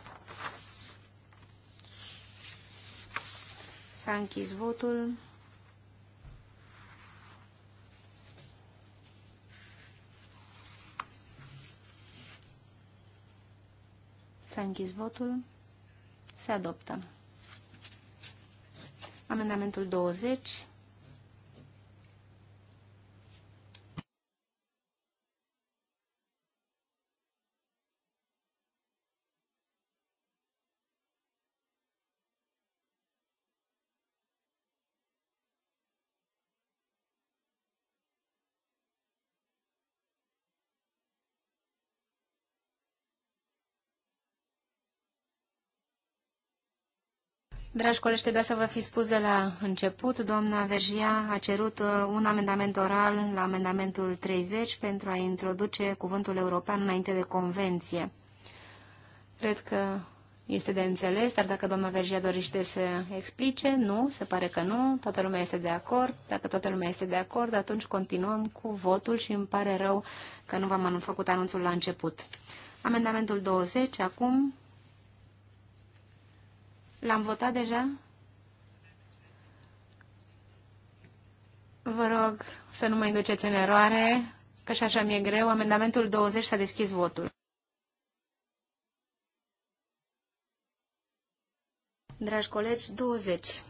s-a închis votul. S-a închis votul. Se adoptă. Amendamentul 20 Dragi colegi, trebuia să vă fi spus de la început. Doamna Vergia a cerut uh, un amendament oral la amendamentul 30 pentru a introduce cuvântul european înainte de convenție. Cred că este de înțeles, dar dacă doamna Vergia dorește să explice, nu, se pare că nu, toată lumea este de acord. Dacă toată lumea este de acord, atunci continuăm cu votul și îmi pare rău că nu v-am făcut anunțul la început. Amendamentul 20, acum, L-am votat deja? Vă rog să nu mai duceți în eroare, că și așa mi-e greu. Amendamentul 20 s-a deschis votul. Dragi colegi, 20.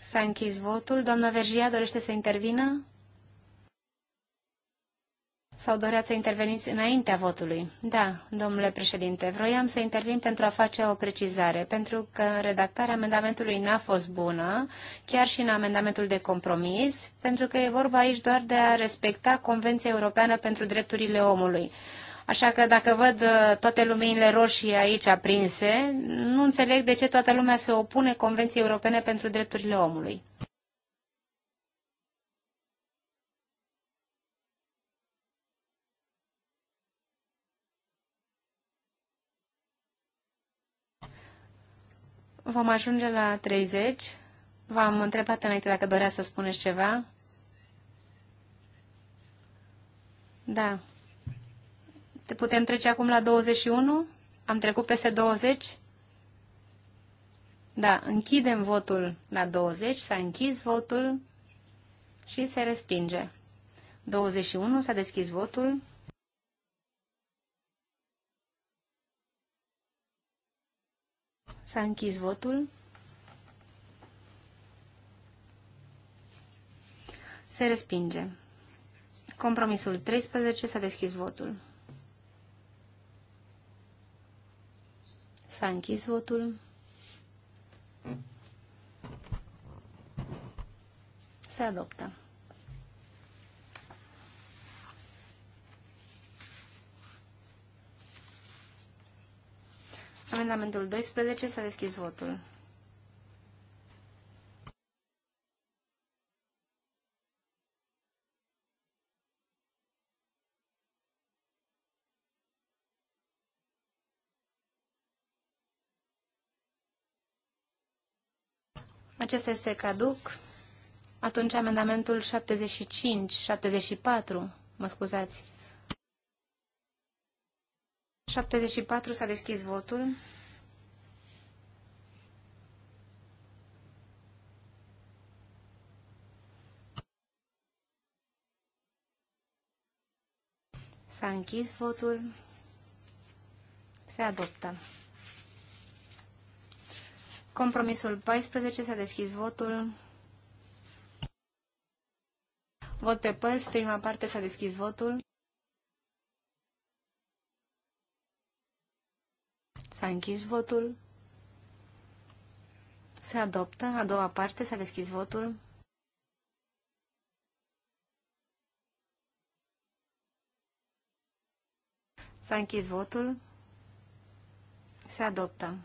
S-a închis votul. Doamna Vergia dorește să intervină? Sau doreați să interveniți înaintea votului? Da, domnule președinte, vroiam să intervin pentru a face o precizare, pentru că redactarea amendamentului n-a fost bună, chiar și în amendamentul de compromis, pentru că e vorba aici doar de a respecta Convenția Europeană pentru Drepturile Omului. Așa că dacă văd uh, toate luminile roșii aici aprinse, nu înțeleg de ce toată lumea se opune Convenției Europene pentru Drepturile Omului. Vom ajunge la 30. V-am întrebat înainte dacă dorea să spuneți ceva. Da. Te putem trece acum la 21? Am trecut peste 20? Da, închidem votul la 20, s-a închis votul și se respinge. 21 s-a deschis votul. S-a închis votul. Se respinge. Compromisul 13 s-a deschis votul. S-a închis votul. Se adoptă. Amendamentul 12 s-a deschis votul. Acesta este caduc. Atunci amendamentul 75, 74, mă scuzați. 74 s-a deschis votul. S-a închis votul. Se adoptă. Compromisul 14 s-a deschis votul. Vot pe părți, prima parte s-a deschis votul. S-a închis votul. Se adoptă. A doua parte s-a deschis votul. S-a închis votul. Se adoptă.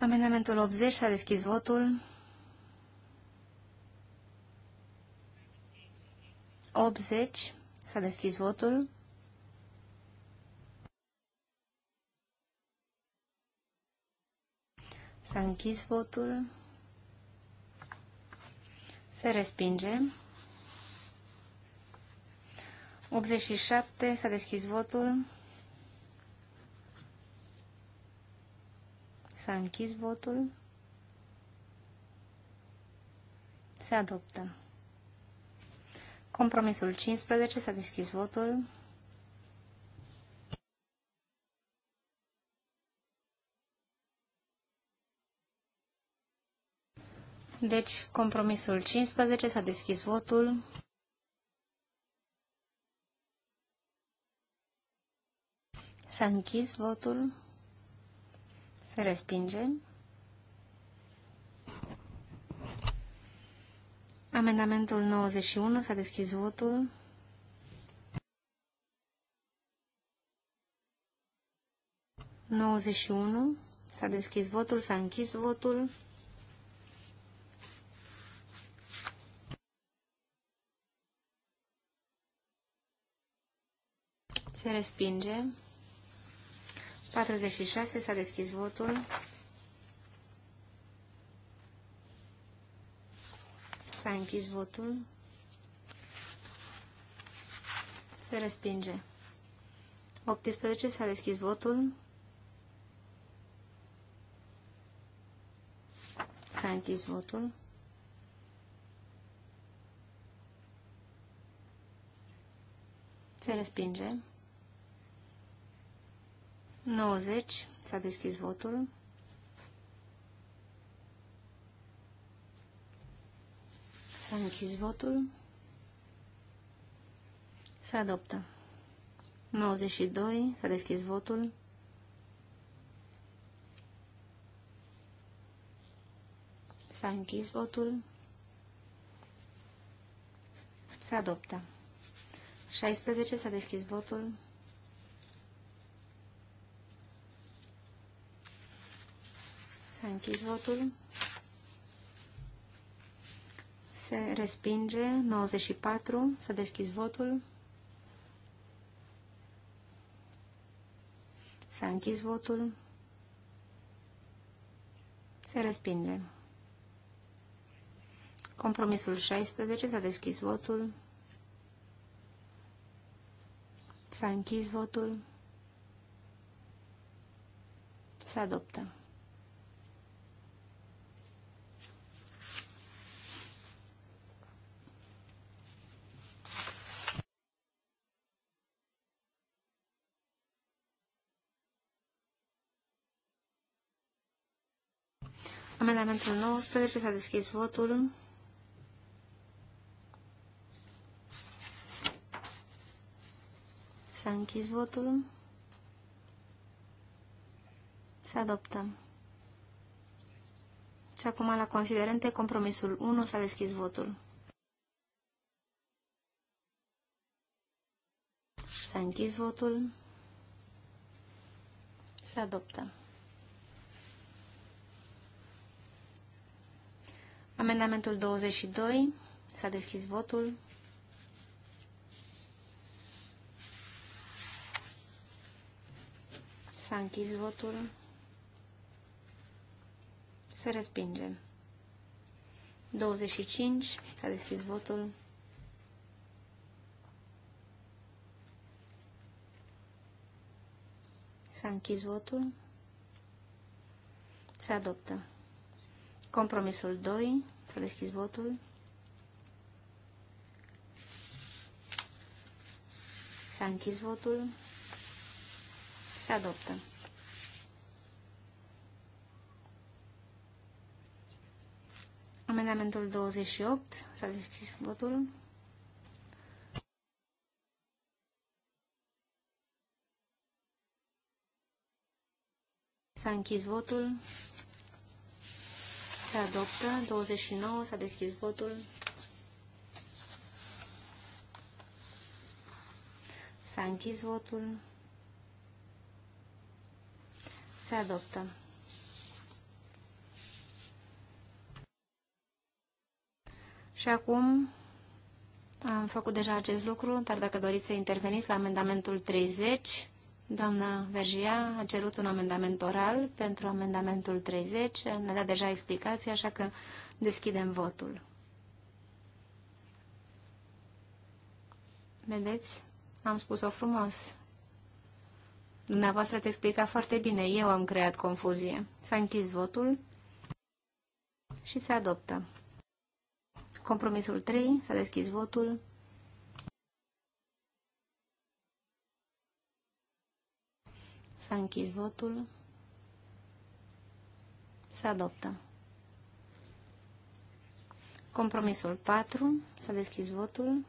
Amendamentul 80 s-a deschis votul. 80 s-a deschis votul. S-a închis votul. Se respinge. 87 s-a deschis votul. S-a închis votul. Se adoptă. Compromisul 15. S-a deschis votul. Deci, compromisul 15 s-a deschis votul. S-a închis votul. Se respinge. Amendamentul 91. S-a deschis votul. S-a deschis votul, s-a închis votul. Se respinge. 46 s-a deschis votul. S-a închis votul. Se respinge. 18 s-a deschis votul. S-a închis votul. Se respinge. 90. S-a deschis votul. S-a închis votul. Se adoptă. 92. S-a deschis votul. S-a închis votul. Se adoptă. 16. S-a deschis votul. s închis votul. Se respinge. 94. Să deschis votul. S-a închis votul. Se respinge. Compromisul 16. S-a deschis votul. S-a închis votul. Se adoptă. Amendamentul 19 s-a deschis votul. S-a închis votul. Se adoptă. Și acum la considerente, compromisul 1 s-a deschis votul. S-a închis votul. Se adoptă. Amendamentul 22. S-a deschis votul. S-a închis votul. Se respinge. 25. S-a deschis votul. S-a închis votul. Se adoptă. Compromisul 2. să a deschis votul. S-a închis votul. Se adoptă. Amendamentul 28. S-a deschis votul. S-a închis votul. Se adoptă. 29. S-a deschis votul. S-a închis votul. Se adoptă. Și acum am făcut deja acest lucru, dar dacă doriți să interveniți la amendamentul 30, Doamna Vergia a cerut un amendament oral pentru amendamentul 30. Ne-a dat deja explicații, așa că deschidem votul. Vedeți? Am spus-o frumos. Dumneavoastră ați explicat foarte bine. Eu am creat confuzie. S-a închis votul și se adoptă. Compromisul 3. S-a deschis votul. S-a închis votul. Se adoptă. Compromisul 4. S-a deschis votul.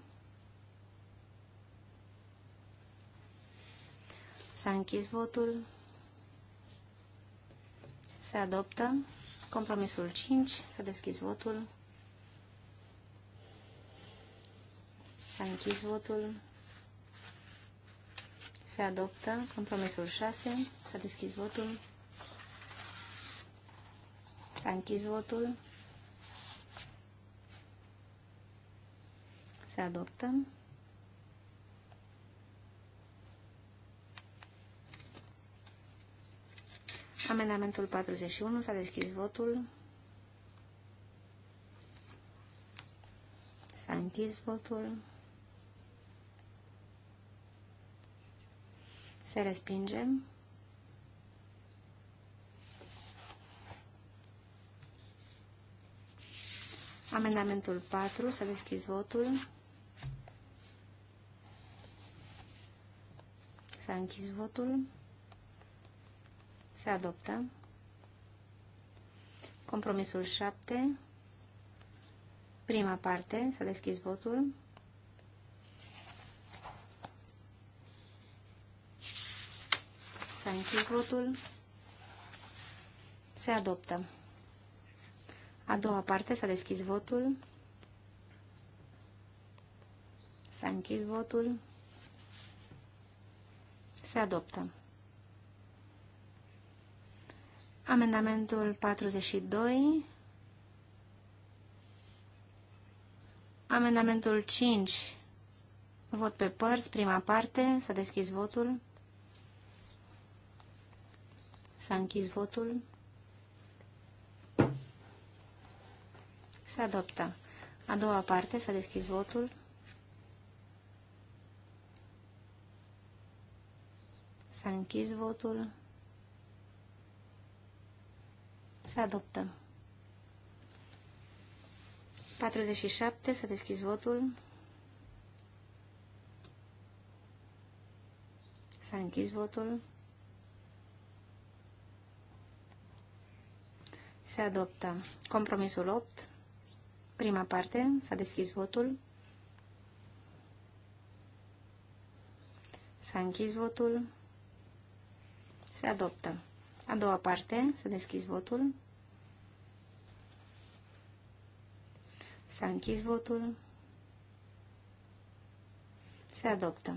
S-a închis votul. Se adoptă. Compromisul 5. S-a deschis votul. S-a închis votul. Se adoptă. Compromisul 6. S-a deschis votul. S-a închis votul. Se adoptă. Amendamentul 41. S-a deschis votul. S-a închis votul. Se respinge. Amendamentul 4. să deschizi deschis votul. S-a închis votul. Se adoptă. Compromisul 7. Prima parte. să deschizi deschis votul. S-a închis votul. Se adoptă. A doua parte s-a deschis votul. S-a închis votul. Se adoptă. Amendamentul 42. Amendamentul 5. Vot pe părți, prima parte. S-a deschis votul. S-a închis votul. Se adoptă. A doua parte s-a deschis votul. S-a închis votul. Se adoptă. 47. S-a deschis votul. S-a închis votul. Se adoptă. Compromisul 8. Prima parte. S-a deschis votul. S-a închis votul. Se adoptă. A doua parte. S-a deschis votul. S-a închis votul. Se adoptă.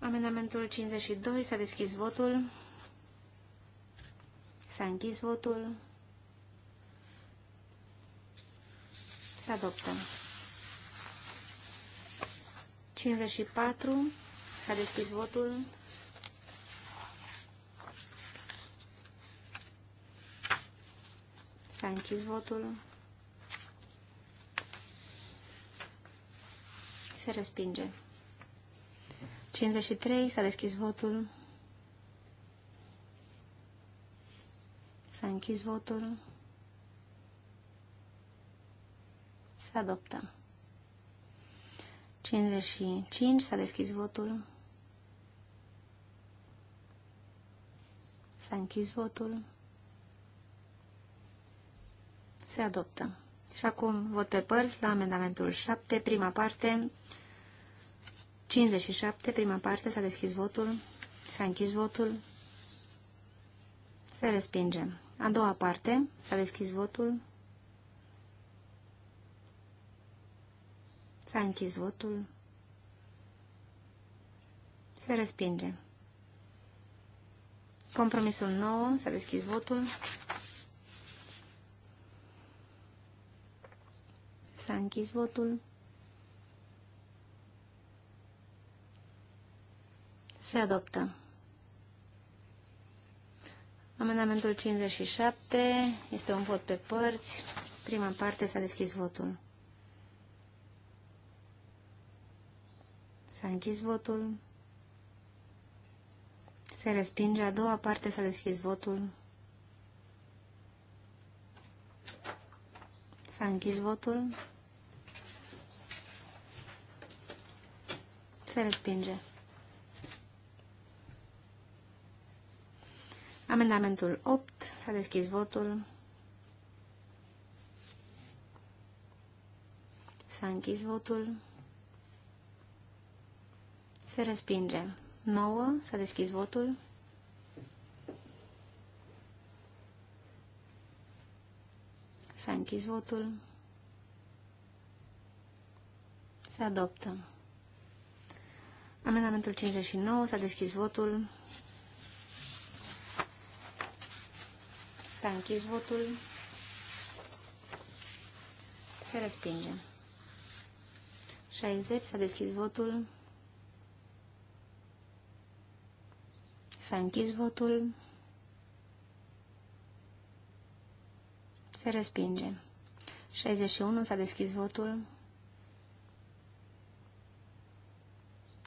Amendamentul 52. S-a deschis votul. S-a închis votul. Se adoptă. 54. S-a deschis votul. S-a închis votul. Se respinge. 53. S-a deschis votul. S-a închis votul. Se adoptă. 55. S-a deschis votul. S-a închis votul. Se adoptă. Și acum vot pe părți la amendamentul 7, prima parte. 57, prima parte, s-a deschis votul, s-a închis votul, se respinge. A doua parte, s-a deschis votul, s-a închis votul, se respinge. Compromisul 9, s-a deschis votul, s-a închis votul, Se adoptă. Amendamentul 57 este un vot pe părți. Prima parte s-a deschis votul. S-a închis votul. Se respinge. A doua parte s-a deschis votul. S-a închis votul. Se respinge. Amendamentul 8. S-a deschis votul. S-a închis votul. Se respinge. 9. S-a deschis votul. S-a închis votul. Se adoptă. Amendamentul 59. S-a deschis votul. S-a închis votul. Se respinge. 60. S-a deschis votul. S-a închis votul. Se respinge. 61. S-a deschis votul.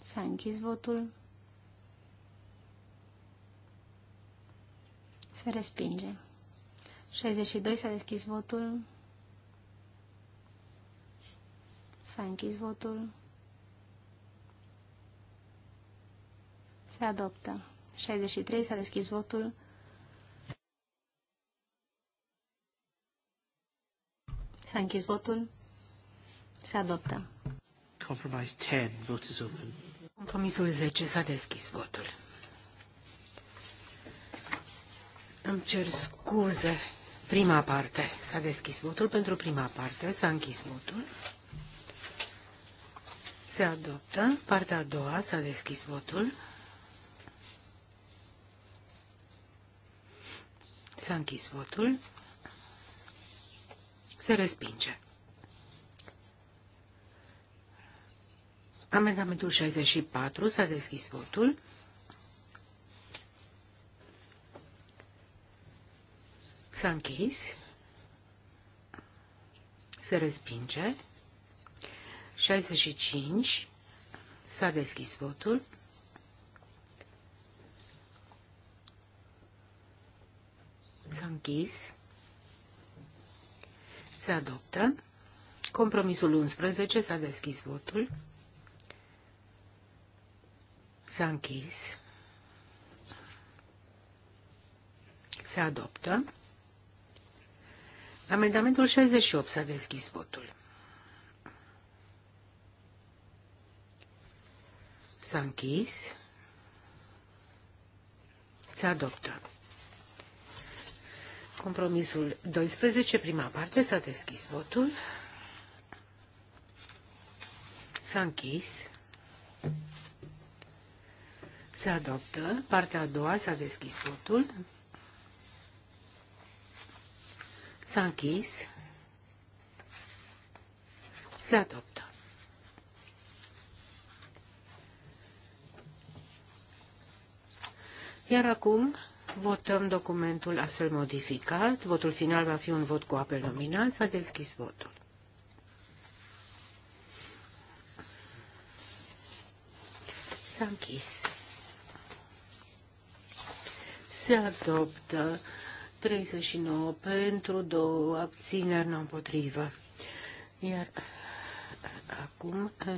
S-a închis votul. Se respinge. 62 s-a deschis votul. S-a închis votul. Se adoptă. 63 s-a deschis votul. S-a închis votul. Se adoptă. Compromise 10. Vote is open. Compromisul 10 s-a deschis votul. Îmi cer scuze. Prima parte. S-a deschis votul pentru prima parte. S-a închis votul. Se adoptă. Partea a doua. S-a deschis votul. S-a închis votul. Se respinge. Amendamentul 64. S-a deschis votul. S-a închis. Se respinge. 65. S-a deschis votul. S-a închis. Se adoptă. Compromisul 11 s-a deschis votul. S-a închis. Se adoptă. Amendamentul 68 s-a deschis votul. S-a închis. Se adoptă. Compromisul 12, prima parte, s-a deschis votul. S-a închis. Se adoptă. Partea a doua s-a deschis votul. S-a închis. Se adoptă. Iar acum votăm documentul astfel modificat. Votul final va fi un vot cu apel nominal. S-a deschis votul. S-a închis. Se adoptă 39 pentru, două abțineri, nu împotrivă. Iar acum eh,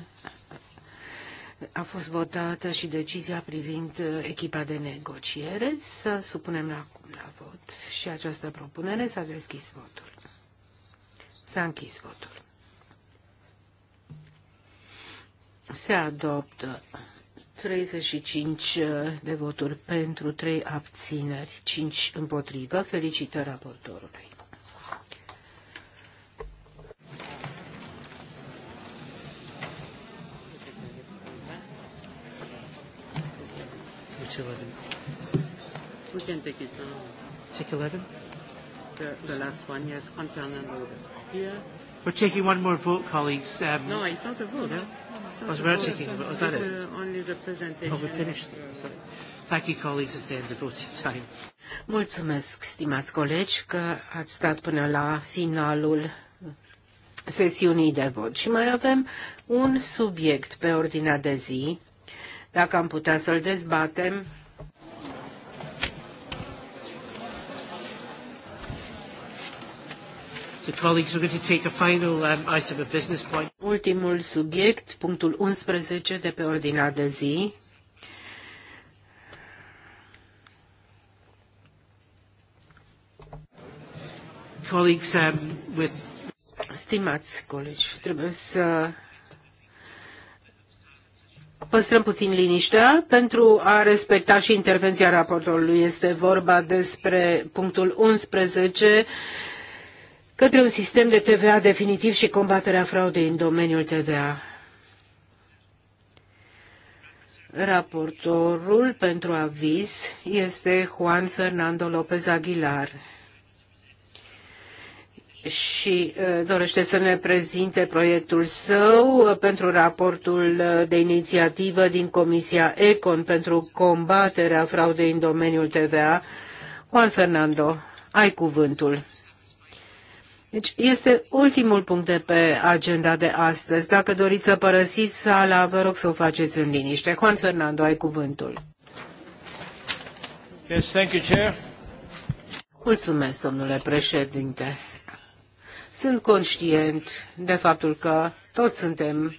a fost votată și decizia privind eh, echipa de negociere. Să supunem acum la vot și această propunere s-a deschis votul. S-a închis votul. Se adoptă 35 uh, de voturi pentru, 3 abțineri, 5 împotrivă. Felicitări raportorului. Which 11? We can take it um, now. 11? The, the last one, yes, content and order. Yeah. We're taking one more vote, colleagues. Um, no, it's not a vote. No? Uh, was about checking was that it? Only the presentation. Oh, uh, finished. Sorry. Thank you, colleagues. It's the end of voting time. Mulțumesc, stimați colegi, că ați stat până la finalul sesiunii de vot. Și mai avem un subiect pe ordinea de zi, dacă am putea să-l dezbatem, Ultimul subiect, punctul 11 de pe ordinea de zi. Um, Stimați colegi, trebuie să Păstrăm puțin liniștea pentru a respecta și intervenția raportorului. Este vorba despre punctul 11, către un sistem de TVA definitiv și combaterea fraudei în domeniul TVA. Raportorul pentru aviz este Juan Fernando López Aguilar și uh, dorește să ne prezinte proiectul său uh, pentru raportul uh, de inițiativă din Comisia Econ pentru combaterea fraudei în domeniul TVA. Juan Fernando, ai cuvântul. Deci este ultimul punct de pe agenda de astăzi. Dacă doriți să părăsiți sala, vă rog să o faceți în liniște. Juan Fernando, ai cuvântul. Yes, thank you, Chair. Mulțumesc, domnule președinte. Sunt conștient de faptul că toți suntem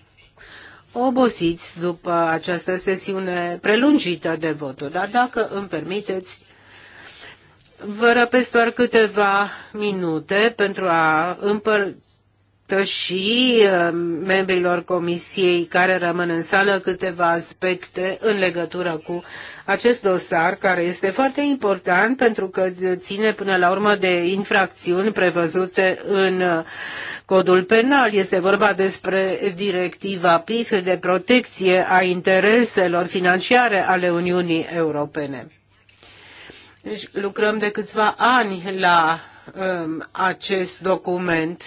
obosiți după această sesiune prelungită de voturi, dar dacă îmi permiteți, Vă răpesc doar câteva minute pentru a împărtăși uh, membrilor comisiei care rămân în sală câteva aspecte în legătură cu acest dosar, care este foarte important pentru că ține până la urmă de infracțiuni prevăzute în uh, codul penal. Este vorba despre directiva PIF de protecție a intereselor financiare ale Uniunii Europene. Deci lucrăm de câțiva ani la um, acest document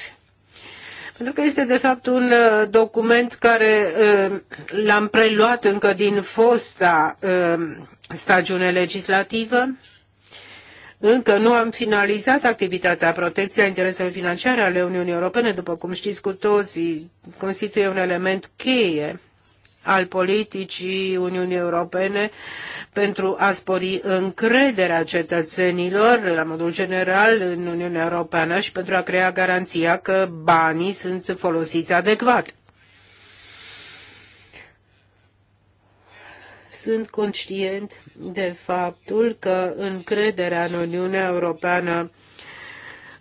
pentru că este de fapt un uh, document care um, l-am preluat încă din fosta um, stagiune legislativă. Încă nu am finalizat activitatea a intereselor financiare ale Uniunii Europene, după cum știți cu toții, constituie un element cheie al politicii Uniunii Europene pentru a spori încrederea cetățenilor, la modul general, în Uniunea Europeană și pentru a crea garanția că banii sunt folosiți adecvat. Sunt conștient de faptul că încrederea în Uniunea Europeană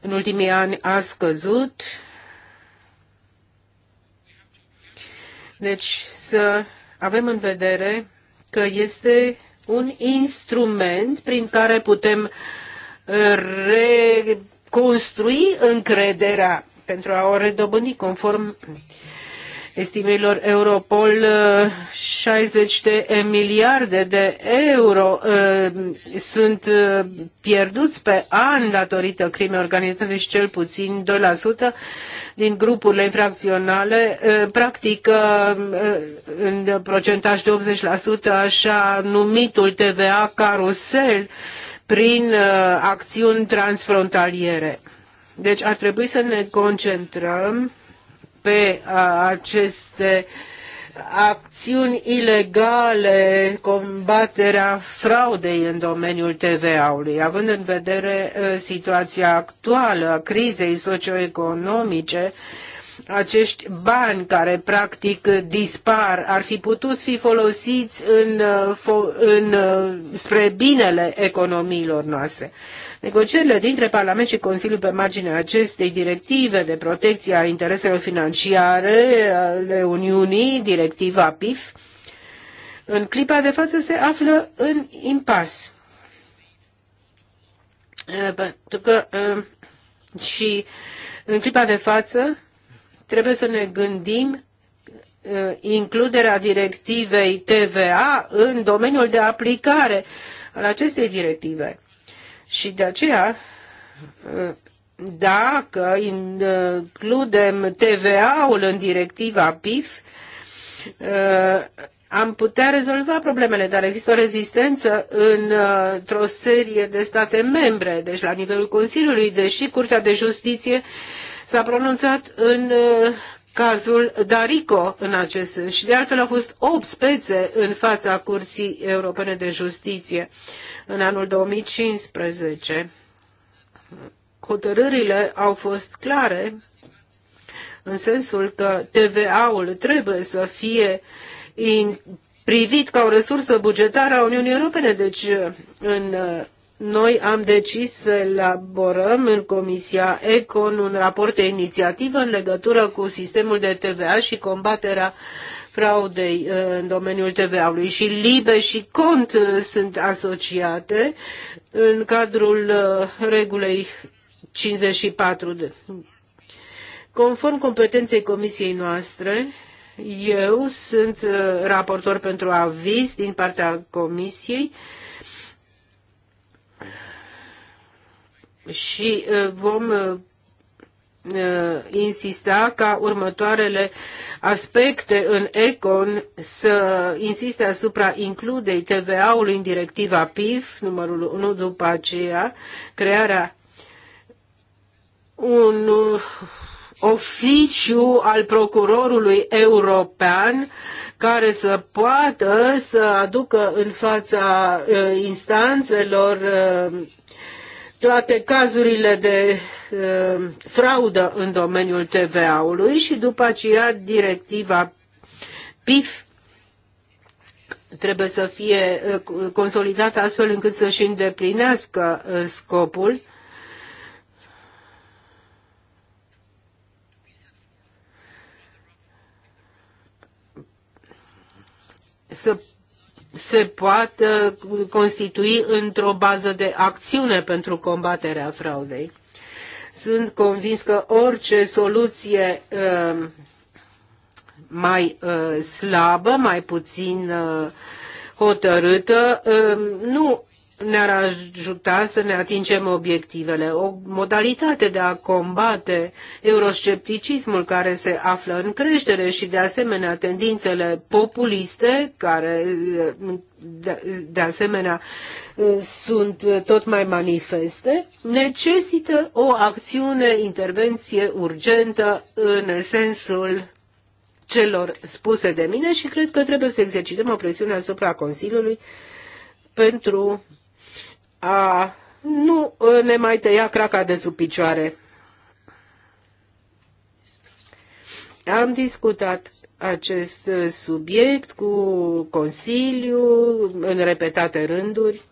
în ultimii ani a scăzut, deci să avem în vedere că este un instrument prin care putem uh, reconstrui încrederea pentru a o redobândi conform estimărilor Europol 60 uh, de miliarde de euro uh, sunt uh, pierduți pe an datorită crimei organizate și cel puțin 2% din grupurile infracționale practic în procentaj de 80% așa numitul TVA carusel prin acțiuni transfrontaliere. Deci ar trebui să ne concentrăm pe aceste acțiuni ilegale, combaterea fraudei în domeniul TVA-ului, având în vedere situația actuală a crizei socioeconomice, acești bani care practic dispar ar fi putut fi folosiți în, în, spre binele economiilor noastre. Negocierile dintre Parlament și Consiliu pe marginea acestei directive de protecție a intereselor financiare ale Uniunii, directiva PIF, în clipa de față se află în impas. Eh, pentru că eh, și în clipa de față trebuie să ne gândim eh, includerea directivei TVA în domeniul de aplicare al acestei directive. Și de aceea, dacă includem TVA-ul în directiva PIF, am putea rezolva problemele, dar există o rezistență într-o serie de state membre, deci la nivelul Consiliului, deși Curtea de Justiție s-a pronunțat în cazul Darico în acest sens și de altfel au fost 8 spețe în fața Curții Europene de Justiție în anul 2015. Hotărârile au fost clare în sensul că TVA-ul trebuie să fie privit ca o resursă bugetară a Uniunii Europene, deci în noi am decis să elaborăm în Comisia Econ un raport de inițiativă în legătură cu sistemul de TVA și combaterea fraudei uh, în domeniul TVA-ului și LIBE și CONT uh, sunt asociate în cadrul uh, regulei 54. De. Conform competenței comisiei noastre, eu sunt raportor pentru aviz din partea comisiei și uh, vom uh, uh, insista ca următoarele aspecte în ECON să insiste asupra includei TVA-ului în directiva PIF, numărul 1 după aceea, crearea un oficiu al procurorului european care să poată să aducă în fața instanțelor toate cazurile de uh, fraudă în domeniul TVA-ului și după aceea directiva PIF trebuie să fie uh, consolidată astfel încât să-și îndeplinească uh, scopul. Să se poată constitui într-o bază de acțiune pentru combaterea fraudei. Sunt convins că orice soluție uh, mai uh, slabă, mai puțin uh, hotărâtă, nu ne-ar ajuta să ne atingem obiectivele. O modalitate de a combate euroscepticismul care se află în creștere și de asemenea tendințele populiste care de asemenea sunt tot mai manifeste, necesită o acțiune, intervenție urgentă în sensul celor spuse de mine și cred că trebuie să exercităm o presiune asupra Consiliului pentru a nu uh, ne mai tăia craca de sub picioare. Am discutat acest uh, subiect cu consiliu în repetate rânduri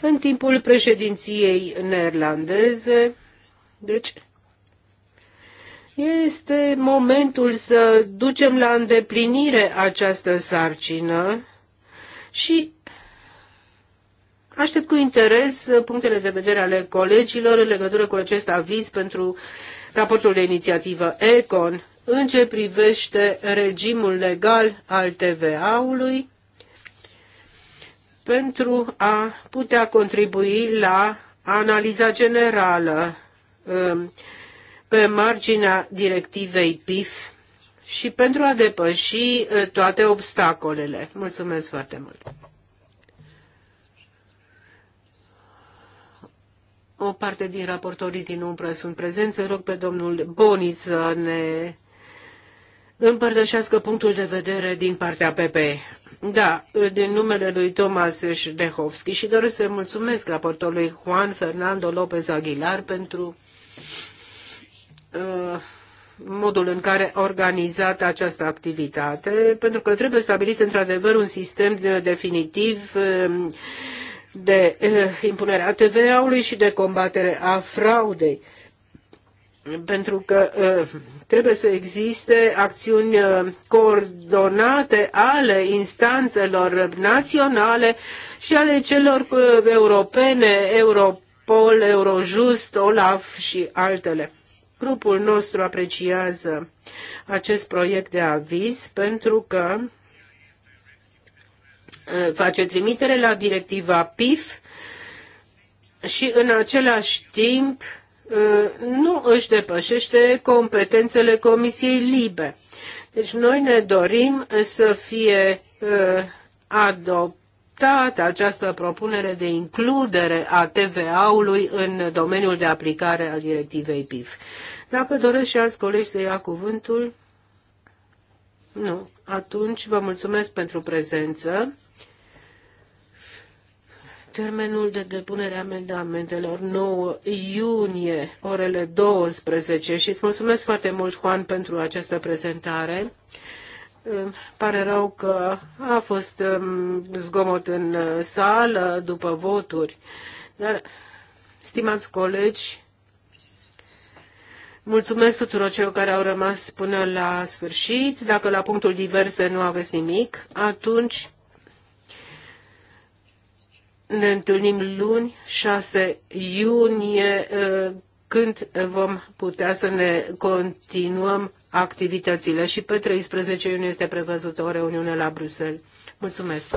în timpul președinției neerlandeze. Deci, este momentul să ducem la îndeplinire această sarcină și Aștept cu interes uh, punctele de vedere ale colegilor în legătură cu acest aviz pentru raportul de inițiativă ECON în ce privește regimul legal al TVA-ului pentru a putea contribui la analiza generală um, pe marginea directivei PIF și pentru a depăși uh, toate obstacolele. Mulțumesc foarte mult! O parte din raportorii din umbră sunt prezenți. Îl rog pe domnul Boni să ne împărtășească punctul de vedere din partea PPE. Da, din numele lui Thomas Șdehovski și doresc să mulțumesc raportorului Juan Fernando López Aguilar pentru uh, modul în care a organizat această activitate, pentru că trebuie stabilit într-adevăr un sistem definitiv uh, de eh, impunerea TVA-ului și de combatere a fraudei pentru că eh, trebuie să existe acțiuni eh, coordonate ale instanțelor naționale și ale celor europene, Europol, Eurojust, Olaf și altele. Grupul nostru apreciază acest proiect de aviz pentru că Uh, face trimitere la directiva PIF și în același timp uh, nu își depășește competențele Comisiei Libe. Deci noi ne dorim să fie uh, adoptată această propunere de includere a TVA-ului în domeniul de aplicare al directivei PIF. Dacă doresc și alți colegi să ia cuvântul, nu. Atunci vă mulțumesc pentru prezență. Termenul de depunere a amendamentelor 9 iunie, orele 12 și îți mulțumesc foarte mult, Juan, pentru această prezentare. Pare rău că a fost zgomot în uh, sală după voturi, dar, stimați colegi, Mulțumesc tuturor celor care au rămas până la sfârșit. Dacă la punctul diverse nu aveți nimic, atunci ne întâlnim luni, 6 iunie, când vom putea să ne continuăm activitățile și pe 13 iunie este prevăzută o reuniune la Bruxelles. Mulțumesc!